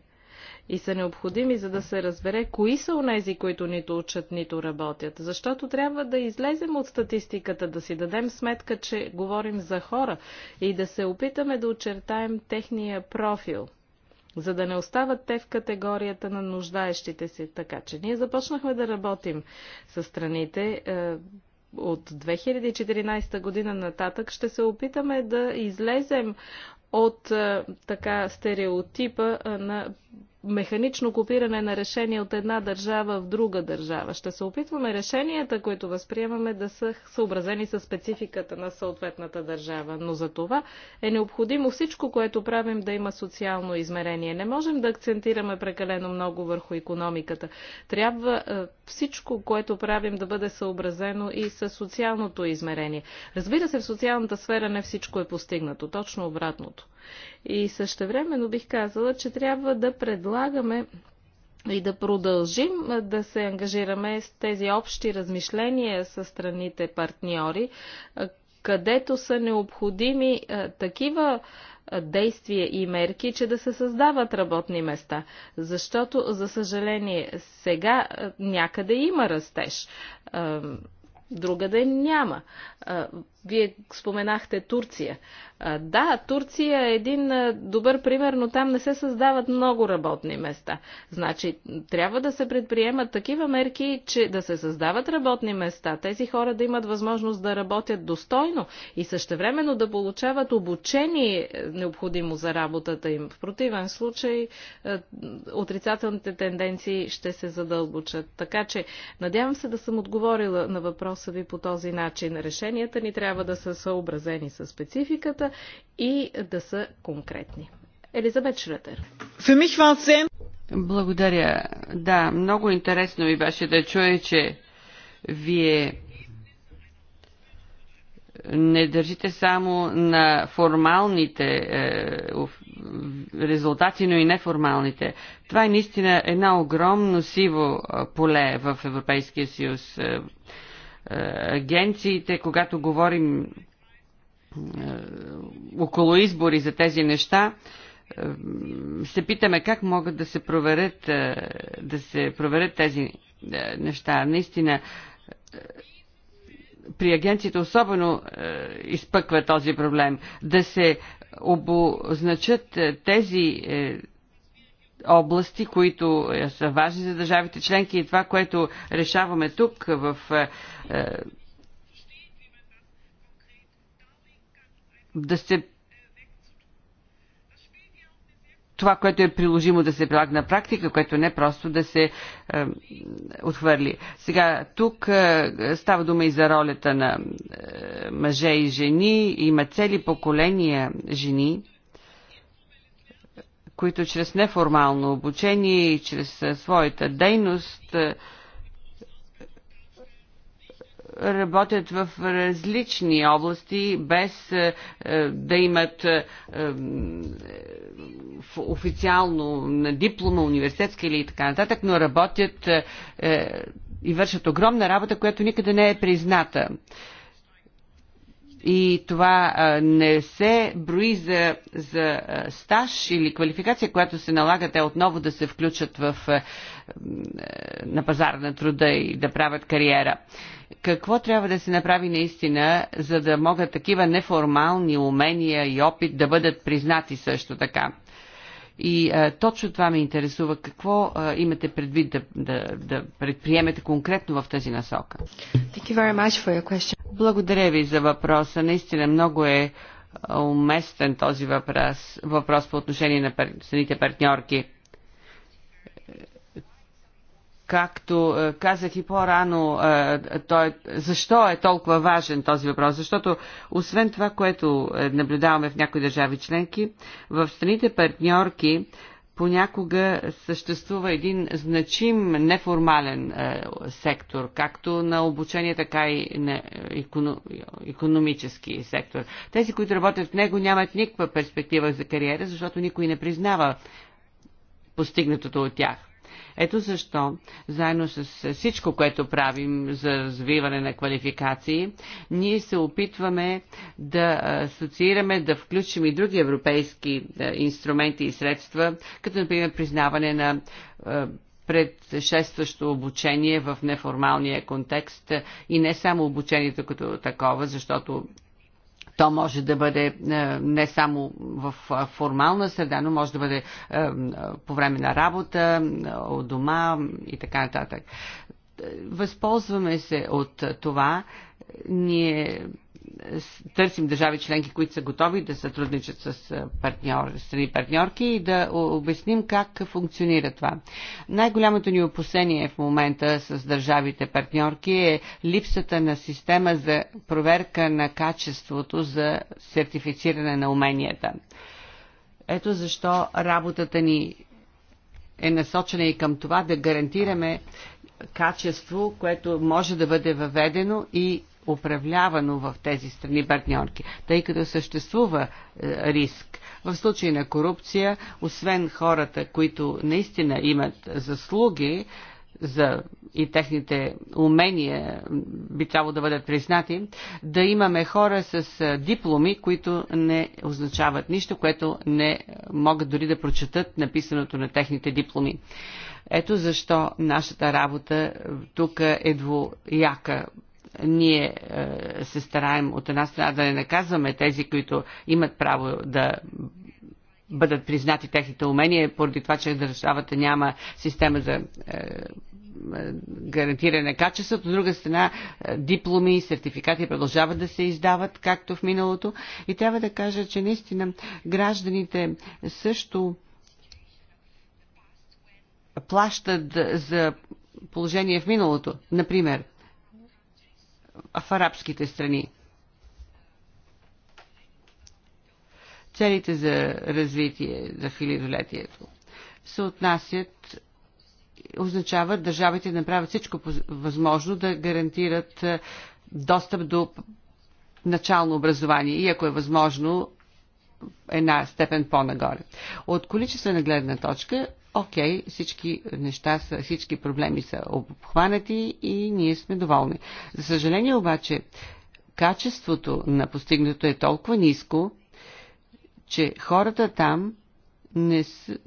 И са необходими, за да се разбере кои са онези, които нито учат, нито работят. Защото трябва да излезем от статистиката, да си дадем сметка, че говорим за хора и да се опитаме да очертаем техния профил – за да не остават те в категорията на нуждаещите се. Така че ние започнахме да работим с страните. Е, от 2014 година нататък ще се опитаме да излезем от е, така стереотипа е, на механично копиране на решение от една държава в друга държава. Ще се опитваме решенията, които възприемаме, да са съобразени с спецификата на съответната държава. Но за това е необходимо всичко, което правим, да има социално измерение. Не можем да акцентираме прекалено много върху економиката. Трябва е, всичко, което правим, да бъде съобразено и с социалното измерение. Разбира се, в социалната сфера не всичко е постигнато. Точно обратното. И същевременно бих казала, че трябва да предлагаме и да продължим да се ангажираме с тези общи размишления с страните партньори, където са необходими такива действия и мерки, че да се създават работни места. Защото, за съжаление, сега някъде има растеж. Другаде няма. Вие споменахте Турция. Да, Турция е един добър пример, но там не се създават много работни места. Значи, трябва да се предприемат такива мерки, че да се създават работни места, тези хора да имат възможност да работят достойно и същевременно да получават обучение е, необходимо за работата им. В противен случай е, отрицателните тенденции ще се задълбочат. Така че, надявам се да съм отговорила на въпроса ви по този начин. Решенията ни трябва да са съобразени с спецификата, и да са конкретни. Елизабет Шретер. Благодаря. Да, много интересно ми беше да чуя, че вие не държите само на формалните е, резултати, но и неформалните. Това е наистина една огромно сиво е, поле в Европейския съюз. Е, агенциите, когато говорим е, около избори за тези неща, е, се питаме как могат да се проверят, е, да се проверят тези неща. Наистина, при агенцията особено изпъква този проблем. Да се обозначат тези области, които са важни за държавите членки и това, което решаваме тук в да се това, което е приложимо да се прилага на практика, което не просто да се е, отхвърли. Сега, тук е, става дума и за ролята на е, мъже и жени. Има цели поколения жени, които чрез неформално обучение и чрез е, своята дейност е, работят в различни области, без е, е, да имат е, официално на диплома, университетска или така нататък, но работят и вършат огромна работа, която никъде не е призната и това не се брои за, за стаж или квалификация, която се налага те отново да се включат в, на пазара на труда и да правят кариера. Какво трябва да се направи наистина, за да могат такива неформални умения и опит да бъдат признати също така? И а, точно това ме интересува. Какво а, имате предвид да, да, да предприемете конкретно в тази насока? Thank you very much for your question. Благодаря ви за въпроса. Наистина много е, е уместен този въпрос, въпрос по отношение на пар... страните партньорки. Както е, казах и по-рано, е, той, защо е толкова важен този въпрос? Защото освен това, което наблюдаваме в някои държави членки, в страните партньорки понякога съществува един значим неформален е, сектор, както на обучение, така и на економ, економически сектор. Тези, които работят в него, нямат никаква перспектива за кариера, защото никой не признава постигнатото от тях. Ето защо, заедно с всичко, което правим за развиване на квалификации, ние се опитваме да асоциираме, да включим и други европейски е, инструменти и средства, като например признаване на е, предшестващо обучение в неформалния контекст и не само обучението като такова, защото то може да бъде е, не само в формална среда, но може да бъде е, е, по време на работа, от дома и така нататък. Възползваме се от това. Ние търсим държави членки, които са готови да сътрудничат с партньор, страни партньорки и да обясним как функционира това. Най-голямото ни опасение в момента с държавите партньорки е липсата на система за проверка на качеството за сертифициране на уменията. Ето защо работата ни е насочена и към това да гарантираме качество, което може да бъде въведено и управлявано в тези страни партньорки, тъй като съществува е, риск. В случай на корупция, освен хората, които наистина имат заслуги, за и техните умения би трябвало да бъдат признати, да имаме хора с е, дипломи, които не означават нищо, което не могат дори да прочетат написаното на техните дипломи. Ето защо нашата работа е, тук е двояка ние е, се стараем от една страна да не наказваме тези, които имат право да бъдат признати техните умения, поради това, че държавата няма система за е, гарантиране на качеството. От друга страна, е, дипломи и сертификати продължават да се издават, както в миналото. И трябва да кажа, че наистина гражданите също плащат за положение в миналото. Например, в арабските страни. Целите за развитие за хилядолетието се отнасят означават държавите да направят всичко възможно да гарантират достъп до начално образование и ако е възможно една степен по-нагоре. От количествена гледна точка окей, всички неща са, всички проблеми са обхванати и ние сме доволни. За съжаление обаче, качеството на постигнато е толкова ниско, че хората там не с...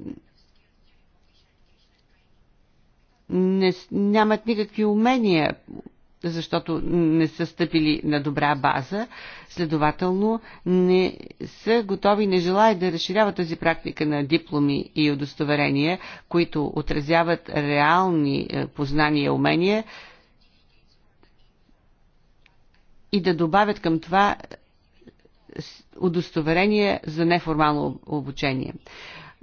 не, нямат никакви умения защото не са стъпили на добра база, следователно не са готови, не желаят да разширяват тази практика на дипломи и удостоверения, които отразяват реални е, познания и умения и да добавят към това удостоверение за неформално обучение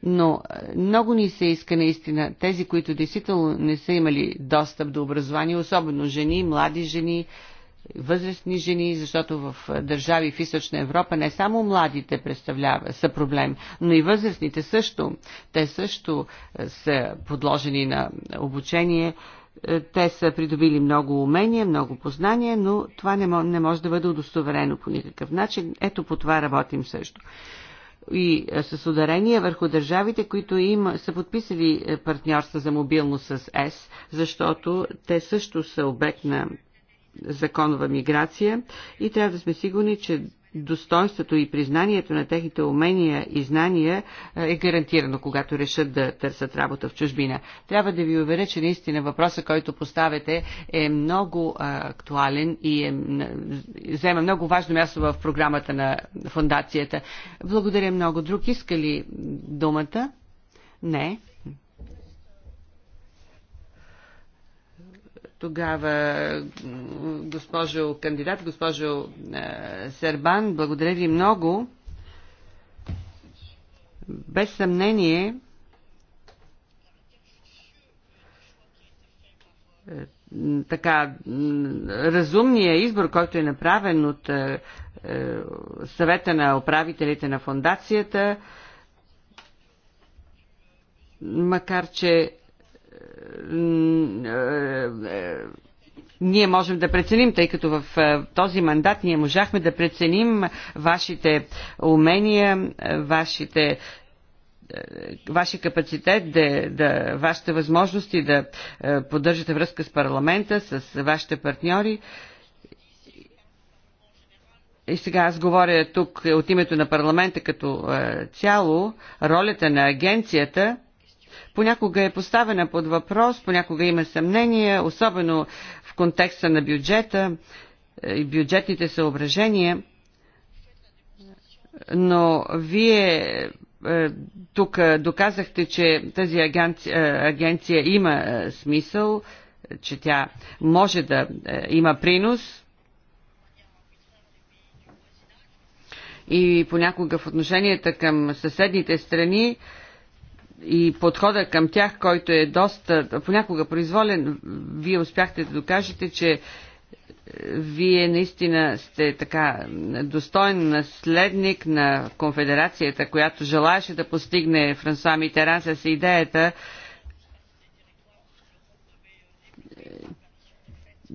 но е, много ни се иска наистина тези, които действително не са имали достъп до образование, особено жени, млади жени, възрастни жени, защото в е, държави в Източна Европа не само младите представлява, са проблем, но и възрастните също. Те също е, са подложени на обучение. Те са придобили много умения, много познания, но това не може да бъде удостоверено по никакъв начин. Ето по това работим също и е, с ударение върху държавите, които им са подписали е, партньорства за мобилност с ЕС, защото те също са обект на законова миграция и трябва да сме сигурни, че достоинството и признанието на техните умения и знания е, е гарантирано, когато решат да търсят работа в чужбина. Трябва да ви уверя, че наистина въпроса, който поставяте е много актуален и е, взема много важно място в програмата на фундацията. Благодаря много. Друг иска ли думата? Не. Тогава, госпожо кандидат, госпожо е, Сербан, благодаря ви много. Без съмнение, е, така разумния избор, който е направен от е, е, съвета на управителите на фундацията, макар че ние можем да преценим, тъй като в този мандат ние можахме да преценим вашите умения, вашите вашия капацитет, да, да, вашите възможности да поддържате връзка с парламента, с вашите партньори. И сега аз говоря тук от името на парламента като цяло, ролята на агенцията – понякога е поставена под въпрос, понякога има съмнение, особено в контекста на бюджета е, и бюджетните съображения. Но вие е, тук доказахте, че тази агенция, е, агенция има смисъл, че тя може да има принос и понякога в отношенията към съседните страни и подхода към тях, който е доста понякога произволен, вие успяхте да докажете, че е, вие наистина сте така достоен наследник на конфедерацията, която желаеше да постигне Франсуа Митеран с идеята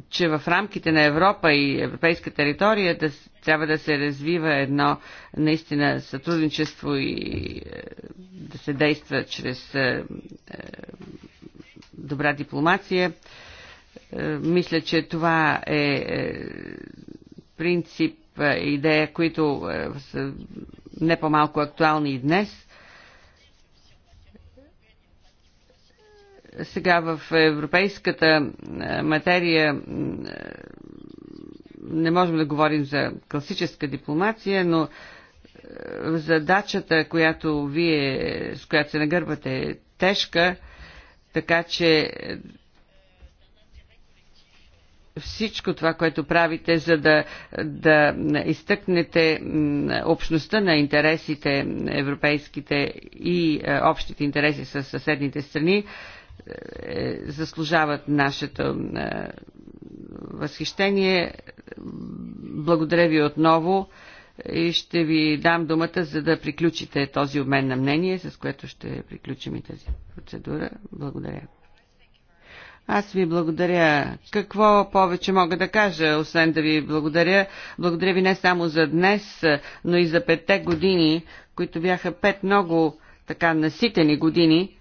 че в рамките на Европа и европейска територия да, трябва да се развива едно наистина сътрудничество и е, да се действа чрез е, е, добра дипломация. Мисля, че това е принцип, идея, които са не по-малко актуални и днес. Сега в европейската материя не можем да говорим за класическа дипломация, но е, задачата, която вие, с която се нагърбате, е тежка, така че е, всичко това, което правите, за да, да изтъкнете общността на интересите европейските и е, общите интереси с съседните страни, е, заслужават нашето е, възхищение. Благодаря ви отново и ще ви дам думата, за да приключите този обмен на мнение, с което ще приключим и тази процедура. Благодаря. Аз ви благодаря. Какво повече мога да кажа, освен да ви благодаря? Благодаря ви не само за днес, но и за петте години, които бяха пет много така наситени години,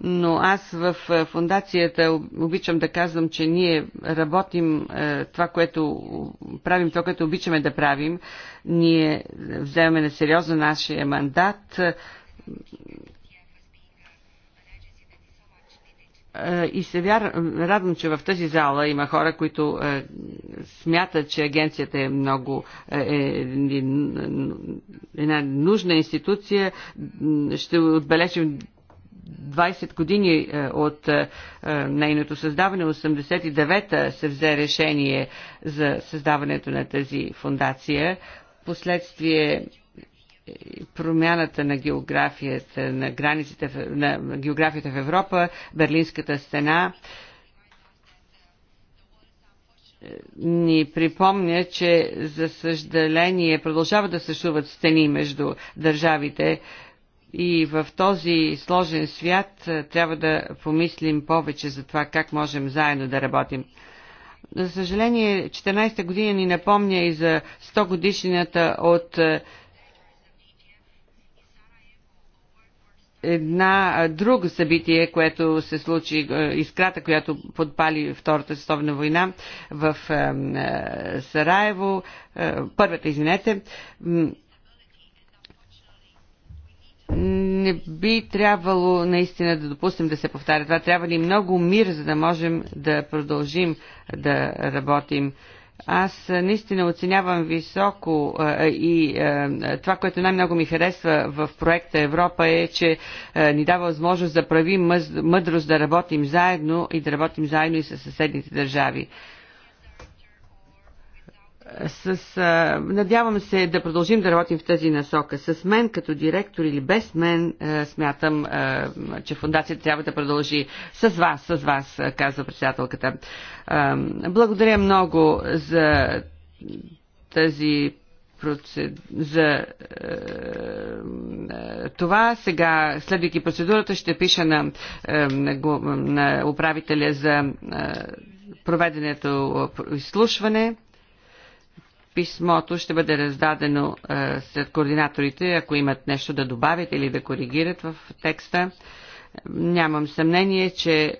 но аз в фундацията обичам да казвам, че ние работим това, което правим, това, което обичаме да правим. Ние вземаме на сериозно нашия мандат и се вяр... радвам, че в тази зала има хора, които е, смятат, че агенцията е много е, е, една нужна институция. Ще отбележим 20 години е, от е, е, нейното създаване, 89-та се взе решение за създаването на тази фундация. Последствие промяната на географията, на границите, на географията в Европа, Берлинската стена, ни припомня, че за съжаление продължават да съществуват стени между държавите, и в този сложен свят е, трябва да помислим повече за това как можем заедно да работим. За съжаление, 14-та година ни напомня и за 100 годишнината от е, една е, друго събитие, което се случи, изкрата, която подпали Втората световна война в Сараево, първата, извинете, не би трябвало наистина да допуснем да се повтаря това. Трябва ли много мир, за да можем да продължим да работим. Аз наистина оценявам високо а, и а, това, което най-много ми харесва в проекта Европа е, че а, ни дава възможност да правим мъдрост да работим заедно и да работим заедно и с съседните държави с, а, надявам се да продължим да работим в тази насока. С мен като директор или без мен а, смятам, а, че фундацията трябва да продължи. С вас, с вас, казва председателката. А, благодаря много за тази процед... за а, това. Сега, следвайки процедурата, ще пиша на, на, на управителя за а, проведенето изслушване. Писмото ще бъде раздадено а, е, сред координаторите, ако имат нещо да добавят или да коригират в текста. Нямам съмнение, че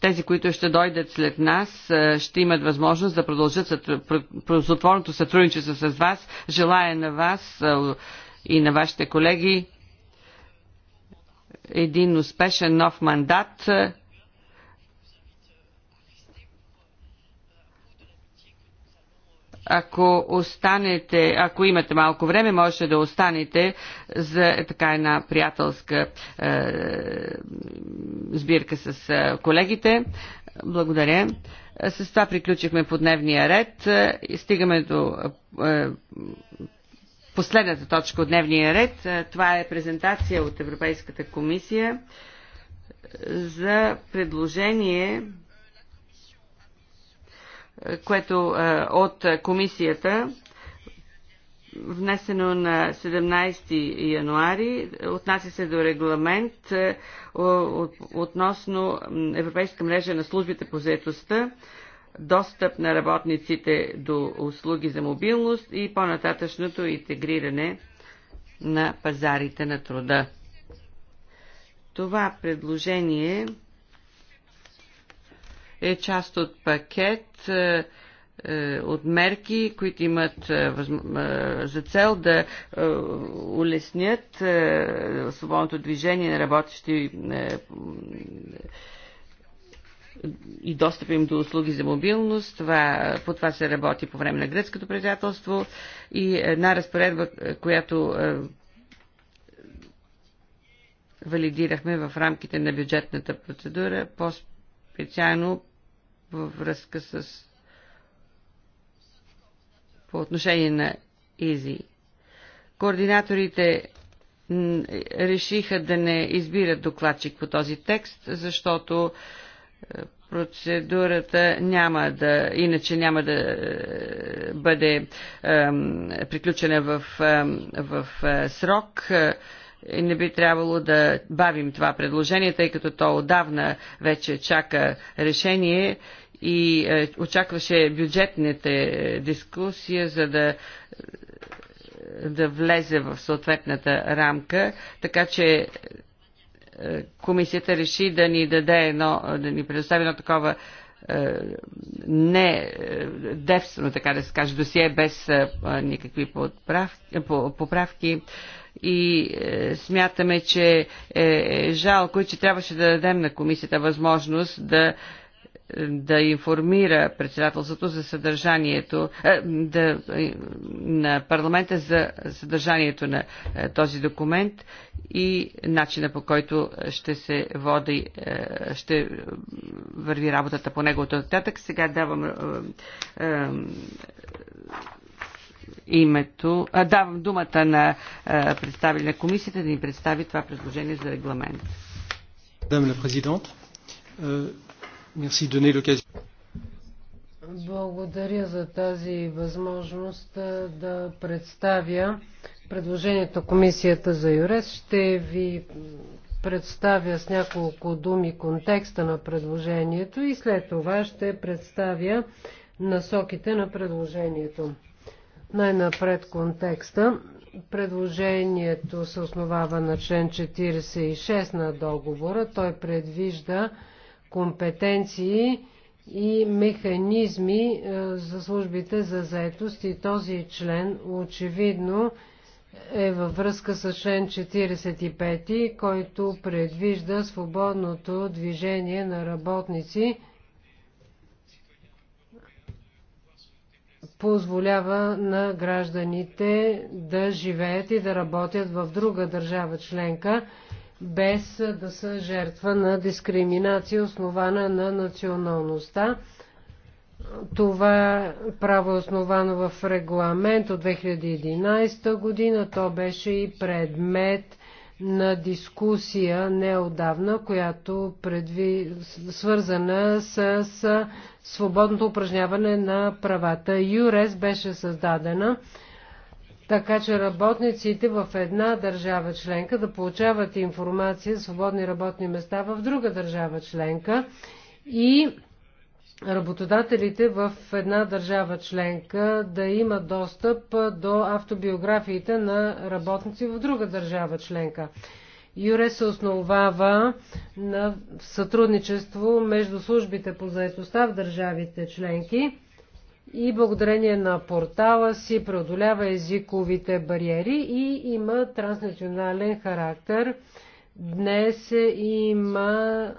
тези, които ще дойдат след нас, е, ще имат възможност да продължат прозотворното сътрудничество с вас. Желая на вас е, и на вашите колеги един успешен нов мандат. Ако останете, ако имате малко време, можете да останете за е, така една приятелска е, сбирка с е, колегите. Благодаря. Е, с това приключихме по дневния ред. и Стигаме до е, последната точка от дневния ред. Това е презентация от Европейската комисия за предложение което е, от комисията внесено на 17 януари, отнася се до регламент е, относно Европейска мрежа на службите по заетостта, достъп на работниците до услуги за мобилност и по-нататъчното интегриране на пазарите на труда. Това предложение е част от пакет е, е, от мерки, които имат е, за цел да улеснят свободното движение на работещи и достъп им до услуги за мобилност. Това, по това се работи по време на гръцкото председателство и една разпоредба, която валидирахме в рамките на бюджетната процедура, по-специално във връзка с по отношение на Изи. Координаторите решиха да не избират докладчик по този текст, защото е, процедурата няма да, иначе няма да е, бъде е, приключена в, е, в е, срок. И е, не би трябвало да бавим това предложение, тъй като то отдавна вече чака решение и е, очакваше бюджетните дискусия, за да да влезе в съответната рамка, така че е, комисията реши да ни даде едно, да ни предостави едно такова е, не е, девствено, така да се каже, досие без никакви поправки. И смятаме, че е жалко и че трябваше да дадем на комисията възможност да да информира председателството за съдържанието е, да, е, на парламента за съдържанието на е, този документ и начина по който ще се води, ще върви работата по неговото оттатък. Сега давам името, а, давам думата на представителя на комисията да ни представи това предложение за регламент. Madame la благодаря за тази възможност да представя предложението Комисията за ЮРЕС. Ще ви представя с няколко думи контекста на предложението и след това ще представя насоките на предложението. Най-напред контекста. Предложението се основава на член 46 на договора. Той предвижда компетенции и механизми е, за службите за заетост и този член очевидно е във връзка с член 45, който предвижда свободното движение на работници, позволява на гражданите да живеят и да работят в друга държава членка без да са жертва на дискриминация, основана на националността. Това право е основано в регламент от 2011 година. То беше и предмет на дискусия неодавна, която предви... свързана с, с свободното упражняване на правата. ЮРЕС беше създадена така че работниците в една държава членка да получават информация за свободни работни места в друга държава членка и работодателите в една държава членка да имат достъп до автобиографиите на работници в друга държава членка. Юре се основава на сътрудничество между службите по заедостта в държавите членки и благодарение на портала си преодолява езиковите бариери и има транснационален характер. Днес има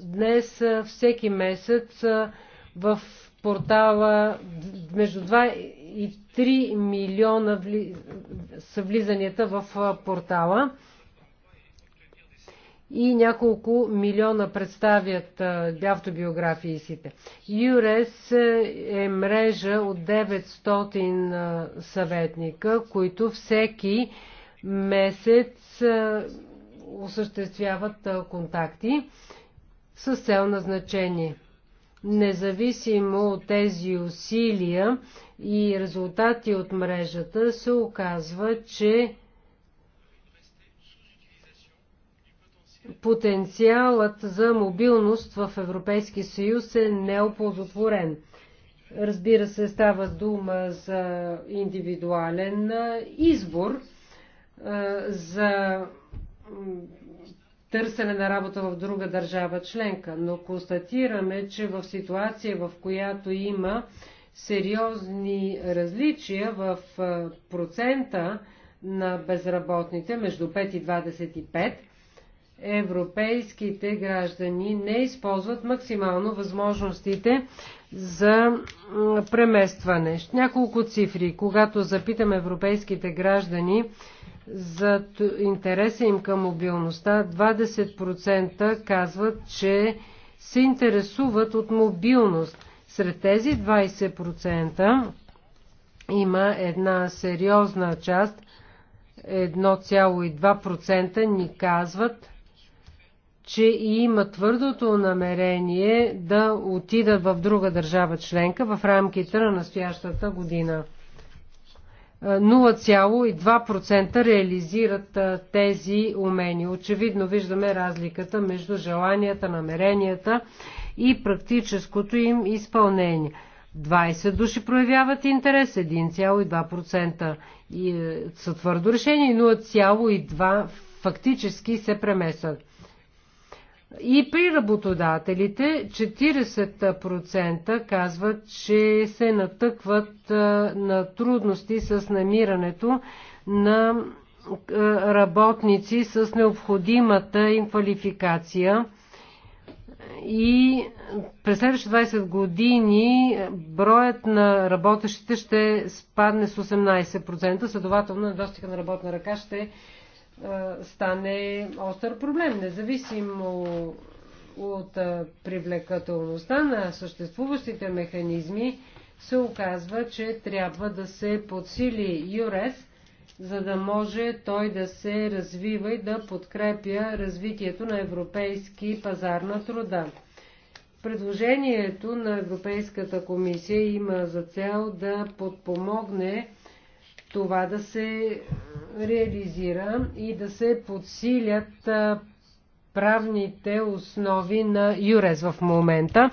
днес всеки месец в портала между 2 и 3 милиона вли... са влизанията в портала и няколко милиона представят автобиографии сите. ЮРЕС е, е мрежа от 900 съветника, които всеки месец осъществяват контакти с цел назначение. Независимо от тези усилия и резултати от мрежата, се оказва, че потенциалът за мобилност в Европейски съюз е неоползотворен. Разбира се, става дума за индивидуален избор, за търсене на работа в друга държава членка, но констатираме, че в ситуация, в която има сериозни различия в процента на безработните между 5 и 25, европейските граждани не използват максимално възможностите за преместване. Няколко цифри. Когато запитаме европейските граждани за интереса им към мобилността, 20% казват, че се интересуват от мобилност. Сред тези 20% има една сериозна част, 1,2% ни казват, че има твърдото намерение да отидат в друга държава членка в рамките на настоящата година. 0,2% е, реализират е, тези умения. Очевидно виждаме разликата между желанията, намеренията и практическото им изпълнение. 20 души проявяват интерес, 1,2% и е, са твърдо решение, 0,2% фактически се премесват. И при работодателите 40% казват, че се натъкват на трудности с намирането на работници с необходимата им квалификация. И през следващите 20 години броят на работещите ще спадне с 18%, следователно недостига на работна ръка ще стане остър проблем, независимо от привлекателността на съществуващите механизми, се оказва, че трябва да се подсили ЮРЕС, за да може той да се развива и да подкрепя развитието на европейски пазар на труда. Предложението на Европейската комисия има за цел да подпомогне това да се реализира и да се подсилят правните основи на ЮРЕС в момента.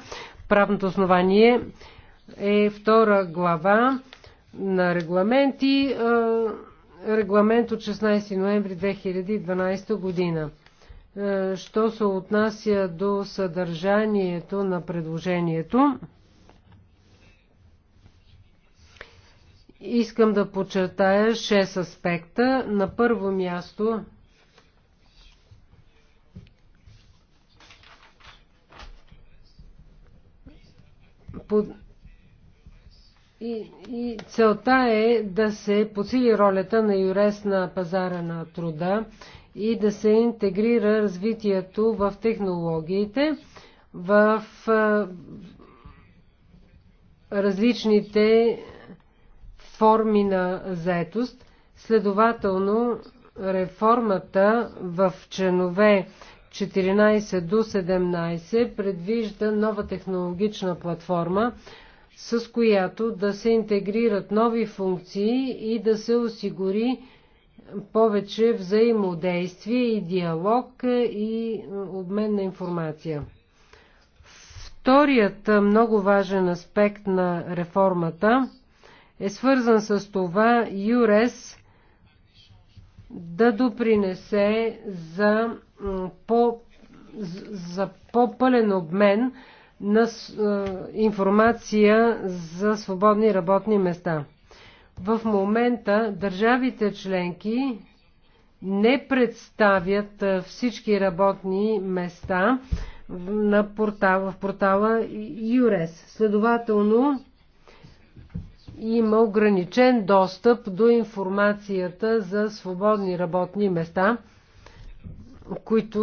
Правното основание е втора глава на регламенти, регламент от 16 ноември 2012 година. Що се отнася до съдържанието на предложението, Искам да подчертая 6 аспекта. На първо място под... и, и целта е да се подсили ролята на ЮРЕС на пазара на труда и да се интегрира развитието в технологиите в различните форми на заетост. Следователно, реформата в членове 14 до 17 предвижда нова технологична платформа, с която да се интегрират нови функции и да се осигури повече взаимодействие и диалог и обмен на информация. Вторият много важен аспект на реформата е свързан с това ЮРЕС да допринесе за, по, за по-пълен обмен на е, информация за свободни работни места. В момента държавите членки не представят е, всички работни места на портала, в портала ЮРЕС. Следователно, има ограничен достъп до информацията за свободни работни места, които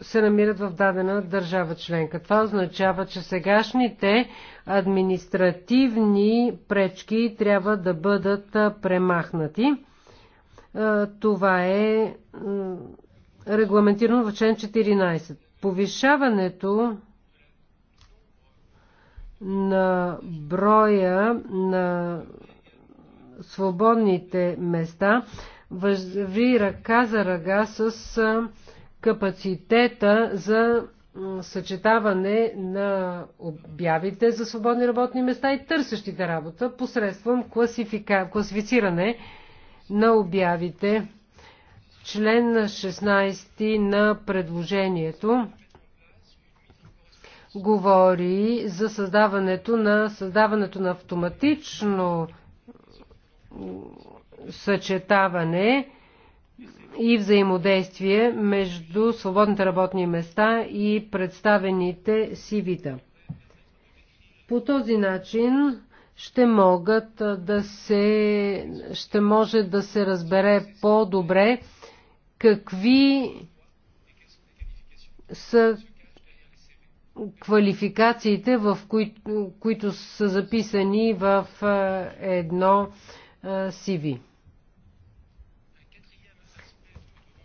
е, се намират в дадена държава членка. Това означава, че сегашните административни пречки трябва да бъдат е, премахнати. Е, това е регламентирано в член 14. Повишаването на броя на свободните места върви ръка за ръга с капацитета за съчетаване на обявите за свободни работни места и търсещите работа посредством класифика... класифициране на обявите. Член 16 на предложението говори за създаването на, създаването на автоматично съчетаване и взаимодействие между свободните работни места и представените си вида. По този начин ще могат да се, ще може да се разбере по-добре какви са квалификациите, в които, които са записани в едно CV.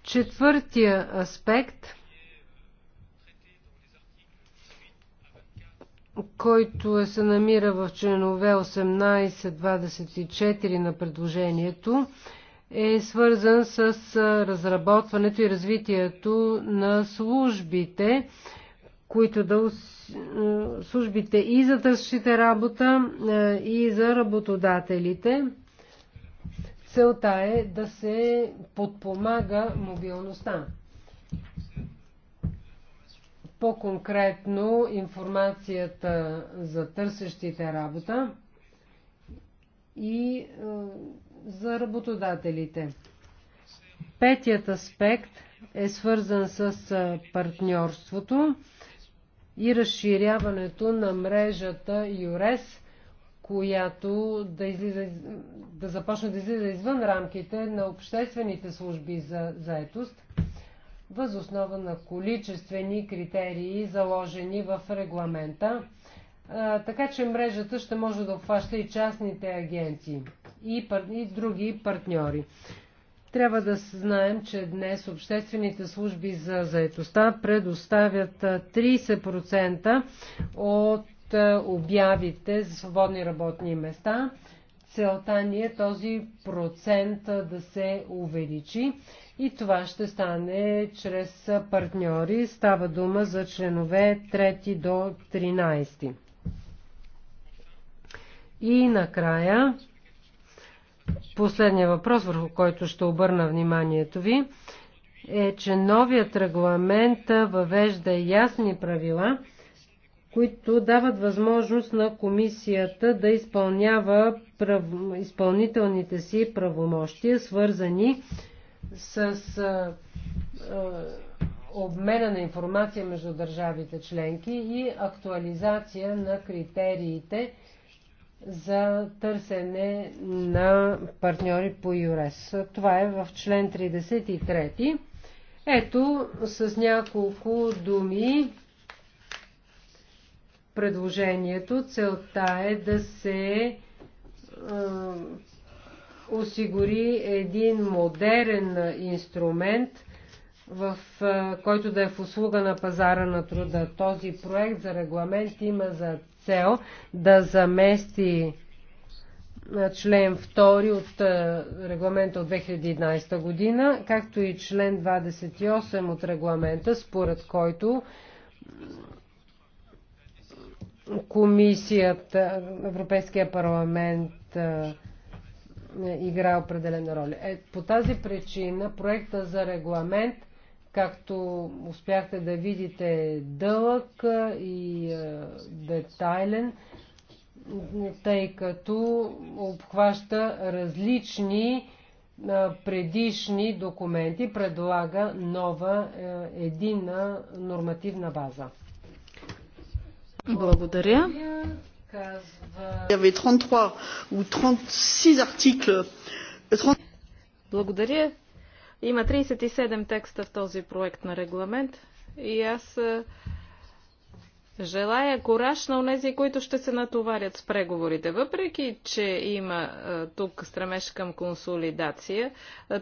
Четвъртия аспект, който е, се намира в членове 18-24 на предложението, е свързан с разработването и развитието на службите, които да службите и за тършите работа, е, и за работодателите. Целта е да се подпомага мобилността. По-конкретно информацията за търсещите работа и е, за работодателите. Петият аспект е свързан с е, партньорството и разширяването на мрежата ЮРЕС, която да, излиза, да започне да излиза извън рамките на обществените служби за заетост, възоснова на количествени критерии, заложени в регламента, а, така че мрежата ще може да обхваща и частните агенции и, пар... и други партньори. Трябва да знаем, че днес обществените служби за заетостта предоставят 30% от обявите за свободни работни места. Целта ни е този процент да се увеличи и това ще стане чрез партньори. Става дума за членове 3 до 13. И накрая Последния въпрос, върху който ще обърна вниманието ви, е, че новият регламент въвежда ясни правила, които дават възможност на комисията да изпълнява прав... изпълнителните си правомощия, свързани с а, а, обмена на информация между държавите членки и актуализация на критериите за търсене на партньори по ЮРЕС. Това е в член 33. Ето с няколко думи предложението. Целта е да се е, осигури един модерен инструмент, в, е, който да е в услуга на пазара на труда. Този проект за регламент има за цел да замести член 2 от регламента от 2011 година, както и член 28 от регламента, според който комисията, Европейския парламент е, играе определена роля. Е, по тази причина проекта за регламент Както успяхте да видите, дълъг е, и е, детайлен, тъй като обхваща различни е, предишни документи, предлага нова единна нормативна база. Благодаря. Благодаря. Има 37 текста в този проект на регламент и аз желая кораж на онези, които ще се натоварят с преговорите. Въпреки, че има тук стремеж към консолидация,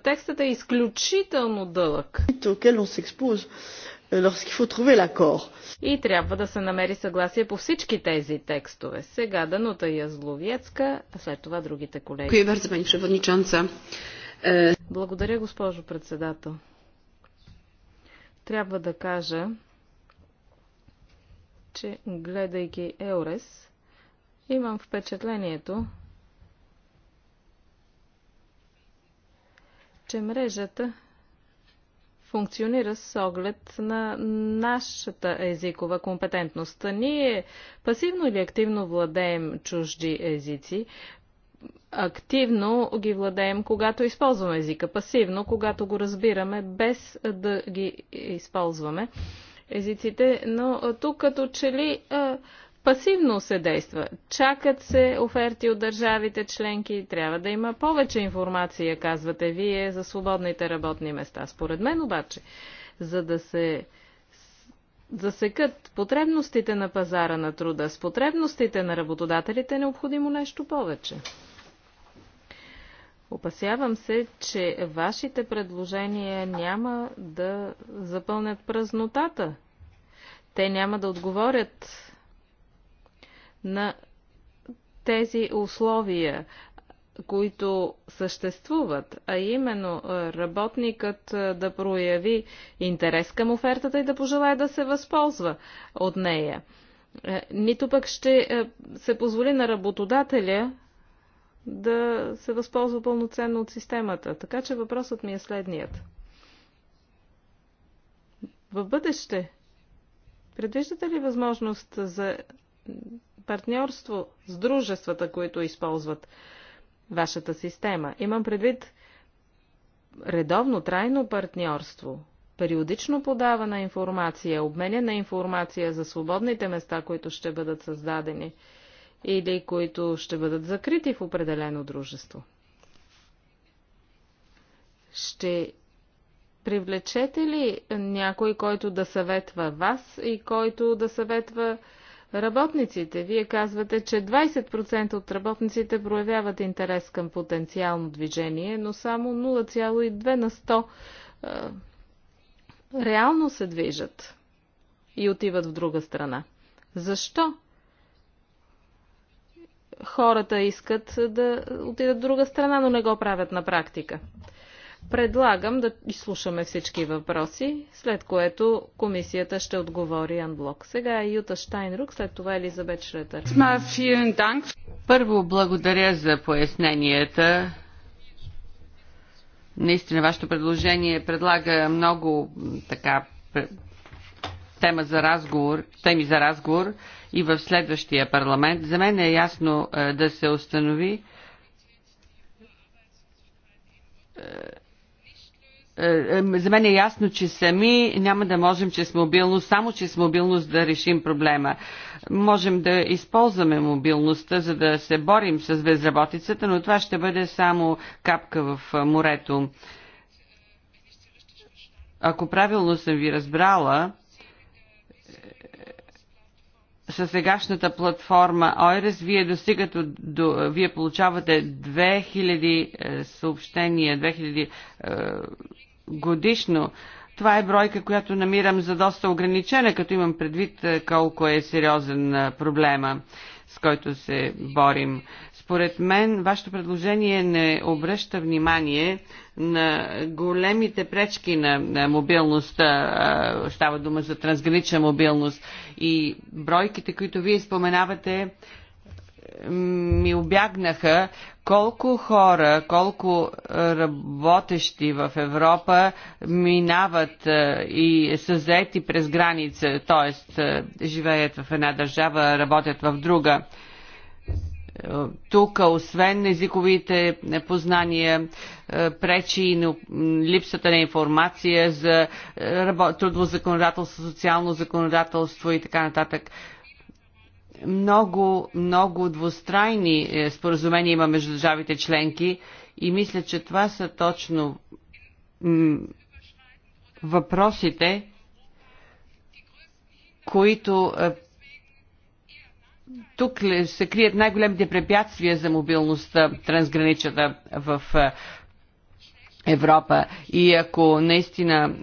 текстът е изключително дълъг. Euh, и трябва да се намери съгласие по всички тези текстове. Сега Данута Язловецка, а след това другите колеги. Dziękuję bardzo Pani е, Благодаря, госпожо председател. Трябва да кажа, че гледайки Еурес, имам впечатлението, че мрежата функционира с оглед на нашата езикова компетентност. Ние пасивно или активно владеем чужди езици, активно ги владеем, когато използваме езика, пасивно, когато го разбираме, без да ги използваме езиците, но тук като че ли пасивно се действа. Чакат се оферти от държавите членки, трябва да има повече информация, казвате вие, за свободните работни места. Според мен обаче, за да се засекат потребностите на пазара на труда с потребностите на работодателите, е необходимо нещо повече. Опасявам се, че вашите предложения няма да запълнят празнотата. Те няма да отговорят на тези условия, които съществуват, а именно работникът да прояви интерес към офертата и да пожелая да се възползва от нея. Е, нито пък ще е, се позволи на работодателя да се възползва пълноценно от системата. Така че въпросът ми е следният. В бъдеще, предвиждате ли възможност за партньорство с дружествата, които използват вашата система? Имам предвид редовно, трайно партньорство, периодично подава на информация, обменя на информация за свободните места, които ще бъдат създадени – или които ще бъдат закрити в определено дружество. Ще привлечете ли някой, който да съветва вас и който да съветва работниците? Вие казвате, че 20% от работниците проявяват интерес към потенциално движение, но само 0,2 на 100 реално се движат и отиват в друга страна. Защо хората искат да отидат в друга страна, но не го правят на практика. Предлагам да изслушаме всички въпроси, след което комисията ще отговори анблок. Сега е Юта Штайнрук, след това Елизабет Шретър. Първо благодаря за поясненията. Наистина, вашето предложение предлага много така тема за разговор, теми за разговор и в следващия парламент. За мен е ясно е, да се установи е, е, за мен е ясно, че сами няма да можем чрез мобилност, само чрез мобилност да решим проблема. Можем да използваме мобилността, за да се борим с безработицата, но това ще бъде само капка в морето. Ако правилно съм ви разбрала, със сегашната платформа OIRES вие до, вие получавате 2000 е, съобщения, 2000 е, годишно. Това е бройка, която намирам за доста ограничена, като имам предвид е, колко е сериозен е, проблема, с който се борим. Е, според мен, вашето предложение не обръща внимание на големите пречки на, на мобилността. Става дума за трансгранична мобилност. И бройките, които вие споменавате, ми обягнаха колко хора, колко работещи в Европа минават и са заети през граница, т.е. живеят в една държава, работят в друга тук, освен езиковите познания, е, пречи и липсата на информация за е, трудово законодателство, социално законодателство и така нататък много, много двустрайни е, споразумения има между държавите членки и мисля, че това са точно въпросите, които тук се крият най-големите препятствия за мобилността, трансграничната в е, Европа. И ако наистина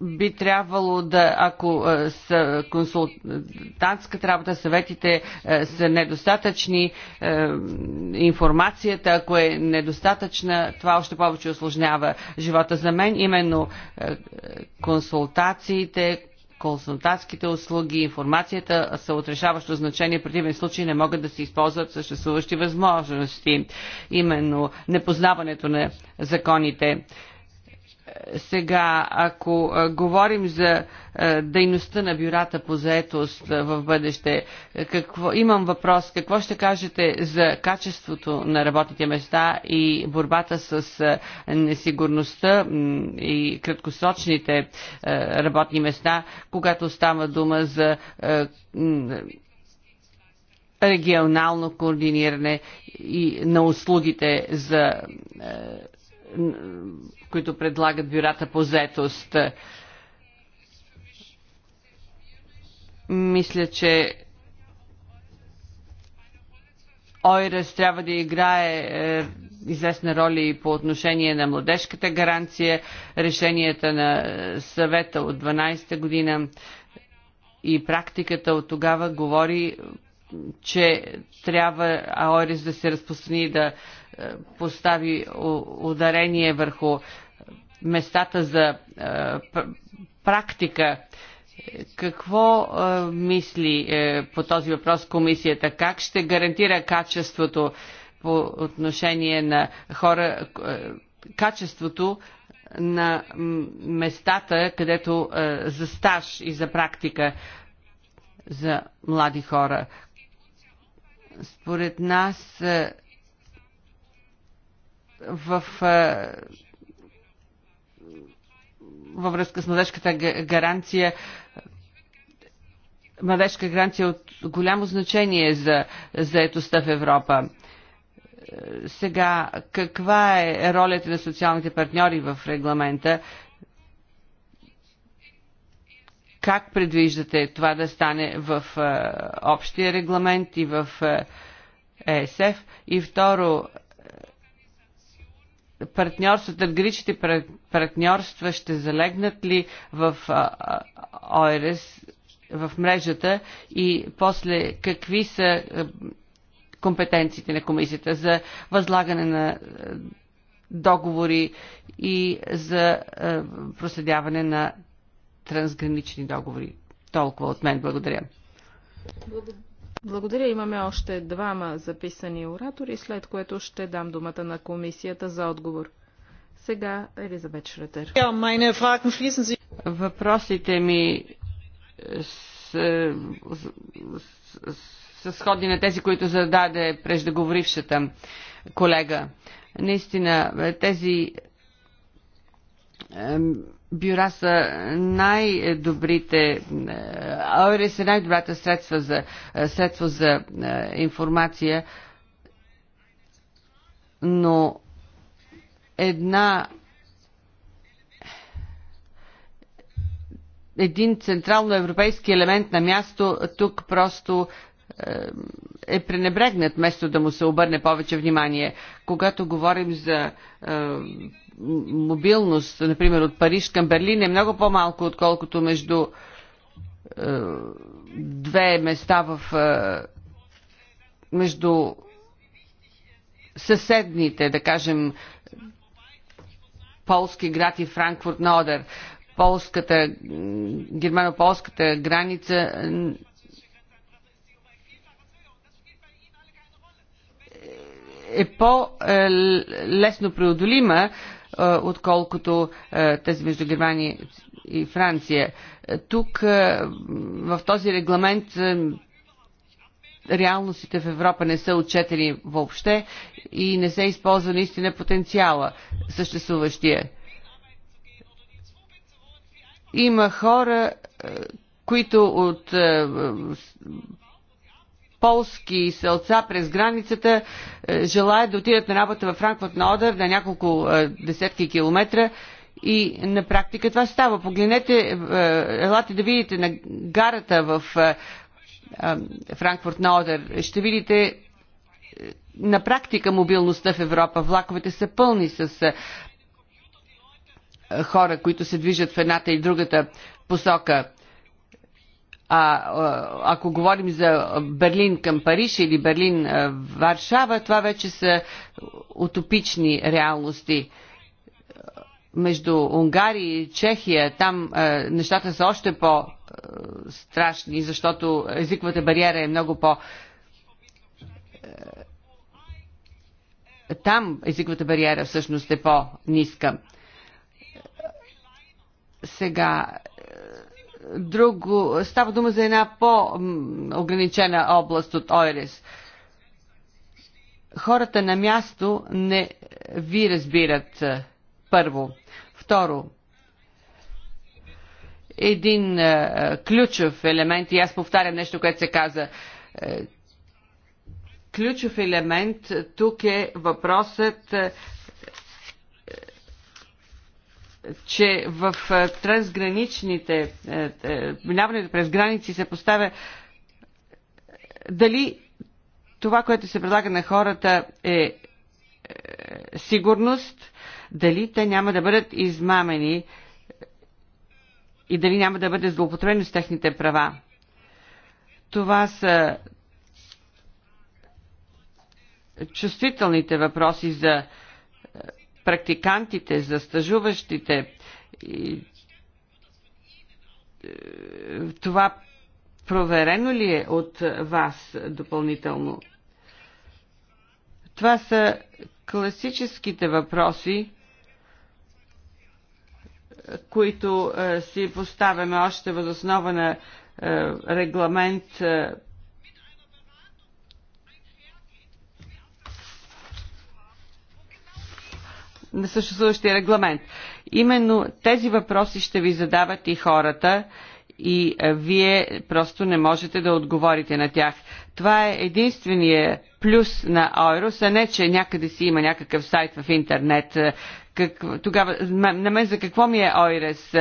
би трябвало да, ако е, с консултантската работа, съветите е, са недостатъчни, информацията, ако е недостатъчна, това още повече осложнява живота за мен. Именно консултациите, консултантските услуги, информацията са от решаващо значение. В противен случай не могат да се използват съществуващи възможности. Именно непознаването на законите сега, ако говорим за дейността на бюрата по заетост в бъдеще, какво, имам въпрос, какво ще кажете за качеството на работните места и борбата с несигурността и краткосрочните работни места, когато става дума за регионално координиране и на услугите за които предлагат бюрата по заетост. Мисля, че ОИРС трябва да играе е, известна роля и по отношение на младежката гаранция, решенията на е, съвета от 12-та година и практиката от тогава говори, че трябва ОИРС да се разпространи да е, постави ударение върху местата за е, практика. Какво е, мисли по този въпрос комисията? Как ще гарантира качеството по отношение на хора, качеството на местата, където за стаж и за практика за млади хора? Според нас в е, във връзка с младежката гаранция. Младежка гаранция е от голямо значение за заетостта в Европа. Е, сега, каква е ролята на социалните партньори в регламента? Как предвиждате това да стане в е, общия регламент и в ЕСФ? И второ, партньорства, търговичните партньорства ще залегнат ли в ОРС, в мрежата и после какви са компетенциите на комисията за възлагане на договори и за проследяване на трансгранични договори. Толкова от мен. Благодаря. Благодаря. Благодаря. Имаме още двама записани оратори, след което ще дам думата на комисията за отговор. Сега Елизабет Шретер. Въпросите ми с, с, с, с сходни на тези, които зададе преждеговорившата колега. Наистина, тези бюра са най-добрите, е, ОИР са най-добрата средства за, е, средство за е, информация, но една един централно европейски елемент на място тук просто е пренебрегнат, вместо да му се обърне повече внимание. Когато говорим за мобилност, например от Париж към Берлин е много по-малко, отколкото между е, две места в е, между съседните, да кажем, полски град и Франкфурт на Одер. Полската, германо-полската граница е, е по-лесно е, преодолима отколкото тези между Германия и Франция. Тук в този регламент реалностите в Европа не са отчетени въобще и не се използва наистина потенциала съществуващия. Има хора, които от полски селца през границата е, желаят да отидат на работа в Франкфурт на Одър на няколко е, десетки километра и на практика това става. Погледнете, е, елате да видите на гарата в Франкфурт на Одър. Ще видите на практика мобилността в Европа. Влаковете са пълни с хора, които се движат в едната и другата посока. А ако говорим за Берлин към Париж или Берлин Варшава, това вече са утопични реалности. Между Унгария и Чехия там нещата са още по-страшни, защото езиковата бариера е много по- там езиковата бариера всъщност е по-ниска. Сега друго, става дума за една по-ограничена област от Ойрес. Хората на място не ви разбират първо. Второ, един е, ключов елемент, и аз повтарям нещо, което се каза, е, ключов елемент тук е въпросът е, че в е, трансграничните, е, е, минаването през граници се поставя дали това, което се предлага на хората е сигурност, дали те няма да бъдат измамени и дали няма да бъде злоупотребено с техните права. Това са чувствителните въпроси за практикантите, за стажуващите. И, е, това проверено ли е от вас допълнително? Това са класическите въпроси, които е, си поставяме още възоснова на е, регламент е, на съществуващия регламент. Именно тези въпроси ще ви задават и хората и вие просто не можете да отговорите на тях. Това е единствения плюс на Ойрус, а не, че някъде си има някакъв сайт в интернет. Как, тогава, на мен за какво ми е Ойрес?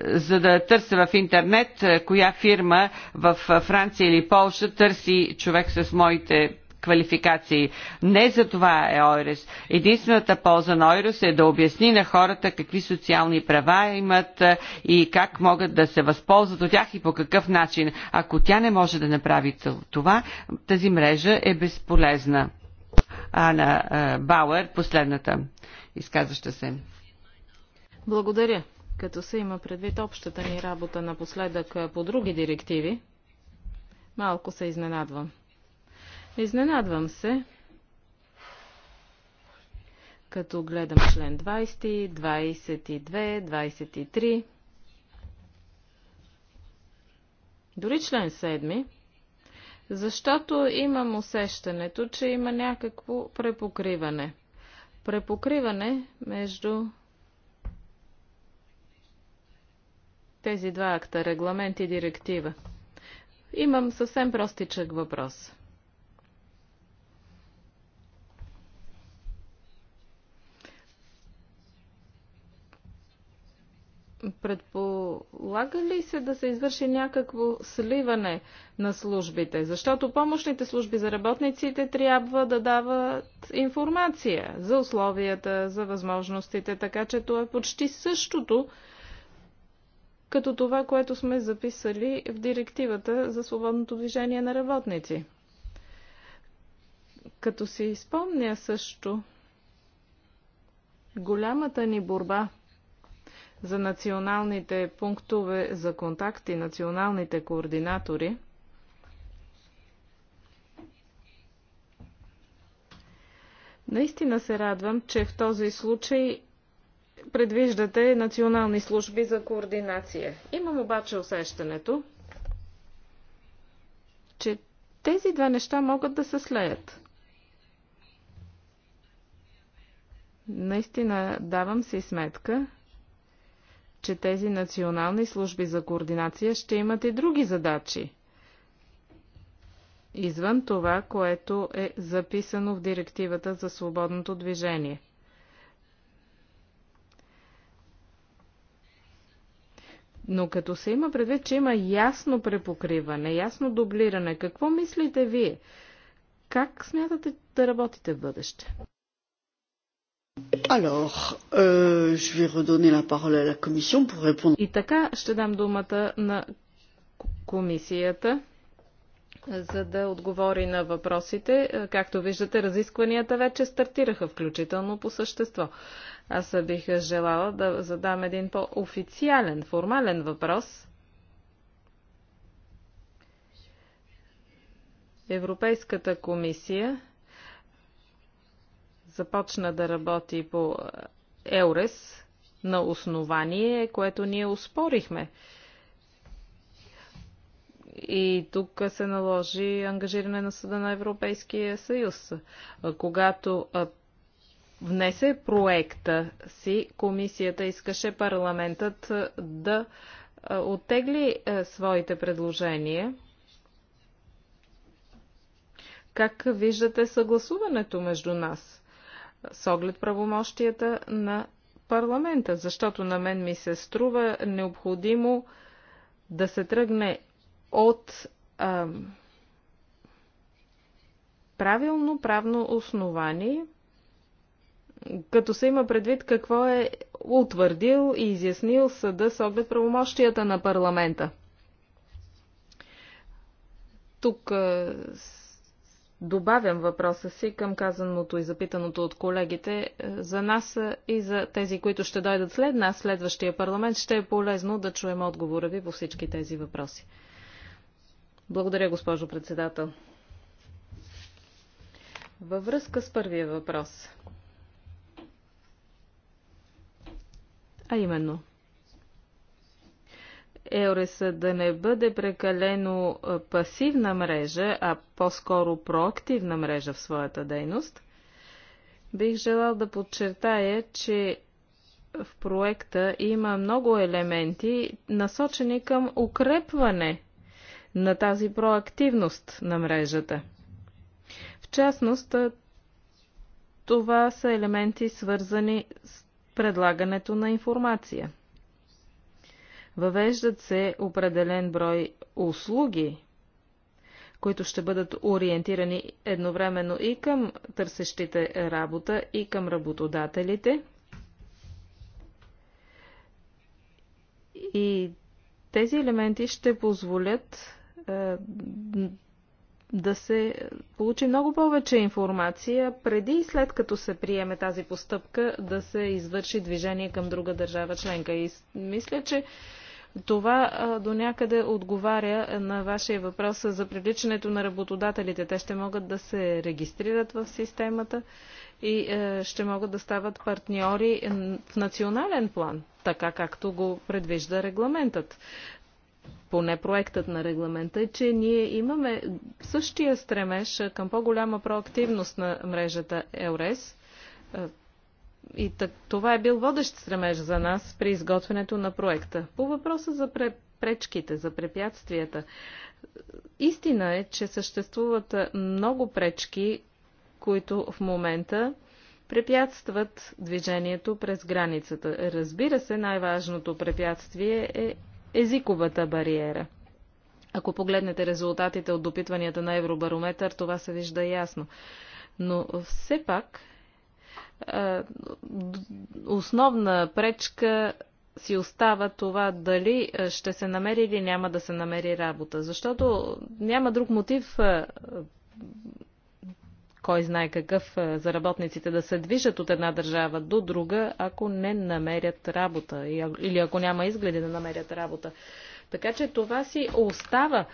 За да търся в интернет коя фирма в Франция или Полша търси човек с моите квалификации. Не за това е ОИРЕС. Единствената полза на ОИРЕС е да обясни на хората какви социални права имат е, и как могат да се възползват от тях и по какъв начин. Ако тя не може да направи това, тази мрежа е безполезна. Ана е, Бауер, последната изказваща се. Благодаря. Като се има предвид общата ни работа напоследък е, по други директиви, малко се изненадвам. Изненадвам се, като гледам член 20, 22, 23, дори член 7, защото имам усещането, че има някакво препокриване. Препокриване между тези два акта, регламент и директива. Имам съвсем простичък въпрос – Предполага ли се да се извърши някакво сливане на службите? Защото помощните служби за работниците трябва да дават информация за условията, за възможностите, така че това е почти същото, като това, което сме записали в директивата за свободното движение на работници. Като си изпомня също голямата ни борба за националните пунктове за контакти, националните координатори. Наистина се радвам, че в този случай предвиждате национални служби за координация. Имам обаче усещането, че тези две неща могат да се слеят. Наистина давам си сметка, че тези национални служби за координация ще имат и други задачи. Извън това, което е записано в директивата за свободното движение. Но като се има предвид, че има ясно препокриване, ясно дублиране, какво мислите вие? Как смятате да работите в бъдеще? Alors, euh, je vais redonner la parole à la Commission pour répondre. И така ще дам думата на комисията, за да отговори на въпросите. Е, както виждате, разискванията вече стартираха, включително по същество. Аз бих желала да задам един по-официален, формален въпрос. Европейската комисия започна да работи по Еурес на основание, което ние успорихме. И тук се наложи ангажиране на Съда на Европейския съюз. Когато внесе проекта си, комисията искаше парламентът да оттегли своите предложения. Как виждате съгласуването между нас? с оглед правомощията на парламента, защото на мен ми се струва необходимо да се тръгне от а, правилно правно основание, като се има предвид какво е утвърдил и изяснил съда с оглед правомощията на парламента. Тук а, добавям въпроса си към казаното и запитаното от колегите. Е, за нас е, и за тези, които ще дойдат след нас, следващия парламент, ще е полезно да чуем отговора ви по всички тези въпроси. Благодаря, госпожо председател. Във връзка с първия въпрос. А именно – ЕОРЕС да не бъде прекалено пасивна мрежа, а по-скоро проактивна мрежа в своята дейност, бих желал да подчертая, че в проекта има много елементи, насочени към укрепване на тази проактивност на мрежата. В частност, това са елементи свързани с предлагането на информация – Въвеждат се определен брой услуги, които ще бъдат ориентирани едновременно и към търсещите работа, и към работодателите. И тези елементи ще позволят е, да се получи много повече информация преди и след като се приеме тази постъпка да се извърши движение към друга държава членка. И мисля, че това до някъде отговаря на вашия въпрос за привличането на работодателите. Те ще могат да се регистрират в системата и е, ще могат да стават партньори в национален план, така както го предвижда регламентът поне проектът на регламента е, че ние имаме същия стремеж към по-голяма проактивност на мрежата ЕОРЕС. Е, и так, това е бил водещ стремеж за нас при изготвянето на проекта. По въпроса за пречките, за препятствията. Истина е, че съществуват много пречки, които в момента препятстват движението през границата. Разбира се, най-важното препятствие е езиковата бариера. Ако погледнете резултатите от допитванията на Евробарометър, това се вижда ясно. Но все пак е, основна пречка си остава това дали е, ще се намери или няма да се намери работа. Защото няма друг мотив, е, кой знае какъв, за работниците да се движат от една държава до друга, ако не намерят работа или ако няма изгледи да намерят работа. Така че това си остава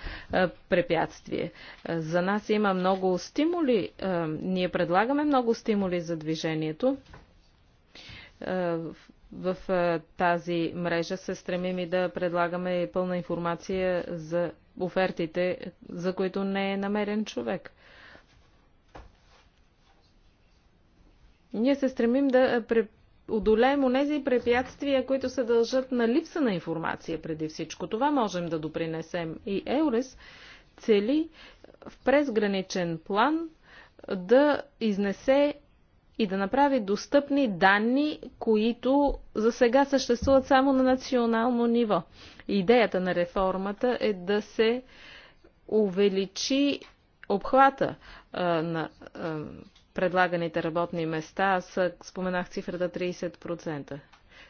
препятствие. За нас има много стимули. Ние предлагаме много стимули за движението в тази мрежа се стремим и да предлагаме пълна информация за офертите, за които не е намерен човек. Ние се стремим да одолеем онези препятствия, които се дължат на липса на информация преди всичко. Това можем да допринесем. И Еурес цели в презграничен план да изнесе и да направи достъпни данни, които за сега съществуват само на национално ниво. Идеята на реформата е да се увеличи обхвата а, на а, предлаганите работни места. Аз споменах цифрата 30%.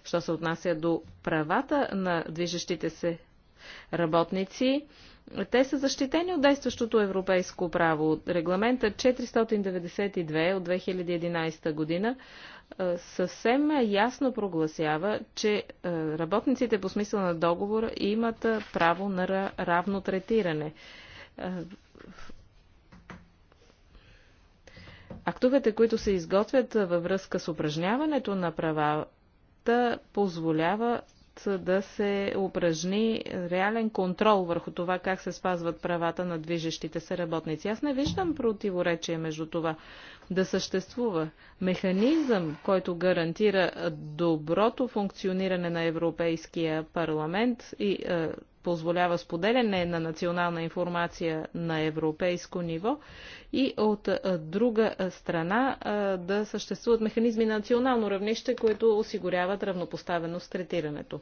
Що се отнася до правата на движещите се работници, те са защитени от действащото европейско право. Регламента 492 от 2011 година съвсем ясно прогласява, че работниците по смисъл на договор имат право на равно третиране. Актовете, които се изготвят във връзка с упражняването на правата, позволяват да се упражни реален контрол върху това как се спазват правата на движещите се работници. Аз не виждам противоречие между това да съществува механизъм, който гарантира доброто функциониране на Европейския парламент и е, позволява споделяне на национална информация на европейско ниво и от друга страна да съществуват механизми на национално равнище, които осигуряват равнопоставеност третирането.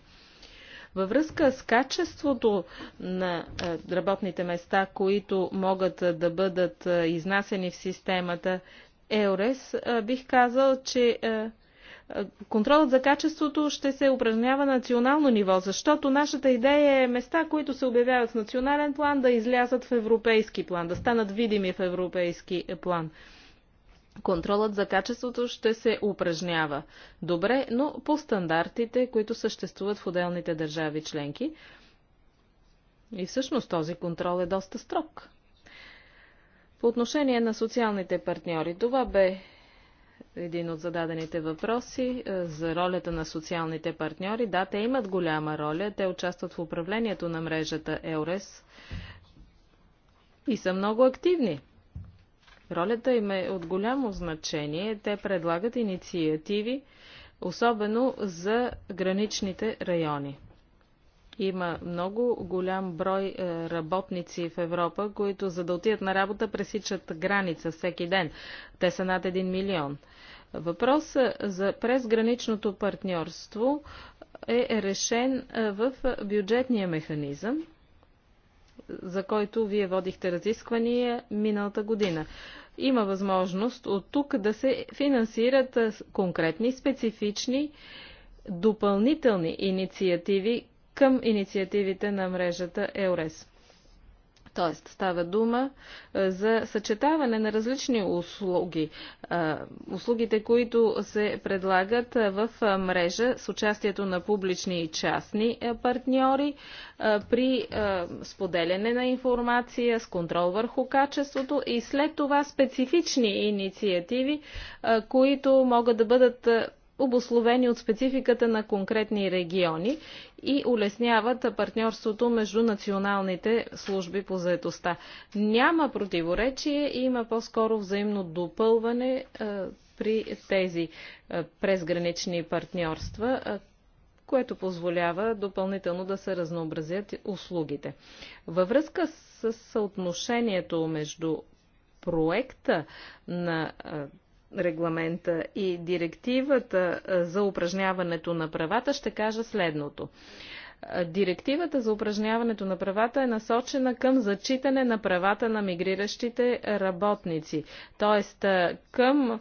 Във връзка с качеството на работните места, които могат да бъдат изнасени в системата ЕОРЕС, бих казал, че Контролът за качеството ще се упражнява на национално ниво, защото нашата идея е места, които се обявяват в национален план, да излязат в европейски план, да станат видими в европейски план. Контролът за качеството ще се упражнява добре, но по стандартите, които съществуват в отделните държави членки. И всъщност този контрол е доста строг. По отношение на социалните партньори, това бе един от зададените въпроси е, за ролята на социалните партньори. Да, те имат голяма роля. Те участват в управлението на мрежата ЕОРЕС и са много активни. Ролята им е от голямо значение. Те предлагат инициативи, особено за граничните райони. Има много голям брой е, работници в Европа, които за да отидат на работа пресичат граница всеки ден. Те са над 1 милион. Въпросът за презграничното партньорство е решен е, в бюджетния механизъм, за който вие водихте разисквания миналата година. Има възможност от тук да се финансират е, конкретни, специфични, допълнителни инициативи към инициативите на мрежата ЕОРЕС. Тоест, става дума за съчетаване на различни услуги. Услугите, които се предлагат в мрежа с участието на публични и частни партньори при споделяне на информация, с контрол върху качеството и след това специфични инициативи, които могат да бъдат обословени от спецификата на конкретни региони и улесняват партньорството между националните служби по заедостта. Няма противоречие, има по-скоро взаимно допълване е, при тези е, презгранични партньорства, е, което позволява допълнително да се разнообразят услугите. Във връзка с съотношението между проекта на регламента и директивата за упражняването на правата, ще кажа следното. Директивата за упражняването на правата е насочена към зачитане на правата на мигриращите работници, т.е. към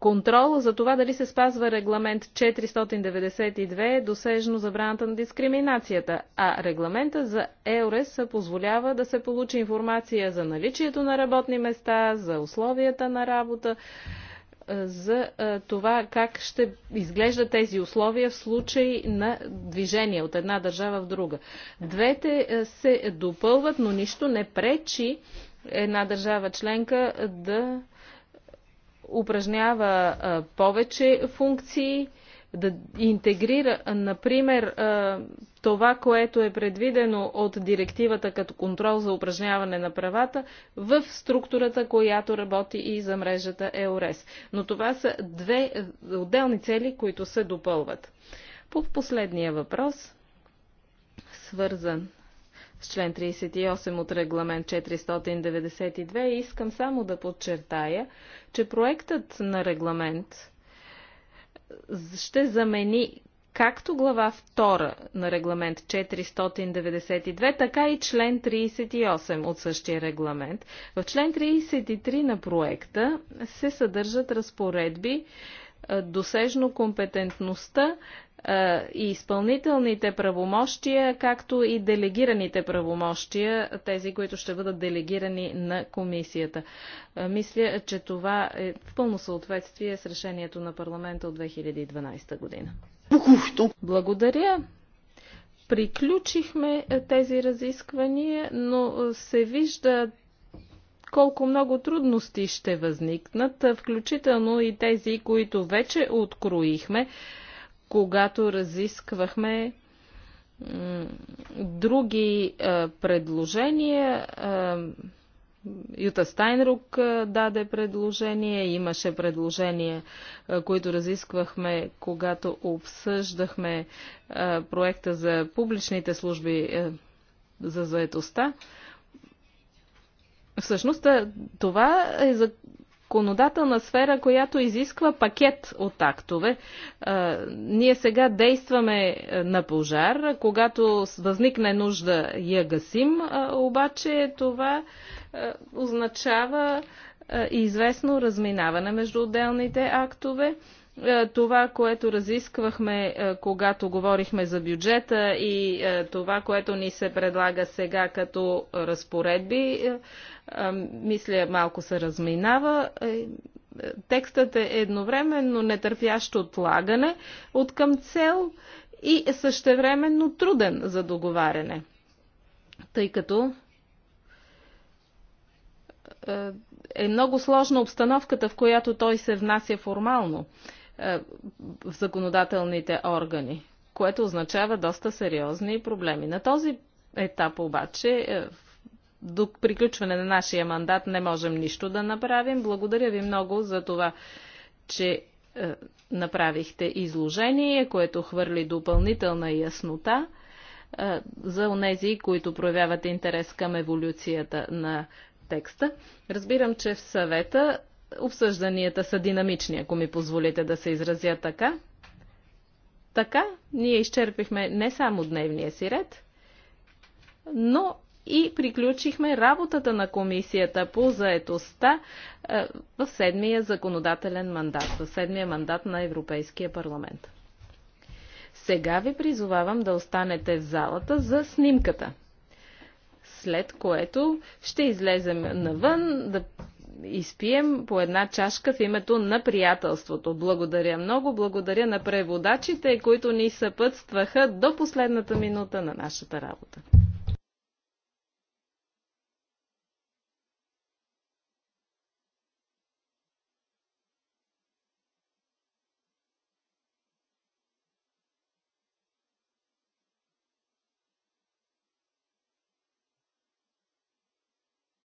контрол за това дали се спазва регламент 492 досежно забраната на дискриминацията, а регламента за ЕОРЕС позволява да се получи информация за наличието на работни места, за условията на работа, за това как ще изглеждат тези условия в случай на движение от една държава в друга. Двете се допълват, но нищо не пречи една държава членка да упражнява повече функции, да интегрира, например, това, което е предвидено от директивата като контрол за упражняване на правата в структурата, която работи и за мрежата ЕОРЕС. Но това са две отделни цели, които се допълват. По последния въпрос, свързан с член 38 от регламент 492 и искам само да подчертая, че проектът на регламент е, ще замени както глава 2 на регламент 492, така и член 38 от същия регламент. В член 33 на проекта се съдържат разпоредби, е, досежно компетентността е, и изпълнителните правомощия, както и делегираните правомощия, тези, които ще бъдат делегирани на комисията. Е, мисля, че това е в пълно съответствие с решението на парламента от 2012 година. Благодаря. Приключихме е, тези разисквания, но се вижда колко много трудности ще възникнат, включително и тези, които вече откроихме когато разисквахме други предложения. Юта Стайнрук даде предложение, имаше предложения, които разисквахме, когато обсъждахме проекта за публичните служби за заедостта. Всъщност това е за законодателна сфера, която изисква пакет от актове. Ние сега действаме на пожар, когато възникне нужда я гасим, обаче това означава известно разминаване между отделните актове. Е, това, което разисквахме, е, когато говорихме за бюджета и е, това, което ни се предлага сега като разпоредби, мисля, малко се разминава. Текстът е едновременно нетърпящо отлагане от към цел и е същевременно труден за договаряне, тъй като е много сложна обстановката, в която той се внася формално. Е, в законодателните органи, което означава доста сериозни проблеми. На този етап обаче, е, до приключване на нашия мандат, не можем нищо да направим. Благодаря ви много за това, че е, направихте изложение, което хвърли допълнителна яснота за онези, които проявяват интерес към еволюцията на текста. Разбирам, че в съвета обсъжданията са динамични, ако ми позволите да се изразя така. Така ние изчерпихме не само дневния си ред, но и приключихме работата на комисията по заетостта е, в седмия законодателен мандат, в седмия мандат на Европейския парламент. Сега ви призовавам да останете в залата за снимката, след което ще излезем навън да изпием по една чашка в името на приятелството. Благодаря много, благодаря на преводачите, които ни съпътстваха до последната минута на нашата работа.